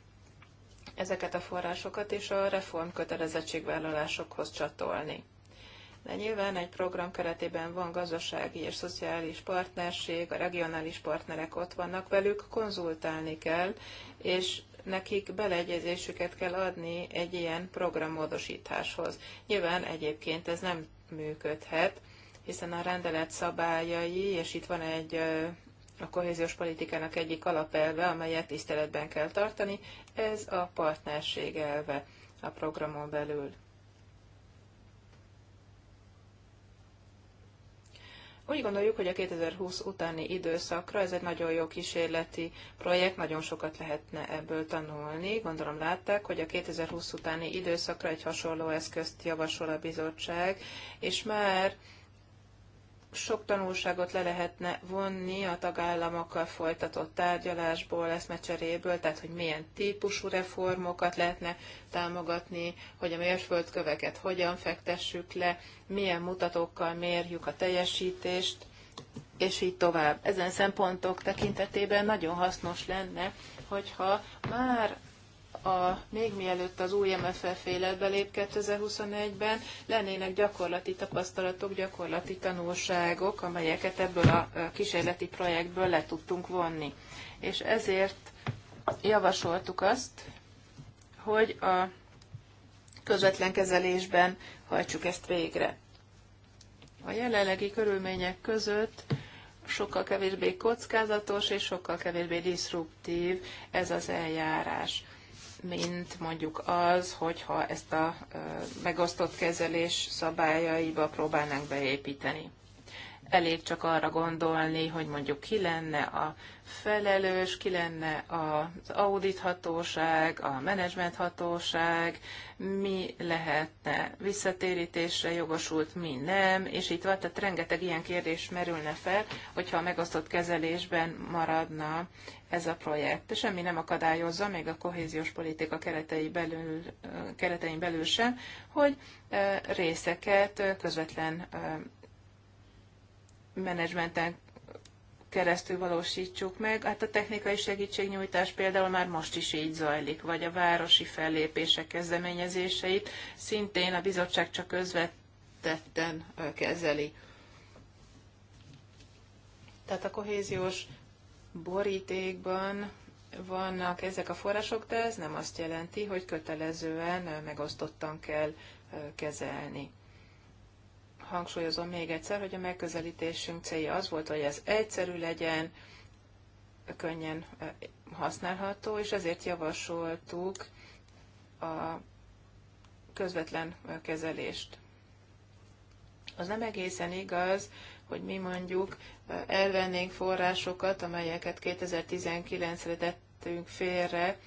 Speaker 2: ezeket a forrásokat és a reform kötelezettségvállalásokhoz csatolni. De nyilván egy program keretében van gazdasági és szociális partnerség, a regionális partnerek ott vannak velük, konzultálni kell, és nekik beleegyezésüket kell adni egy ilyen programmódosításhoz. Nyilván egyébként ez nem működhet, hiszen a rendelet szabályai, és itt van egy a kohéziós politikának egyik alapelve, amelyet tiszteletben kell tartani, ez a partnerség elve a programon belül. Úgy gondoljuk, hogy a 2020 utáni időszakra ez egy nagyon jó kísérleti projekt, nagyon sokat lehetne ebből tanulni. Gondolom látták, hogy a 2020 utáni időszakra egy hasonló eszközt javasol a bizottság, és már sok tanulságot le lehetne vonni a tagállamokkal folytatott tárgyalásból, eszmecseréből, tehát hogy milyen típusú reformokat lehetne támogatni, hogy a mérföldköveket hogyan fektessük le, milyen mutatókkal mérjük a teljesítést, és így tovább. Ezen szempontok tekintetében nagyon hasznos lenne, hogyha már a, még mielőtt az új MFF életbe lép 2021-ben, lennének gyakorlati tapasztalatok, gyakorlati tanulságok, amelyeket ebből a kísérleti projektből le tudtunk vonni. És ezért javasoltuk azt, hogy a közvetlen kezelésben hajtsuk ezt végre. A jelenlegi körülmények között sokkal kevésbé kockázatos és sokkal kevésbé diszruptív ez az eljárás mint mondjuk az, hogyha ezt a megosztott kezelés szabályaiba próbálnánk beépíteni. Elég csak arra gondolni, hogy mondjuk ki lenne a felelős, ki lenne az audithatóság, a menedzsmenthatóság, mi lehetne visszatérítésre jogosult, mi nem, és itt van, tehát rengeteg ilyen kérdés merülne fel, hogyha a megosztott kezelésben maradna ez a projekt. Semmi nem akadályozza, még a kohéziós politika keretei belül, keretein belül sem, hogy részeket közvetlen menedzsmenten keresztül valósítsuk meg. Hát a technikai segítségnyújtás például már most is így zajlik, vagy a városi fellépések kezdeményezéseit szintén a bizottság csak közvetetten kezeli. Tehát a kohéziós borítékban vannak ezek a források, de ez nem azt jelenti, hogy kötelezően megosztottan kell kezelni. Hangsúlyozom még egyszer, hogy a megközelítésünk célja az volt, hogy ez egyszerű legyen, könnyen használható, és ezért javasoltuk a közvetlen kezelést. Az nem egészen igaz, hogy mi mondjuk elvennénk forrásokat, amelyeket 2019-re tettünk félre,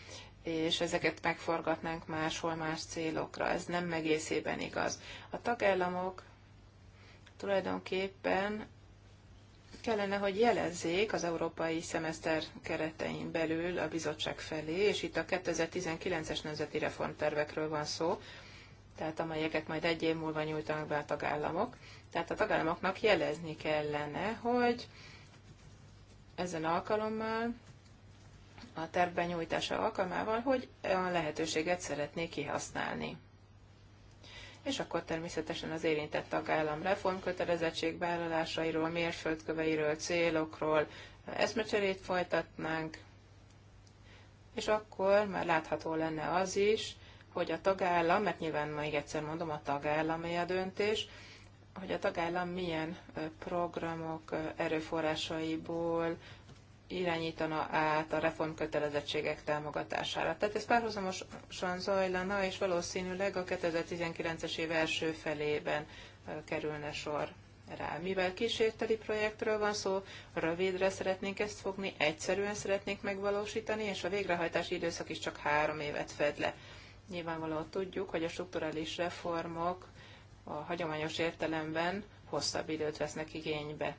Speaker 2: és ezeket megforgatnánk máshol más célokra. Ez nem egészében igaz. A tagállamok tulajdonképpen kellene, hogy jelezzék az európai szemeszter keretein belül a bizottság felé, és itt a 2019-es nemzeti reformtervekről van szó, tehát amelyeket majd egy év múlva nyújtanak be a tagállamok. Tehát a tagállamoknak jelezni kellene, hogy ezen alkalommal, a tervben nyújtása alkalmával, hogy a lehetőséget szeretné kihasználni. És akkor természetesen az érintett tagállam reformkötelezettségvállalásairól, mérföldköveiről, célokról eszmecserét folytatnánk, és akkor már látható lenne az is, hogy a tagállam, mert nyilván még egyszer mondom, a tagállamé a döntés, hogy a tagállam milyen programok erőforrásaiból irányítana át a reformkötelezettségek támogatására. Tehát ez párhuzamosan zajlana, és valószínűleg a 2019-es év első felében kerülne sor rá. Mivel kísérteli projektről van szó, rövidre szeretnénk ezt fogni, egyszerűen szeretnénk megvalósítani, és a végrehajtási időszak is csak három évet fed le. Nyilvánvalóan tudjuk, hogy a strukturális reformok a hagyományos értelemben hosszabb időt vesznek igénybe.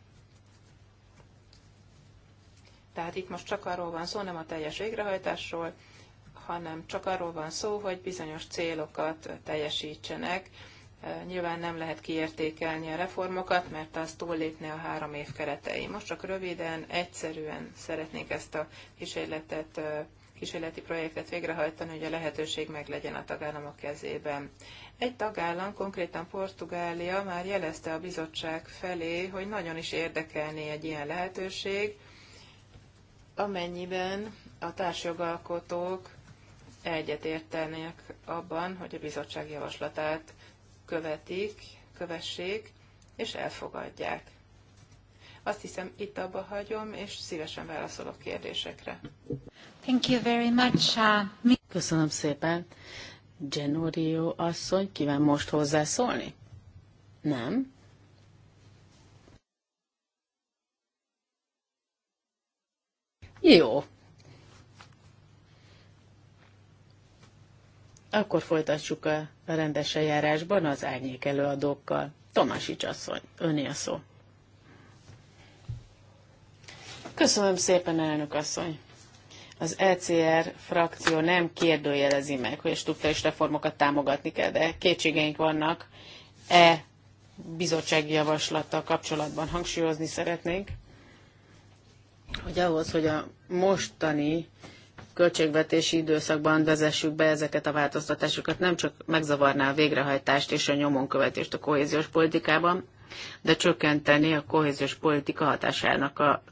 Speaker 2: Tehát itt most csak arról van szó, nem a teljes végrehajtásról, hanem csak arról van szó, hogy bizonyos célokat teljesítsenek. E, nyilván nem lehet kiértékelni a reformokat, mert az túllépne a három év keretei. Most csak röviden, egyszerűen szeretnék ezt a kísérletet e, kísérleti projektet végrehajtani, hogy a lehetőség meg legyen a tagállamok kezében. Egy tagállam, konkrétan Portugália már jelezte a bizottság felé, hogy nagyon is érdekelné egy ilyen lehetőség, amennyiben a társjogalkotók egyetértenek abban, hogy a bizottság javaslatát követik, kövessék és elfogadják. Azt hiszem, itt abba hagyom, és szívesen válaszolok kérdésekre.
Speaker 3: Thank you very much. Uh, Köszönöm szépen. Genorio asszony, kíván most hozzászólni? Nem? Jó. Akkor folytassuk a rendes eljárásban az árnyék előadókkal. Tomásics asszony, öné a szó. Köszönöm szépen, elnök asszony! Az ECR frakció nem kérdőjelezi meg, hogy a struktúrális reformokat támogatni kell, de kétségeink vannak e bizottsági javaslattal kapcsolatban hangsúlyozni szeretnénk, hogy ahhoz, hogy a mostani költségvetési időszakban vezessük be ezeket a változtatásokat, nem csak megzavarná a végrehajtást és a nyomonkövetést a kohéziós politikában, de csökkenteni a kohéziós politika hatásának a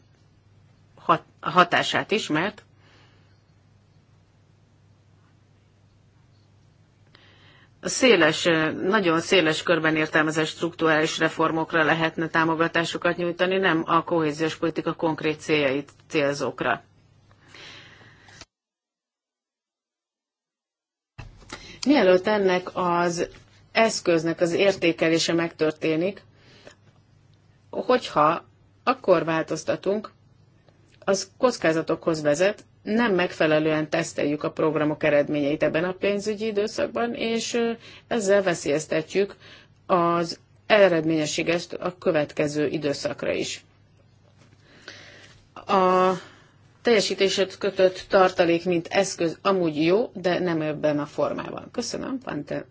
Speaker 3: hat, hatását is, mert a széles, nagyon széles körben értelmezett struktúrális reformokra lehetne támogatásokat nyújtani, nem a kohéziós politika konkrét céljait célzókra. Mielőtt ennek az eszköznek az értékelése megtörténik, hogyha akkor változtatunk, az kockázatokhoz vezet, nem megfelelően teszteljük a programok eredményeit ebben a pénzügyi időszakban, és ezzel veszélyeztetjük az eredményességet a következő időszakra is. A teljesítését kötött tartalék, mint eszköz amúgy jó, de nem ebben a formában. Köszönöm, Pante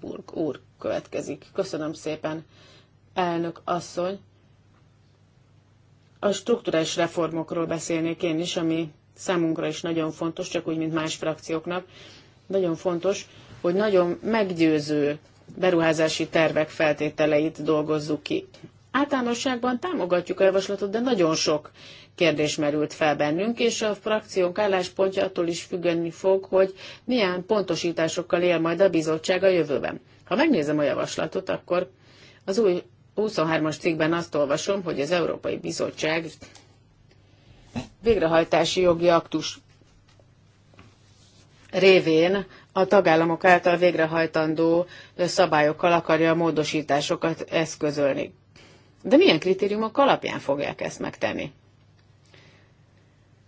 Speaker 3: Burg úr következik. Köszönöm szépen, elnök asszony a strukturális reformokról beszélnék én is, ami számunkra is nagyon fontos, csak úgy, mint más frakcióknak. Nagyon fontos, hogy nagyon meggyőző beruházási tervek feltételeit dolgozzuk ki. Általánosságban támogatjuk a javaslatot, de nagyon sok kérdés merült fel bennünk, és a frakciónk álláspontja attól is függeni fog, hogy milyen pontosításokkal él majd a bizottság a jövőben. Ha megnézem a javaslatot, akkor az új 23-as cikkben azt olvasom, hogy az Európai Bizottság végrehajtási jogi aktus révén a tagállamok által végrehajtandó szabályokkal akarja a módosításokat eszközölni. De milyen kritériumok alapján fogják ezt megtenni?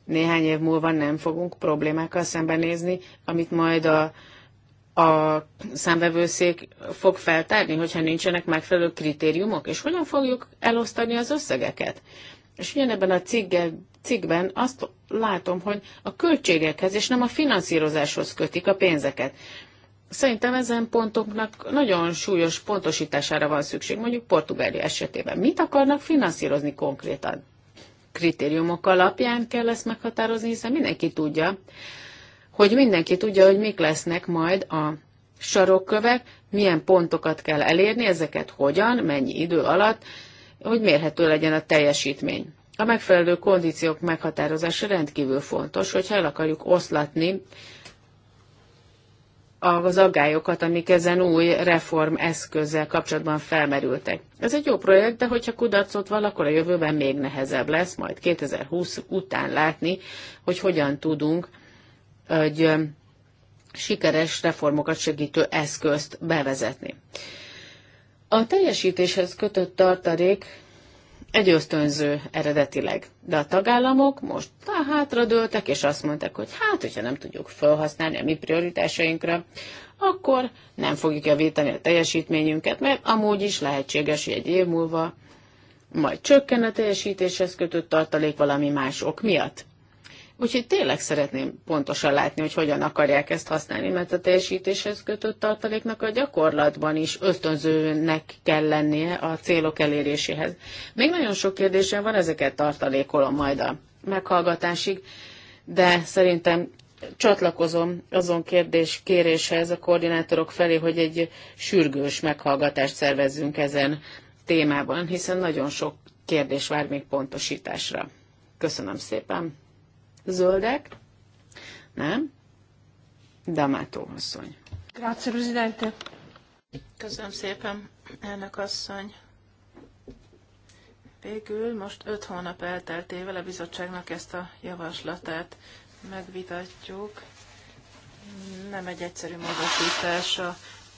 Speaker 3: Néhány év múlva nem fogunk problémákkal szembenézni, amit majd a a számvevőszék fog feltárni, hogyha nincsenek megfelelő kritériumok, és hogyan fogjuk elosztani az összegeket. És ugyanebben a cikkel, cikkben azt látom, hogy a költségekhez és nem a finanszírozáshoz kötik a pénzeket. Szerintem ezen pontoknak nagyon súlyos pontosítására van szükség, mondjuk Portugália esetében. Mit akarnak finanszírozni konkrétan? Kritériumok alapján kell ezt meghatározni, hiszen mindenki tudja, hogy mindenki tudja, hogy mik lesznek majd a sarokkövek, milyen pontokat kell elérni, ezeket hogyan, mennyi idő alatt, hogy mérhető legyen a teljesítmény. A megfelelő kondíciók meghatározása rendkívül fontos, hogyha el akarjuk oszlatni az aggályokat, amik ezen új reform eszközzel kapcsolatban felmerültek. Ez egy jó projekt, de hogyha kudarcot val, akkor a jövőben még nehezebb lesz, majd 2020 után látni, hogy hogyan tudunk egy sikeres reformokat segítő eszközt bevezetni. A teljesítéshez kötött tartalék egy ösztönző eredetileg, de a tagállamok most hátradőltek, és azt mondták, hogy hát, hogyha nem tudjuk felhasználni a mi prioritásainkra, akkor nem fogjuk javítani a teljesítményünket, mert amúgy is lehetséges, hogy egy év múlva majd csökken a teljesítéshez kötött tartalék valami más ok miatt. Úgyhogy tényleg szeretném pontosan látni, hogy hogyan akarják ezt használni, mert a teljesítéshez kötött tartaléknak a gyakorlatban is ösztönzőnek kell lennie a célok eléréséhez. Még nagyon sok kérdésem van, ezeket tartalékolom majd a meghallgatásig, de szerintem csatlakozom azon kérdés kéréshez a koordinátorok felé, hogy egy sürgős meghallgatást szervezzünk ezen témában, hiszen nagyon sok kérdés vár még pontosításra. Köszönöm szépen! Zöldek? Nem? Damátó asszony. Grazie, Presidente. Köszönöm
Speaker 2: szépen, elnök asszony. Végül most öt hónap elteltével a bizottságnak ezt a javaslatát megvitatjuk. Nem egy egyszerű módosítás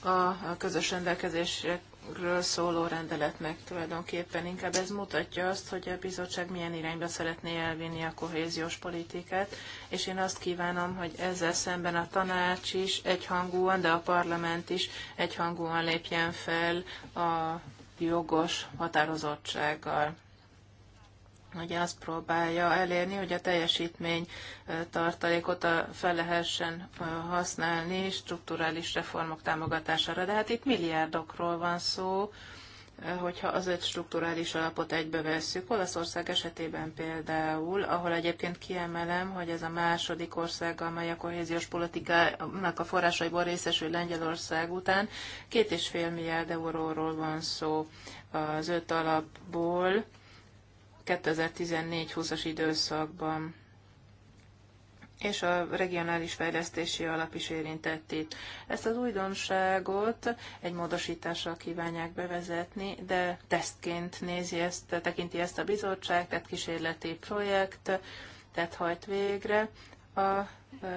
Speaker 2: a közös rendelkezések ről szóló rendeletnek tulajdonképpen. Inkább ez mutatja azt, hogy a bizottság milyen irányba szeretné elvinni a kohéziós politikát, és én azt kívánom, hogy ezzel szemben a tanács is egyhangúan, de a parlament is egyhangúan lépjen fel a jogos határozottsággal ugye azt próbálja elérni, hogy a teljesítmény tartalékot fel lehessen használni strukturális reformok támogatására. De hát itt milliárdokról van szó, hogyha az öt strukturális alapot egybe vesszük. Olaszország esetében például, ahol egyébként kiemelem, hogy ez a második ország, amely a kohéziós politikának a forrásaiból részesül Lengyelország után, két és fél milliárd euróról van szó az öt alapból, 2014-20-as időszakban. És a regionális fejlesztési alap is érintett itt. Ezt az újdonságot egy módosítással kívánják bevezetni, de tesztként nézi ezt, tekinti ezt a bizottság, tehát kísérleti projekt, tehát hajt végre. A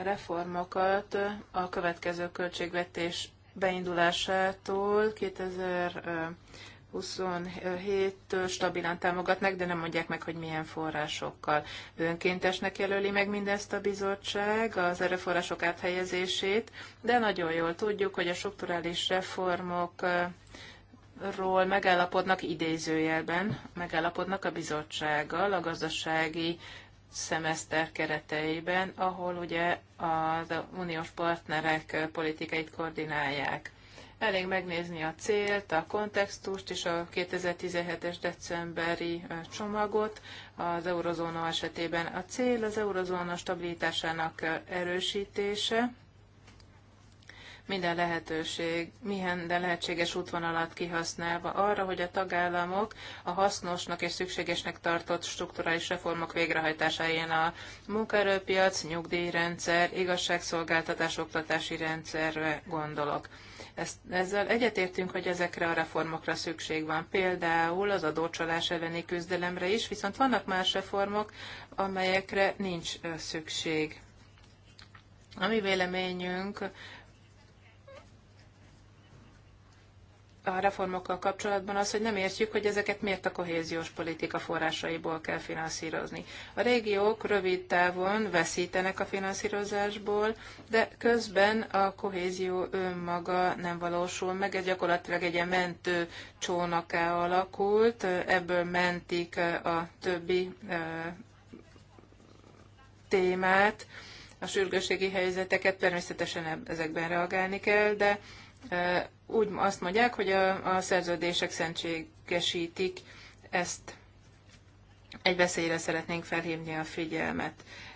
Speaker 2: reformokat a következő költségvetés beindulásától 2000 27 stabilan támogatnak, de nem mondják meg, hogy milyen forrásokkal. Önkéntesnek jelöli meg mindezt a bizottság, az erőforrások áthelyezését, de nagyon jól tudjuk, hogy a strukturális reformok ról megállapodnak idézőjelben, megállapodnak a bizottsággal a gazdasági szemeszter kereteiben, ahol ugye az uniós partnerek politikait koordinálják. Elég megnézni a célt, a kontextust és a 2017-es decemberi csomagot az eurozóna esetében. A cél az eurozóna stabilitásának erősítése, minden lehetőség, minden lehetséges útvonalat kihasználva arra, hogy a tagállamok a hasznosnak és szükségesnek tartott strukturális reformok végrehajtásáján a munkaerőpiac, nyugdíjrendszer, igazságszolgáltatás, oktatási rendszerre gondolok. Ezt, ezzel egyetértünk, hogy ezekre a reformokra szükség van, például az adócsalás elleni küzdelemre is, viszont vannak más reformok, amelyekre nincs szükség. A mi véleményünk a reformokkal kapcsolatban az, hogy nem értjük, hogy ezeket miért a kohéziós politika forrásaiból kell finanszírozni. A régiók rövid távon veszítenek a finanszírozásból, de közben a kohézió önmaga nem valósul meg, ez gyakorlatilag egy ilyen mentő csónaká alakult, ebből mentik a többi témát, a sürgőségi helyzeteket, természetesen ezekben reagálni kell, de úgy azt mondják, hogy a, a szerződések szentségesítik ezt. Egy veszélyre szeretnénk felhívni a figyelmet.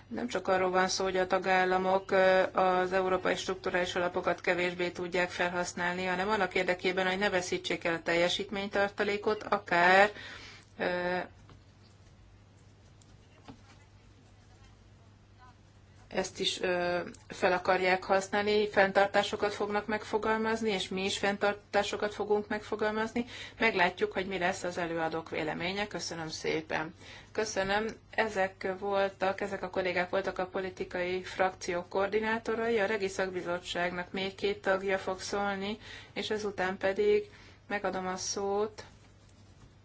Speaker 2: Nem csak arról van szó, hogy a tagállamok az európai struktúrális alapokat kevésbé tudják felhasználni, hanem annak érdekében, hogy ne veszítsék el a teljesítménytartalékot, akár ezt is ö, fel akarják használni, fenntartásokat fognak megfogalmazni, és mi is fenntartásokat fogunk megfogalmazni. Meglátjuk, hogy mi lesz az előadók véleménye. Köszönöm szépen. Köszönöm. Ezek voltak, ezek a kollégák voltak a politikai frakció koordinátorai. A Regi Szakbizottságnak még két tagja fog szólni, és ezután pedig megadom a szót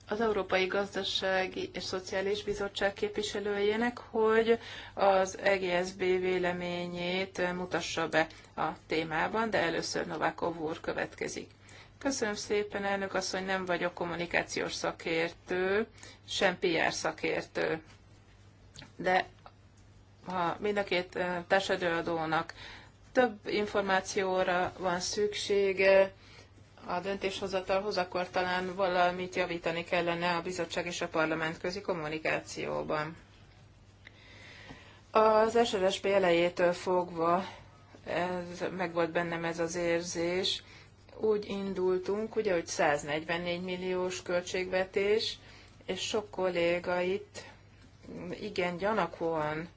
Speaker 2: az Európai Gazdasági és Szociális Bizottság képviselőjének, hogy az EGSB véleményét mutassa be a témában, de először Novákov úr következik. Köszönöm szépen, elnök asszony, nem vagyok kommunikációs szakértő, sem PR szakértő. De ha mind a két eh, adónak több információra van szüksége, a döntéshozatalhoz, akkor talán valamit javítani kellene a bizottság és a parlament közi kommunikációban. Az SRSP elejétől fogva ez, meg volt bennem ez az érzés. Úgy indultunk, ugye, hogy 144 milliós költségvetés, és sok kolléga itt igen gyanakóan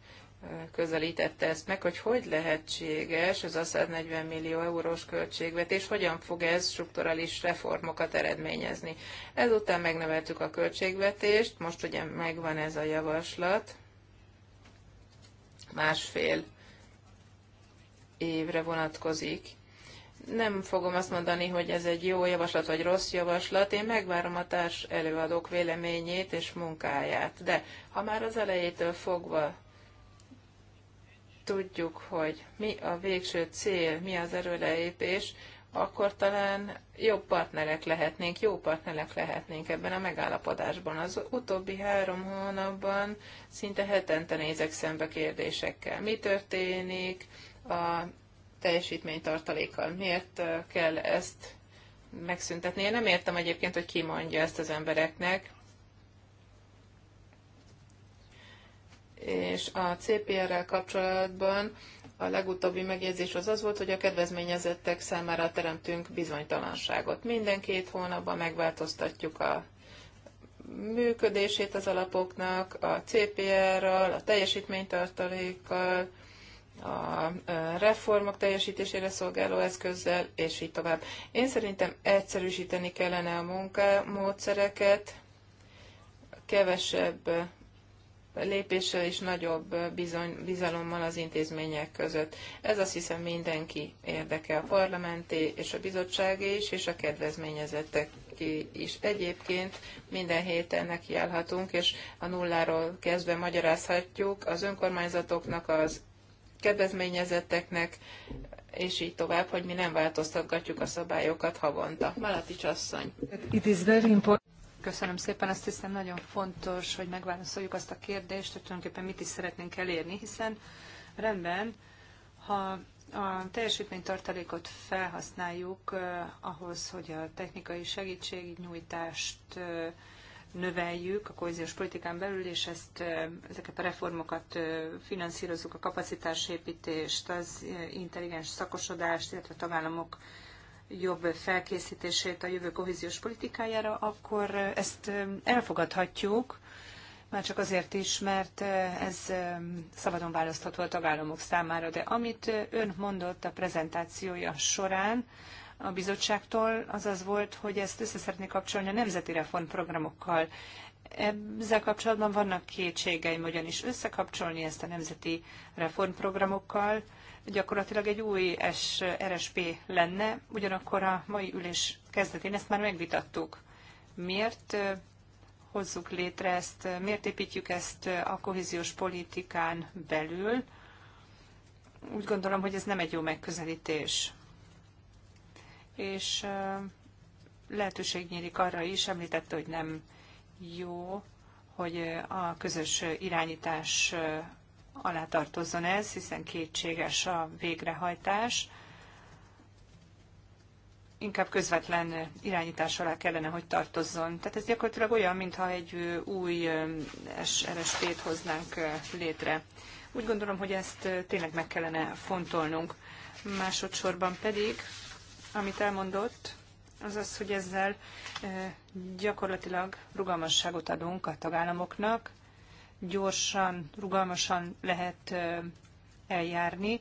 Speaker 2: közelítette ezt meg, hogy hogy lehetséges az a 140 millió eurós költségvetés, hogyan fog ez strukturális reformokat eredményezni. Ezután megneveltük a költségvetést, most ugye megvan ez a javaslat, másfél évre vonatkozik. Nem fogom azt mondani, hogy ez egy jó javaslat vagy rossz javaslat, én megvárom a társ előadók véleményét és munkáját, de ha már az elejétől fogva tudjuk, hogy mi a végső cél, mi az erőleépés, akkor talán jobb partnerek lehetnénk, jó partnerek lehetnénk ebben a megállapodásban. Az utóbbi három hónapban szinte hetente nézek szembe kérdésekkel. Mi történik a teljesítménytartalékkal? Miért uh, kell ezt megszüntetni? Én nem értem egyébként, hogy ki mondja ezt az embereknek. és a CPR-rel kapcsolatban a legutóbbi megjegyzés az az volt, hogy a kedvezményezettek számára teremtünk bizonytalanságot. Minden két hónapban megváltoztatjuk a működését az alapoknak, a CPR-ral, a teljesítménytartalékkal, a reformok teljesítésére szolgáló eszközzel, és így tovább. Én szerintem egyszerűsíteni kellene a munkamódszereket, kevesebb lépéssel és nagyobb bizony, bizalommal az intézmények között. Ez azt hiszem mindenki érdeke, a parlamenti és a bizottsági is, és a kedvezményezettek is. Egyébként minden héten nekiállhatunk, és a nulláról kezdve magyarázhatjuk az önkormányzatoknak, az kedvezményezetteknek, és így tovább, hogy mi nem változtatgatjuk a szabályokat havonta. Malatics
Speaker 1: asszony. It is very important. Köszönöm szépen, azt hiszem nagyon fontos, hogy megválaszoljuk azt a kérdést, hogy tulajdonképpen mit is szeretnénk elérni, hiszen rendben, ha a teljesítménytartalékot felhasználjuk ahhoz, hogy a technikai segítségnyújtást növeljük a kohéziós politikán belül, és ezt, ezeket a reformokat finanszírozunk, a kapacitásépítést, az intelligens szakosodást, illetve a tagállamok jobb felkészítését a jövő kohéziós politikájára, akkor ezt elfogadhatjuk, már csak azért is, mert ez szabadon választható a tagállamok számára. De amit ön mondott a prezentációja során a bizottságtól, az az volt, hogy ezt össze szeretné kapcsolni a nemzeti reformprogramokkal. Ezzel kapcsolatban vannak kétségeim, ugyanis összekapcsolni ezt a nemzeti reformprogramokkal, gyakorlatilag egy új RSP lenne, ugyanakkor a mai ülés kezdetén ezt már megvitattuk. Miért hozzuk létre ezt, miért építjük ezt a kohéziós politikán belül? Úgy gondolom, hogy ez nem egy jó megközelítés. És lehetőség nyílik arra is, említette, hogy nem jó, hogy a közös irányítás alá tartozzon ez, hiszen kétséges a végrehajtás. Inkább közvetlen irányítás alá kellene, hogy tartozzon. Tehát ez gyakorlatilag olyan, mintha egy új um, RSP-t hoznánk uh, létre. Úgy gondolom, hogy ezt uh, tényleg meg kellene fontolnunk. Másodszorban pedig, amit elmondott, az az, hogy ezzel uh, gyakorlatilag rugalmasságot adunk a tagállamoknak, gyorsan, rugalmasan lehet eljárni,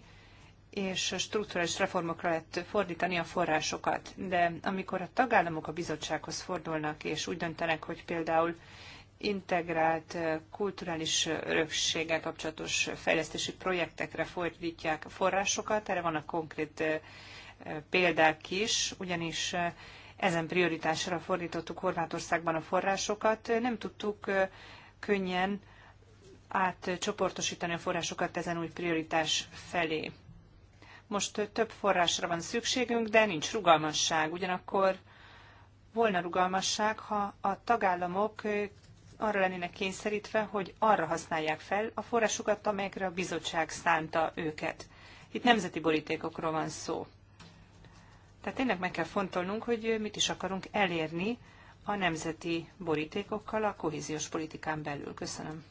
Speaker 1: és strukturális reformokra lehet fordítani a forrásokat. De amikor a tagállamok a bizottsághoz fordulnak, és úgy döntenek, hogy például integrált kulturális örökséggel kapcsolatos fejlesztési projektekre fordítják a forrásokat, erre vannak konkrét példák is, ugyanis ezen prioritásra fordítottuk Horvátországban a forrásokat. Nem tudtuk könnyen átcsoportosítani a forrásokat ezen új prioritás felé. Most több forrásra van szükségünk, de nincs rugalmasság. Ugyanakkor volna rugalmasság, ha a tagállamok arra lennének kényszerítve, hogy arra használják fel a forrásokat, amelyekre a bizottság szánta őket. Itt nemzeti borítékokról van szó. Tehát tényleg meg kell fontolnunk, hogy mit is akarunk elérni a nemzeti borítékokkal a kohéziós politikán belül. Köszönöm.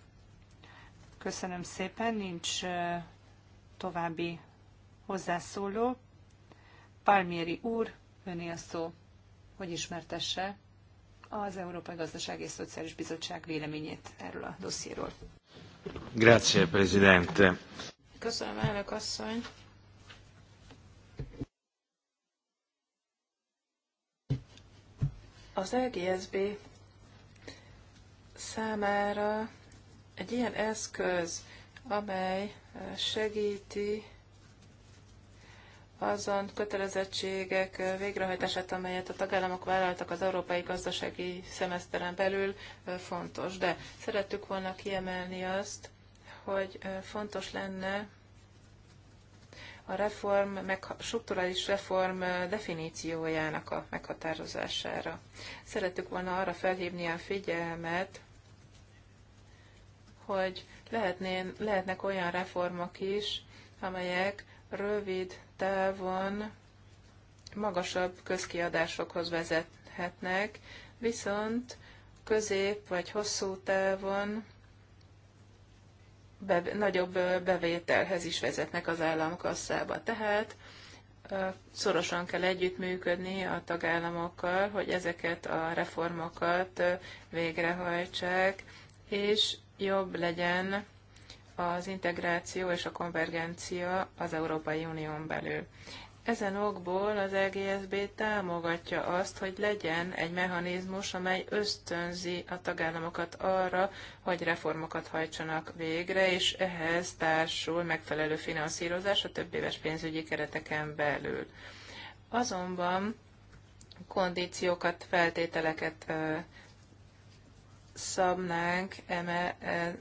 Speaker 1: Köszönöm szépen, nincs további hozzászóló. Palmieri úr, öné a szó, hogy ismertesse az Európai Gazdasági és Szociális Bizottság véleményét erről a dossziéről. Grazie, Presidente. Köszönöm, elnök asszony.
Speaker 2: Az EGSB számára egy ilyen eszköz, amely segíti azon kötelezettségek végrehajtását, amelyet a tagállamok vállaltak az európai gazdasági szemeszteren belül, fontos. De szerettük volna kiemelni azt, hogy fontos lenne a reform, meg, strukturális reform definíciójának a meghatározására. Szerettük volna arra felhívni a figyelmet, hogy lehetnén, lehetnek olyan reformok is, amelyek rövid távon magasabb közkiadásokhoz vezethetnek, viszont közép vagy hosszú távon be, nagyobb bevételhez is vezetnek az államkasszába. Tehát szorosan kell együttműködni a tagállamokkal, hogy ezeket a reformokat végrehajtsák, és jobb legyen az integráció és a konvergencia az Európai Unión belül. Ezen okból az EGSB támogatja azt, hogy legyen egy mechanizmus, amely ösztönzi a tagállamokat arra, hogy reformokat hajtsanak végre, és ehhez társul megfelelő finanszírozás a több éves pénzügyi kereteken belül. Azonban kondíciókat, feltételeket szabnánk eme, e,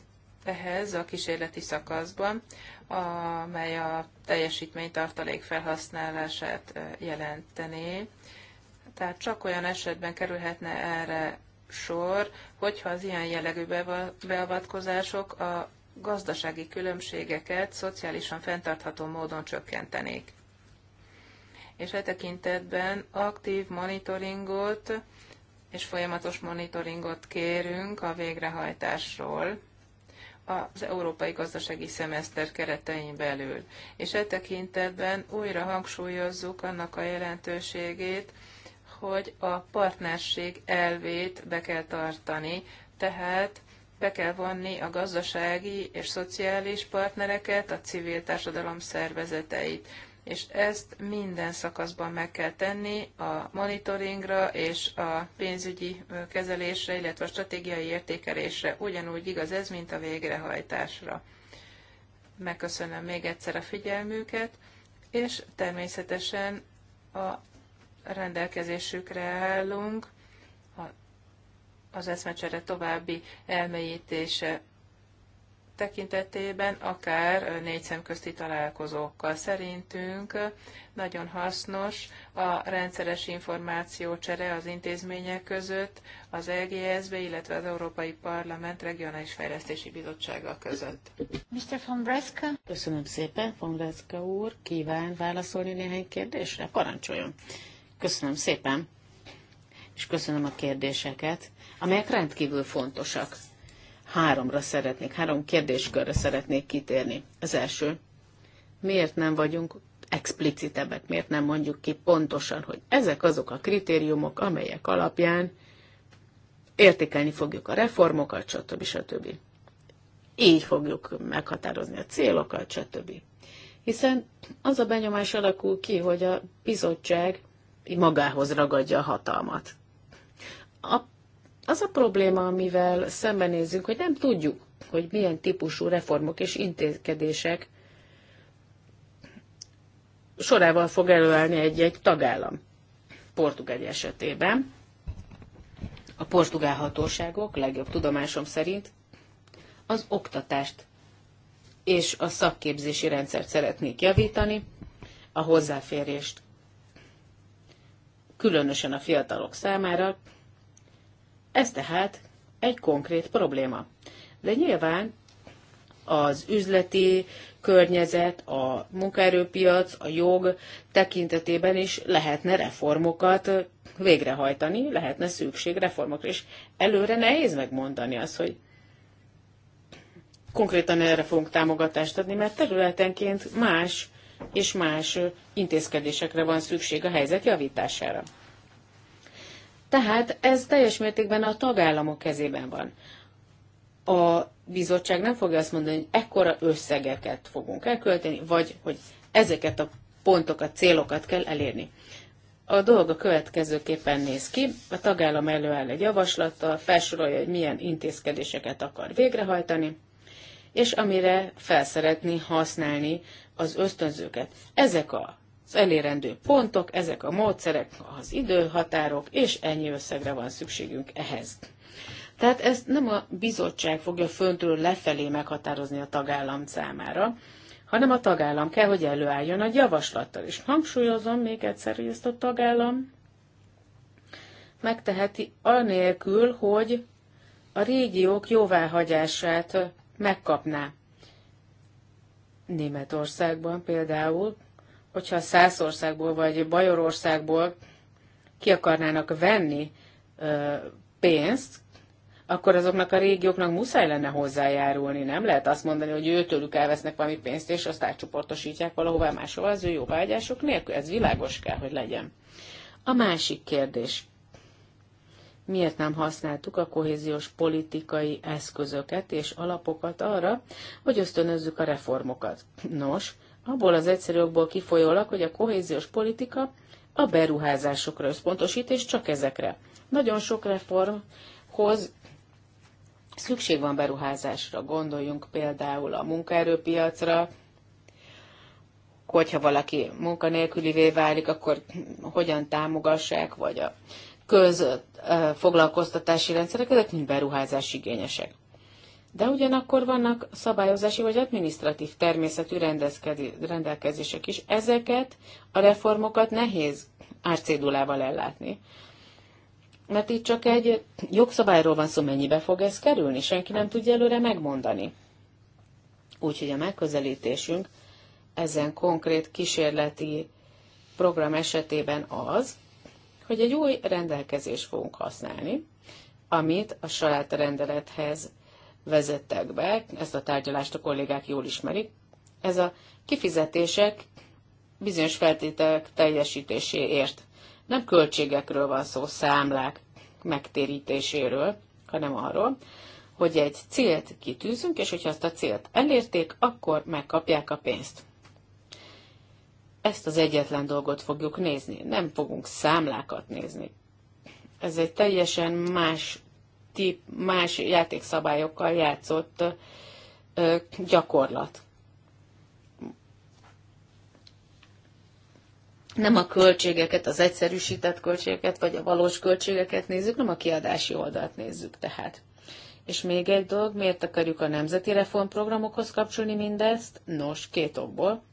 Speaker 2: ehhez a kísérleti szakaszban, amely a teljesítménytartalék felhasználását e, jelentené. Tehát csak olyan esetben kerülhetne erre sor, hogyha az ilyen jellegű beavatkozások a gazdasági különbségeket szociálisan fenntartható módon csökkentenék. És e tekintetben aktív monitoringot és folyamatos monitoringot kérünk a végrehajtásról az európai gazdasági szemeszter keretein belül. És e tekintetben újra hangsúlyozzuk annak a jelentőségét, hogy a partnerség elvét be kell tartani, tehát be kell vonni a gazdasági és szociális partnereket, a civil társadalom szervezeteit és ezt minden szakaszban meg kell tenni a monitoringra és a pénzügyi kezelésre, illetve a stratégiai értékelésre. Ugyanúgy igaz ez, mint a végrehajtásra. Megköszönöm még egyszer a figyelmüket, és természetesen a rendelkezésükre állunk az eszmecsere további elmélyítése tekintetében, akár négy szemközti találkozókkal. Szerintünk nagyon hasznos a rendszeres információcsere az intézmények között, az EGSB, illetve az Európai Parlament Regionális Fejlesztési Bizottsága között.
Speaker 3: Mr. von Breska. Köszönöm szépen, von Breska úr. Kíván válaszolni néhány kérdésre? Parancsoljon. Köszönöm szépen, és köszönöm a kérdéseket, amelyek rendkívül fontosak háromra szeretnék, három kérdéskörre szeretnék kitérni. Az első, miért nem vagyunk explicitebbek, miért nem mondjuk ki pontosan, hogy ezek azok a kritériumok, amelyek alapján értékelni fogjuk a reformokat, stb. stb. Így fogjuk meghatározni a célokat, stb. Hiszen az a benyomás alakul ki, hogy a bizottság magához ragadja a hatalmat. A az a probléma, amivel szembenézünk, hogy nem tudjuk, hogy milyen típusú reformok és intézkedések sorával fog előállni egy-egy tagállam. Portugál esetében a portugál hatóságok, legjobb tudomásom szerint, az oktatást és a szakképzési rendszert szeretnék javítani, a hozzáférést, különösen a fiatalok számára, ez tehát egy konkrét probléma. De nyilván az üzleti környezet, a munkaerőpiac, a jog tekintetében is lehetne reformokat végrehajtani, lehetne szükség reformokra, és előre nehéz megmondani azt, hogy konkrétan erre fogunk támogatást adni, mert területenként más és más intézkedésekre van szükség a helyzet javítására. Tehát ez teljes mértékben a tagállamok kezében van. A bizottság nem fogja azt mondani, hogy ekkora összegeket fogunk elkölteni, vagy hogy ezeket a pontokat, célokat kell elérni. A dolga következőképpen néz ki. A tagállam előáll egy javaslattal, felsorolja, hogy milyen intézkedéseket akar végrehajtani, és amire felszeretni használni az ösztönzőket. Ezek a az elérendő pontok, ezek a módszerek, az időhatárok, és ennyi összegre van szükségünk ehhez. Tehát ezt nem a bizottság fogja föntről lefelé meghatározni a tagállam számára, hanem a tagállam kell, hogy előálljon a javaslattal. És hangsúlyozom még egyszer, hogy ezt a tagállam megteheti anélkül, hogy a régiók jóváhagyását megkapná. Németországban például hogyha Szászországból vagy Bajorországból ki akarnának venni pénzt, akkor azoknak a régióknak muszáj lenne hozzájárulni. Nem lehet azt mondani, hogy őtőlük elvesznek valami pénzt, és azt átcsoportosítják valahová máshova az ő jóvágyások nélkül. Ez világos kell, hogy legyen. A másik kérdés. Miért nem használtuk a kohéziós politikai eszközöket és alapokat arra, hogy ösztönözzük a reformokat? Nos, abból az egyszerű okból kifolyólag, hogy a kohéziós politika a beruházásokra összpontosít, és csak ezekre. Nagyon sok reformhoz szükség van beruházásra. Gondoljunk például a munkaerőpiacra, hogyha valaki munkanélkülivé válik, akkor hogyan támogassák, vagy a közfoglalkoztatási rendszerek, ezek mind beruházás igényesek de ugyanakkor vannak szabályozási vagy administratív természetű rendelkezések is. Ezeket a reformokat nehéz árcédulával ellátni. Mert itt csak egy jogszabályról van szó, mennyibe fog ez kerülni, senki nem tudja előre megmondani. Úgyhogy a megközelítésünk ezen konkrét kísérleti program esetében az, hogy egy új rendelkezést fogunk használni, amit a saját rendelethez vezettek be, ezt a tárgyalást a kollégák jól ismerik, ez a kifizetések bizonyos feltételek teljesítéséért. Nem költségekről van szó, számlák megtérítéséről, hanem arról, hogy egy célt kitűzünk, és hogyha azt a célt elérték, akkor megkapják a pénzt. Ezt az egyetlen dolgot fogjuk nézni, nem fogunk számlákat nézni. Ez egy teljesen más tip más játékszabályokkal játszott gyakorlat. Nem a költségeket, az egyszerűsített költségeket, vagy a valós költségeket nézzük, nem a kiadási oldalt nézzük tehát. És még egy dolog, miért akarjuk a nemzeti reformprogramokhoz kapcsolni mindezt? Nos, két okból.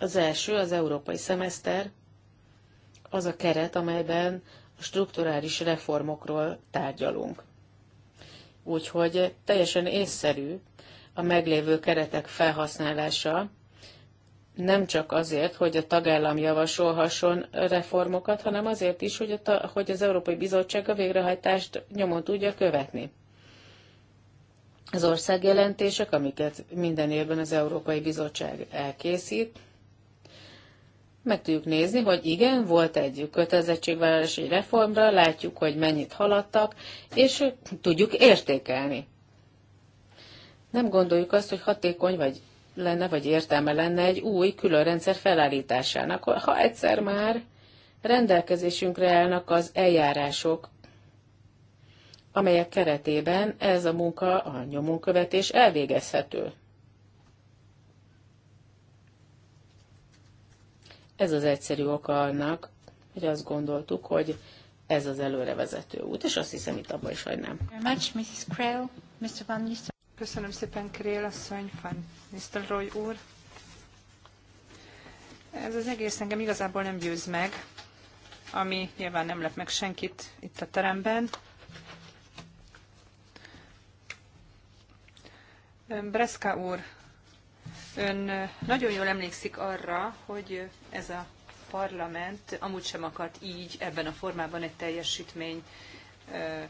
Speaker 3: Az első, az európai szemeszter, az a keret, amelyben strukturális reformokról tárgyalunk. Úgyhogy teljesen észszerű a meglévő keretek felhasználása, nem csak azért, hogy a tagállam javasolhasson reformokat, hanem azért is, hogy, a hogy az Európai Bizottság a végrehajtást nyomon tudja követni. Az országjelentések, amiket minden évben az Európai Bizottság elkészít, meg tudjuk nézni, hogy igen, volt egy kötelezettségvállalási reformra, látjuk, hogy mennyit haladtak, és tudjuk értékelni. Nem gondoljuk azt, hogy hatékony vagy lenne, vagy értelme lenne egy új külön rendszer felállításának, ha egyszer már rendelkezésünkre állnak az eljárások, amelyek keretében ez a munka, a nyomunkövetés elvégezhető. Ez az egyszerű oka annak, hogy azt gondoltuk, hogy ez az előrevezető út, és azt hiszem itt abban is hagynám.
Speaker 1: Köszönöm szépen, Krél asszony, Van Nistelrooy úr. Ez az egész engem igazából nem győz meg, ami nyilván nem lep meg senkit itt a teremben. Breszka úr, ön nagyon jól emlékszik arra, hogy ez a parlament amúgy sem akart így ebben a formában egy teljesítmény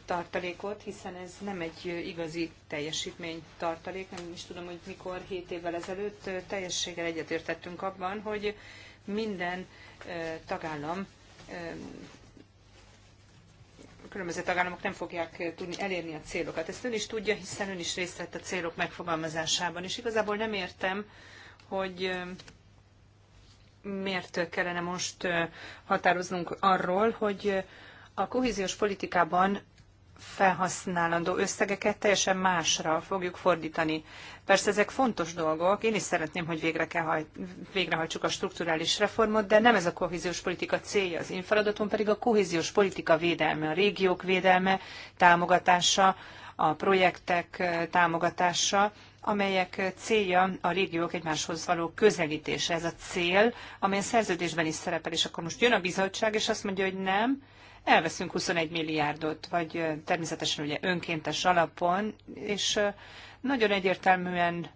Speaker 1: tartalékot, hiszen ez nem egy igazi teljesítmény tartalék, nem is tudom, hogy mikor, 7 évvel ezelőtt teljességgel egyetértettünk abban, hogy minden tagállam különböző tagállamok nem fogják tudni elérni a célokat. Ezt ön is tudja, hiszen ön is részt vett a célok megfogalmazásában, és igazából nem értem, hogy miért kellene most határoznunk arról, hogy a kohéziós politikában felhasználandó összegeket teljesen másra fogjuk fordítani. Persze ezek fontos dolgok, én is szeretném, hogy végre kell haj... végrehajtsuk a strukturális reformot, de nem ez a kohéziós politika célja. Az én feladatom pedig a kohéziós politika védelme, a régiók védelme, támogatása, a projektek támogatása, amelyek célja a régiók egymáshoz való közelítése. Ez a cél, amely a szerződésben is szerepel, és akkor most jön a bizottság, és azt mondja, hogy nem, elveszünk 21 milliárdot, vagy természetesen ugye önkéntes alapon, és nagyon egyértelműen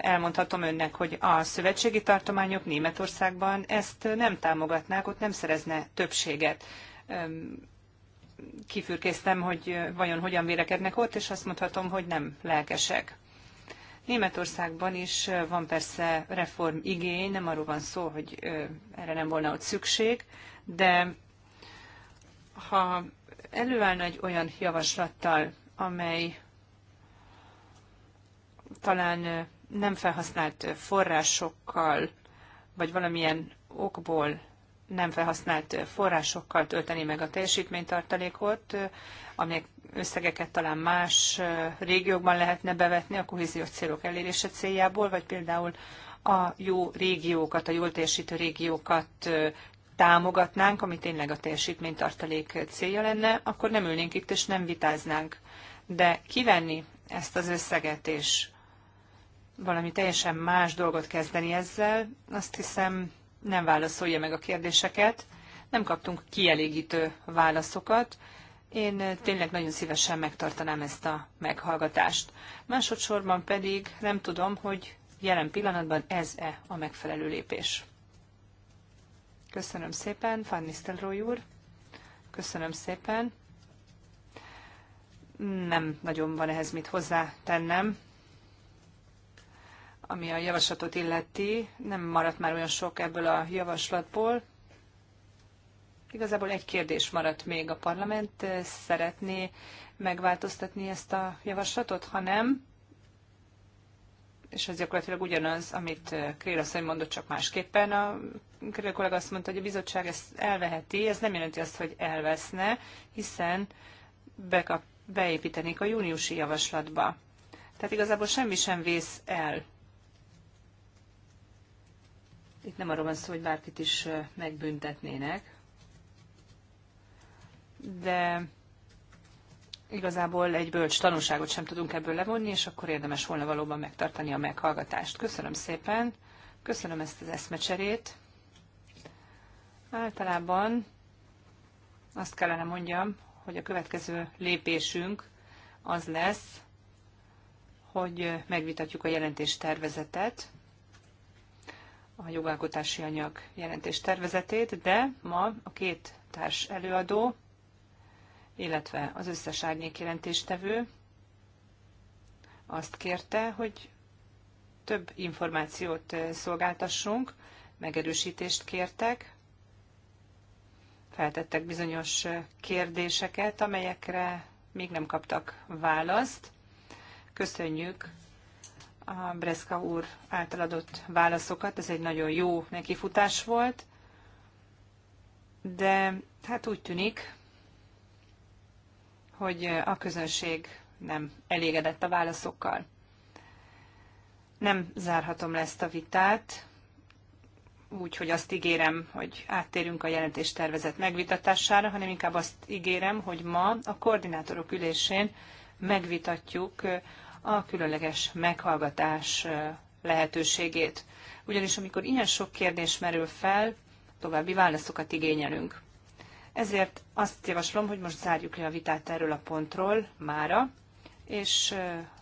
Speaker 1: elmondhatom önnek, hogy a szövetségi tartományok Németországban ezt nem támogatnák, ott nem szerezne többséget. Kifürkésztem, hogy vajon hogyan vélekednek ott, és azt mondhatom, hogy nem lelkesek. Németországban is van persze reform igény, nem arról van szó, hogy erre nem volna ott szükség, de ha előállna egy olyan javaslattal, amely talán nem felhasznált forrásokkal, vagy valamilyen okból nem felhasznált forrásokkal tölteni meg a teljesítménytartalékot, amelyek összegeket talán más régiókban lehetne bevetni a kohéziós célok elérése céljából, vagy például a jó régiókat, a jól teljesítő régiókat támogatnánk, ami tényleg a teljesítménytartalék célja lenne, akkor nem ülnénk itt és nem vitáznánk. De kivenni ezt az összeget és valami teljesen más dolgot kezdeni ezzel, azt hiszem nem válaszolja meg a kérdéseket. Nem kaptunk kielégítő válaszokat. Én eh, tényleg nagyon szívesen megtartanám ezt a meghallgatást. Másodszorban pedig nem tudom, hogy jelen pillanatban ez-e a megfelelő lépés. Köszönöm szépen, Van Nistelrooy úr. Köszönöm szépen. Nem nagyon van ehhez mit hozzátennem ami a javaslatot illeti, nem maradt már olyan sok ebből a javaslatból. Igazából egy kérdés maradt még a parlament. Szeretné megváltoztatni ezt a javaslatot, ha nem, és ez gyakorlatilag ugyanaz, amit Krél asszony mondott, csak másképpen. A Krél kollega azt mondta, hogy a bizottság ezt elveheti, ez nem jelenti azt, hogy elveszne, hiszen bekap, beépítenék a júniusi javaslatba. Tehát igazából semmi sem vész el itt nem arról van szó, hogy bárkit is megbüntetnének, de igazából egy bölcs tanulságot sem tudunk ebből levonni, és akkor érdemes volna valóban megtartani a meghallgatást. Köszönöm szépen, köszönöm ezt az eszmecserét. Általában azt kellene mondjam, hogy a következő lépésünk az lesz, hogy megvitatjuk a jelentés tervezetet, a jogalkotási anyag jelentés tervezetét, de ma a két társ előadó, illetve az összes árnyék jelentéstevő azt kérte, hogy több információt eh, szolgáltassunk, megerősítést kértek, feltettek bizonyos eh, kérdéseket, amelyekre még nem kaptak választ. Köszönjük a Breszka úr által adott válaszokat. Ez egy nagyon jó nekifutás volt, de hát úgy tűnik, hogy a közönség nem elégedett a válaszokkal. Nem zárhatom le ezt a vitát, úgyhogy azt ígérem, hogy áttérünk a jelentéstervezet megvitatására, hanem inkább azt ígérem, hogy ma a koordinátorok ülésén megvitatjuk a különleges meghallgatás lehetőségét. Ugyanis amikor ilyen sok kérdés merül fel, további válaszokat igényelünk. Ezért azt javaslom, hogy most zárjuk le a vitát erről a pontról mára, és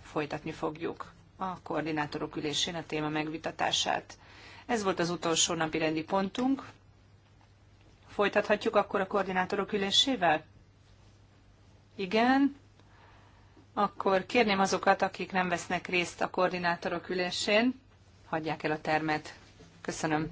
Speaker 1: folytatni fogjuk a koordinátorok ülésén a téma megvitatását. Ez volt az utolsó napi rendi pontunk. Folytathatjuk akkor a koordinátorok ülésével? Igen. Akkor kérném azokat, akik nem vesznek részt a koordinátorok ülésén, hagyják el a termet. Köszönöm.